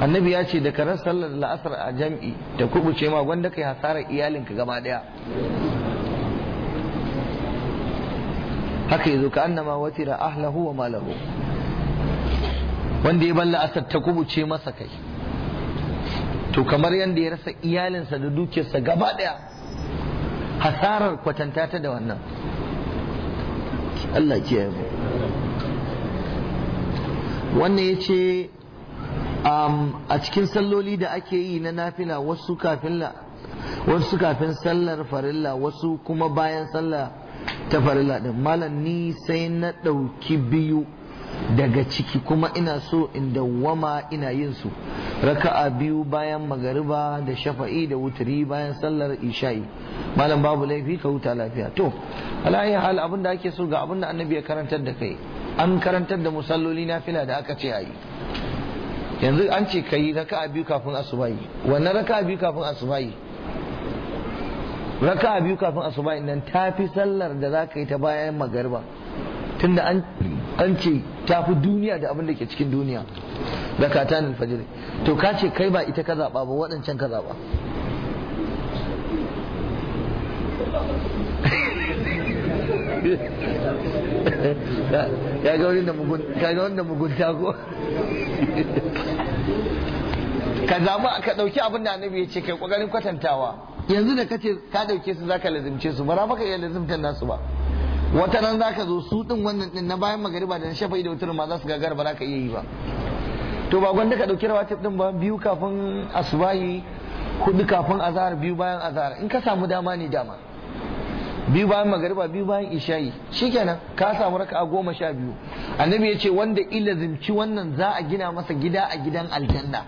annabi ya ce da ka rasa sallar la'asar a jam'i ta kubuce ma gwanda kai hasarar iyalinka gaba daya haka zo ka annama watira ahlahu wa malahu wanda ya balla asar ta kubuce masa kai to kamar yadda ya rasa iyalinsa da dukiyarsa gaba daya hasarar kwatanta ta da wannan Allah kiyaye mu wannan ya ce um, a cikin salloli da ake yi na nafila wasu kafin sallar farilla wasu kuma bayan sallar ta farilla din malam ni sai na ɗauki biyu daga ciki kuma ina so in dawwama ina yin su raka'a biyu bayan magariba da shafa'i da wuturi bayan sallar isha'i malam babu laifi ka huta lafiya to alayi hal abinda ake so ga abinda annabi ya karantar da kai an karantar da musalloli na fila da aka ce a yi yanzu an ce ka yi raka biyu kafin yi. wannan raka biyu kafin asubahi raka biyu kafin yi nan ta fi sallar da za ka yi ta bayan magarba tunda an ce ta fi duniya da abin da ke cikin duniya da nan fajir to ka ce kai ba ita ka zaba ba waɗancan ka zaɓa <laughs> Eh, ya ga wani da mugunta ko ka zama, ka dauki abin da annabi ya ce kai kokarin kwatantawa yanzu da ka ce ka dauke su za ka lazimce su ba baka iya lazimtar nasu ba wata nan za ka zo su ɗin wannan ɗin na bayan magariba da shafa'i da wutar ma za su gagara ba za ka iya yi ba to ba gwanda ka ɗauki rawatib ɗin ba biyu kafin asubahi hudu kafin azahar biyu bayan azahar. in ka samu dama ne dama biyu bayan magariba biyu bayan isha'i shikenan ka samu raka'a goma sha biyu annabi ya ce wanda ilazimci wannan za a gina masa gida a gidan aljanna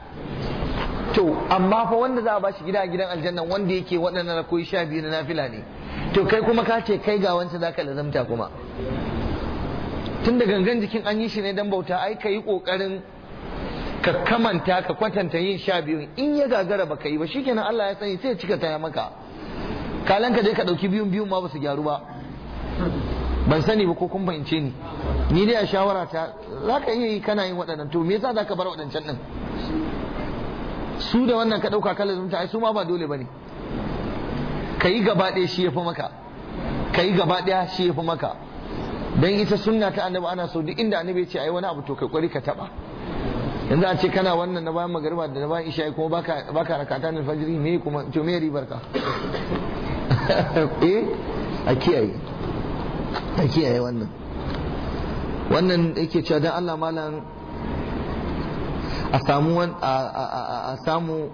to amma fa wanda za a bashi gida a gidan aljanna wanda yake waɗannan rakoyi sha biyu na nafila ne to kai kuma ka ce kai ga wancan za ka lazamta kuma tun da gangan jikin an yi shi ne dan bauta ai ka yi ƙoƙarin ka kamanta ka kwatanta yin sha biyu in ya gagara baka yi ba shikenan Allah ya sani sai ya cika ta maka kalan ka je ka ɗauki biyun biyun ma ba su gyaru ba ban sani ba ko kun fahimce ni ni dai a shawara ta za ka iya yi kana yin waɗannan to me yasa za ka bar waɗancan din su da wannan ka ɗauka kalar zumta ai su ma ba dole ba ne ka yi gaba ɗaya shi ya fi maka ka yi gaba ɗaya shi ya fi maka don ita sunna ta annabi ana so duk inda annabi ya ce ai wani abu to kai kwari ka taɓa yanzu a ce kana wannan na bayan magariba da na bayan isha'i kuma baka rakata na fajiri me kuma to me ribar ka <laughs> eh a kiyaye a kiyaye wannan wannan yake cewa dan Allah malam a samu a samu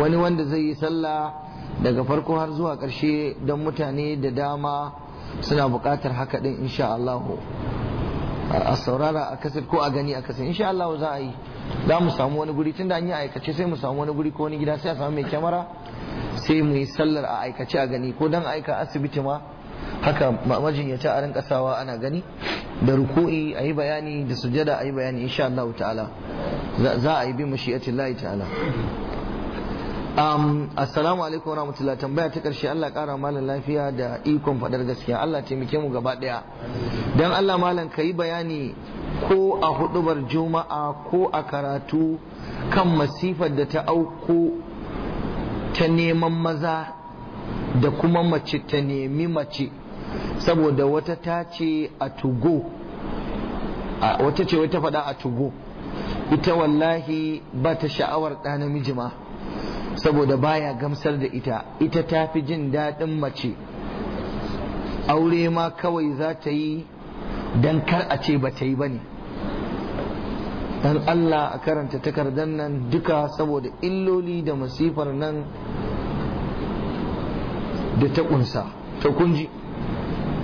wani wanda zai yi sallah daga farko har zuwa ƙarshe don mutane da dama suna buƙatar haka din insha Allah a saurara a kasar ko a gani a kasar insha Allah za a yi za mu samu wani guri tunda an yi aikace sai mu samu wani guri ko wani gida sai a samu mai kyamara sai mu yi sallar a aikace a gani ko dan aika asibiti ma haka majinyata a rinka ana gani da ruku'i a yi bayani da sujada a yi bayani insha Allah ta'ala za a yi bi mashi'atin layi ta'ala assalamu alaikum wa rahmatullahi tambaya ta karshe Allah kara malam lafiya da ikon faɗar gaskiya Allah taimake mu gaba daya dan Allah malam ka yi bayani ko a hudubar juma'a ko a karatu kan masifar da ta auku ta neman maza da kuma mace ta nemi mace saboda wata ta ce a tugo wata ce wata faɗa a tugo ita wallahi ba ta sha'awar ɗa namiji ma saboda baya gamsar da ita ita ta fi jin daɗin mace aure ma kawai za ta yi don kar a ce ba ta yi ba ne dan Allah a karanta takardar nan duka saboda illoli da masifar nan da ta kunsa ta kunji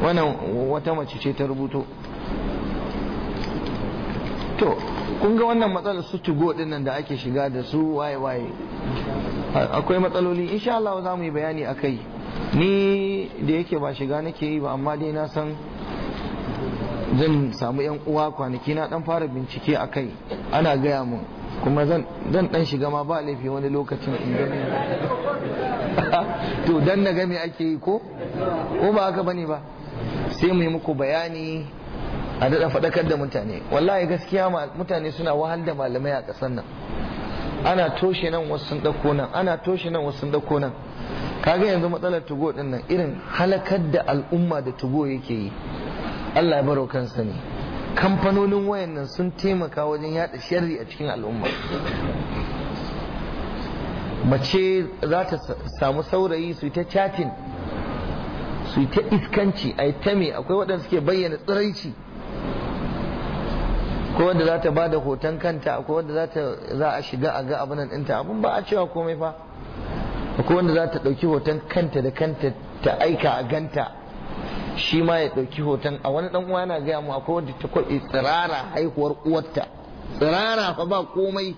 wannan wata mace ce ta rubuto to kun ga wannan matsalar su tugo din nan da ake shiga da su waye waye akwai matsaloli insha Allah za mu yi bayani akai ni da yake ba shiga nake yi ba amma dai na san zan samu yan uwa kwanaki na dan fara bincike a kai ana gaya mun kuma zan dan shiga ma ba laifi wani lokacin in gani <laughs> to dan na game ake yi ko ko ba haka bane ba sai mu yi muku bayani a daɗa faɗakar da mutane wallahi gaskiya mutane suna wahal da malamai a ƙasar nan ana toshe nan wasu sun ɗauko nan ana toshe nan wasu sun nan kaga yanzu matsalar tugo ɗin nan irin halakar da al'umma da tugo yake yi Allah ya baro kansa ne kamfanonin wayan nan sun taimaka wajen yada sharri a cikin al'umma mace za ta samu saurayi su yi ta chatting su yi ta iskanci a ta me akwai waɗanda suke bayyana tsiraici ko wanda za ta bada hoton kanta akwai wanda za ta za a shiga a ga abin ɗinta abin ba a cewa komai fa akwai wanda za ta ɗauki hoton kanta da kanta ta aika a ganta shi ma ya ɗauki hoton a wani ɗan uwa yana gaya mu akwai wanda ta kwaɗe tsirara haihuwar uwarta tsirara fa ba komai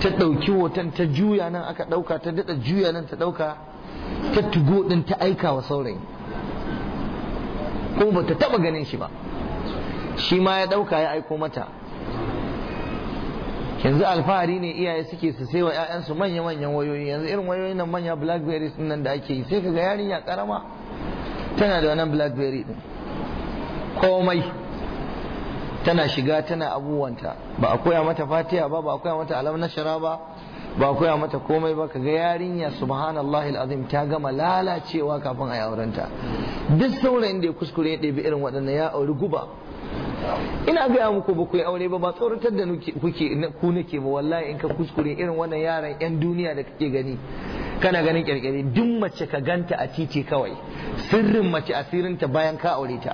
ta ɗauki hoton ta juya nan aka ɗauka ta daɗa juya nan ta ɗauka ta tugo ɗin ta aika wa saurayi kuma ba ta taɓa ganin shi ba shi ma ya ɗauka ya aiko mata yanzu alfahari ne iyaye suke su sai wa 'ya'yansu manya-manyan wayoyi yanzu irin wayoyin nan manya blackberries nan da ake yi sai ka ga yarinya karama tana da wannan blackberry din komai tana shiga tana abuwanta ba a koya mata fatiha ba ba a koya mata alam nashara ba ba a koya mata komai ba kaga yarinya subhanallahi alazim ta gama lalacewa kafin a yi aurenta duk saurayin da ya kuskure ya ɗebi irin waɗannan ya auri guba ina gaya muku ba ku yi aure ba ba tsoratar da ku nake ba wallahi in ka kuskure irin wannan yaran yan duniya da kake gani kana ganin kirkiri duk mace ka ganta a titi kawai sirrin mace asirinta bayan ka aure ta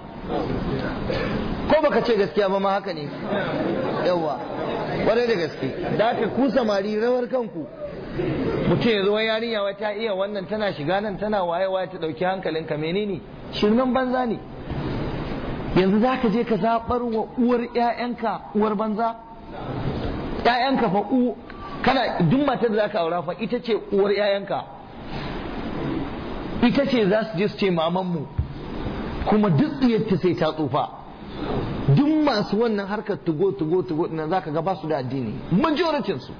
ko baka ce gaskiya ba ma haka ne yawa kwarai da gaske da aka ku samari rawar kanku mutum ya zo yarinya ta iya wannan tana shiga nan tana wayewa ta dauki mene menene shirnan banza ne yanzu za ka je ka zaɓar wa uwar 'ya'yanka uwar banza 'ya'yanka fa kana duk matar da zaka aura fa ita ce uwar yayanka ita ce za su je su ce mamanmu kuma duk tsiyarta sai ta tsufa duk masu wannan harkar tugo tugo tugo na zaka ga ba su da addini majoritin su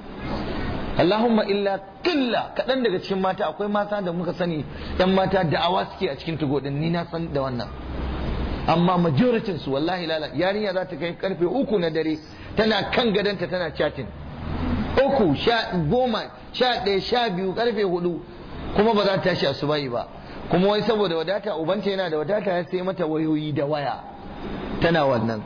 Allahumma illa killa kaɗan daga cikin mata akwai mata da muka sani yan mata da awa suke a cikin tugo din ni na san da wannan amma majoritin wallahi lala yarinya za ta kai karfe uku na dare tana kan gadonta tana chatting koko sha goma sha ɗaya sha biyu karfe hudu kuma ba za ta tashi asubahi ba kuma wai saboda wadata ubanta yana da wadata ya sai mata wayoyi da waya tana wannan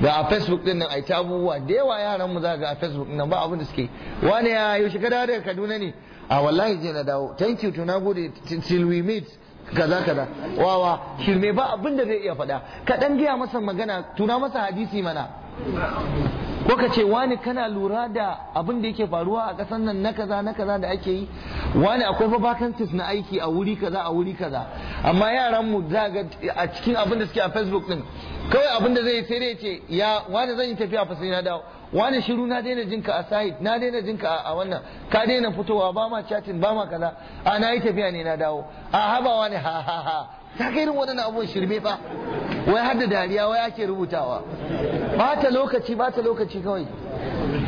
ga a facebook din nan ai ta abubuwa da yawa yaran mu za ga a facebook din nan ba abin da suke wani ya yaushe ka da daga kaduna ne a wallahi je na dawo thank you to nagode till we meet kaza kaza wawa shirme ba abin da zai iya faɗa kaɗan gaya masa magana tuna masa hadisi mana ko ka ce wani kana lura da abin da yake faruwa a ƙasar nan na kaza na kaza da ake yi wani akwai fa vacancies na aiki a wuri kaza a wuri kaza amma yaran mu za ga a cikin abin da suke a Facebook din kawai abin da zai sai dai ce ya wani zan yi tafiya fa sai na dawo wani shiru na daina jinka a site na daina jinka a wannan ka daina fitowa ba ma chatting ba ma kaza a na yi tafiya ne na dawo a haba wani ha ha ha ta kai irin waɗannan abubuwan shirme fa wai har da dariya wai ake rubutawa ba ta lokaci ba ta lokaci kawai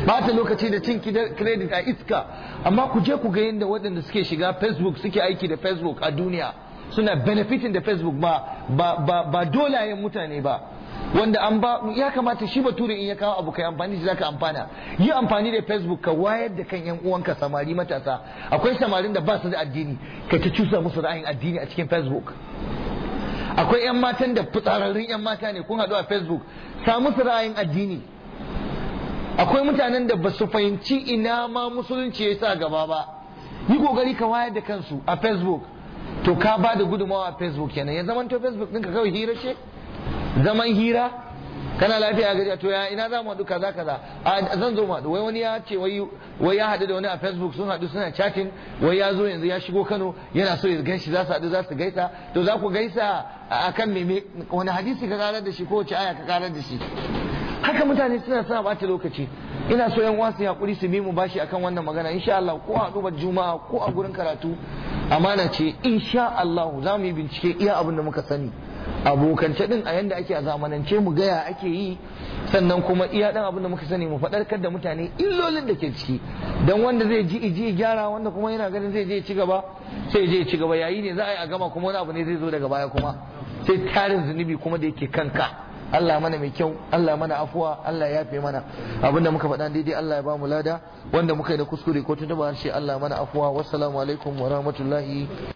ba ta lokaci da cin credit a iska amma ku je ku ga yadda waɗanda suke shiga facebook suke aiki da facebook a duniya suna benefitin da facebook ba ba ba, ba dolayen mutane ba wanda an ba ya kamata shi bature in ya kawo abu kai amfani shi zaka amfana yi amfani da facebook ka wayar da kan yan uwanka samari matasa akwai samarin da ba su da addini ka ta cusa musu ra'ayin addini a cikin facebook akwai yan matan da fitsararrun yan mata ne kun haɗu a facebook sa musu ra'ayin addini akwai mutanen da ba su fahimci ina ma musulunci ya sa gaba ba yi kokari ka wayar da kansu a facebook to ka ba da gudunmawa a facebook kenan ya zama to facebook ɗinka kawai hira ce zaman hira kana lafiya gari to ya ina za mu haɗu kaza kaza a zan zo mu wai wani ya ce wai ya haɗu da wani a Facebook sun haɗu suna chatting wai ya zo yanzu ya shigo Kano yana so ya gan shi za su haɗu za su gaisa to za ku gaisa a kan meme wani hadisi ka karar da shi ko wace aya ka karar da shi haka mutane suna sa bata lokaci ina so yan wasu hakuri su bi mu bashi akan wannan magana insha Allah ko a duba juma'a ko a gurin karatu amana ce insha Allah za mu yi bincike iya abin da muka sani abokance din a yanda ake a zamanance mu gaya ake yi sannan kuma iya dan abin da muka sani mu faɗarkar da mutane illolin da ke ciki dan wanda zai ji ji gyara wanda kuma yana ganin zai je ci gaba sai je ci gaba yayi ne za a yi a gama kuma wani abu ne zai zo daga baya kuma sai tarin zunubi kuma da yake kanka Allah mana mai kyau Allah mana afuwa Allah ya fi mana abinda muka faɗa daidai Allah ya ba mu lada wanda muka yi da kuskure ko tuntuba harshe Allah mana afuwa wassalamu alaikum wa rahmatullahi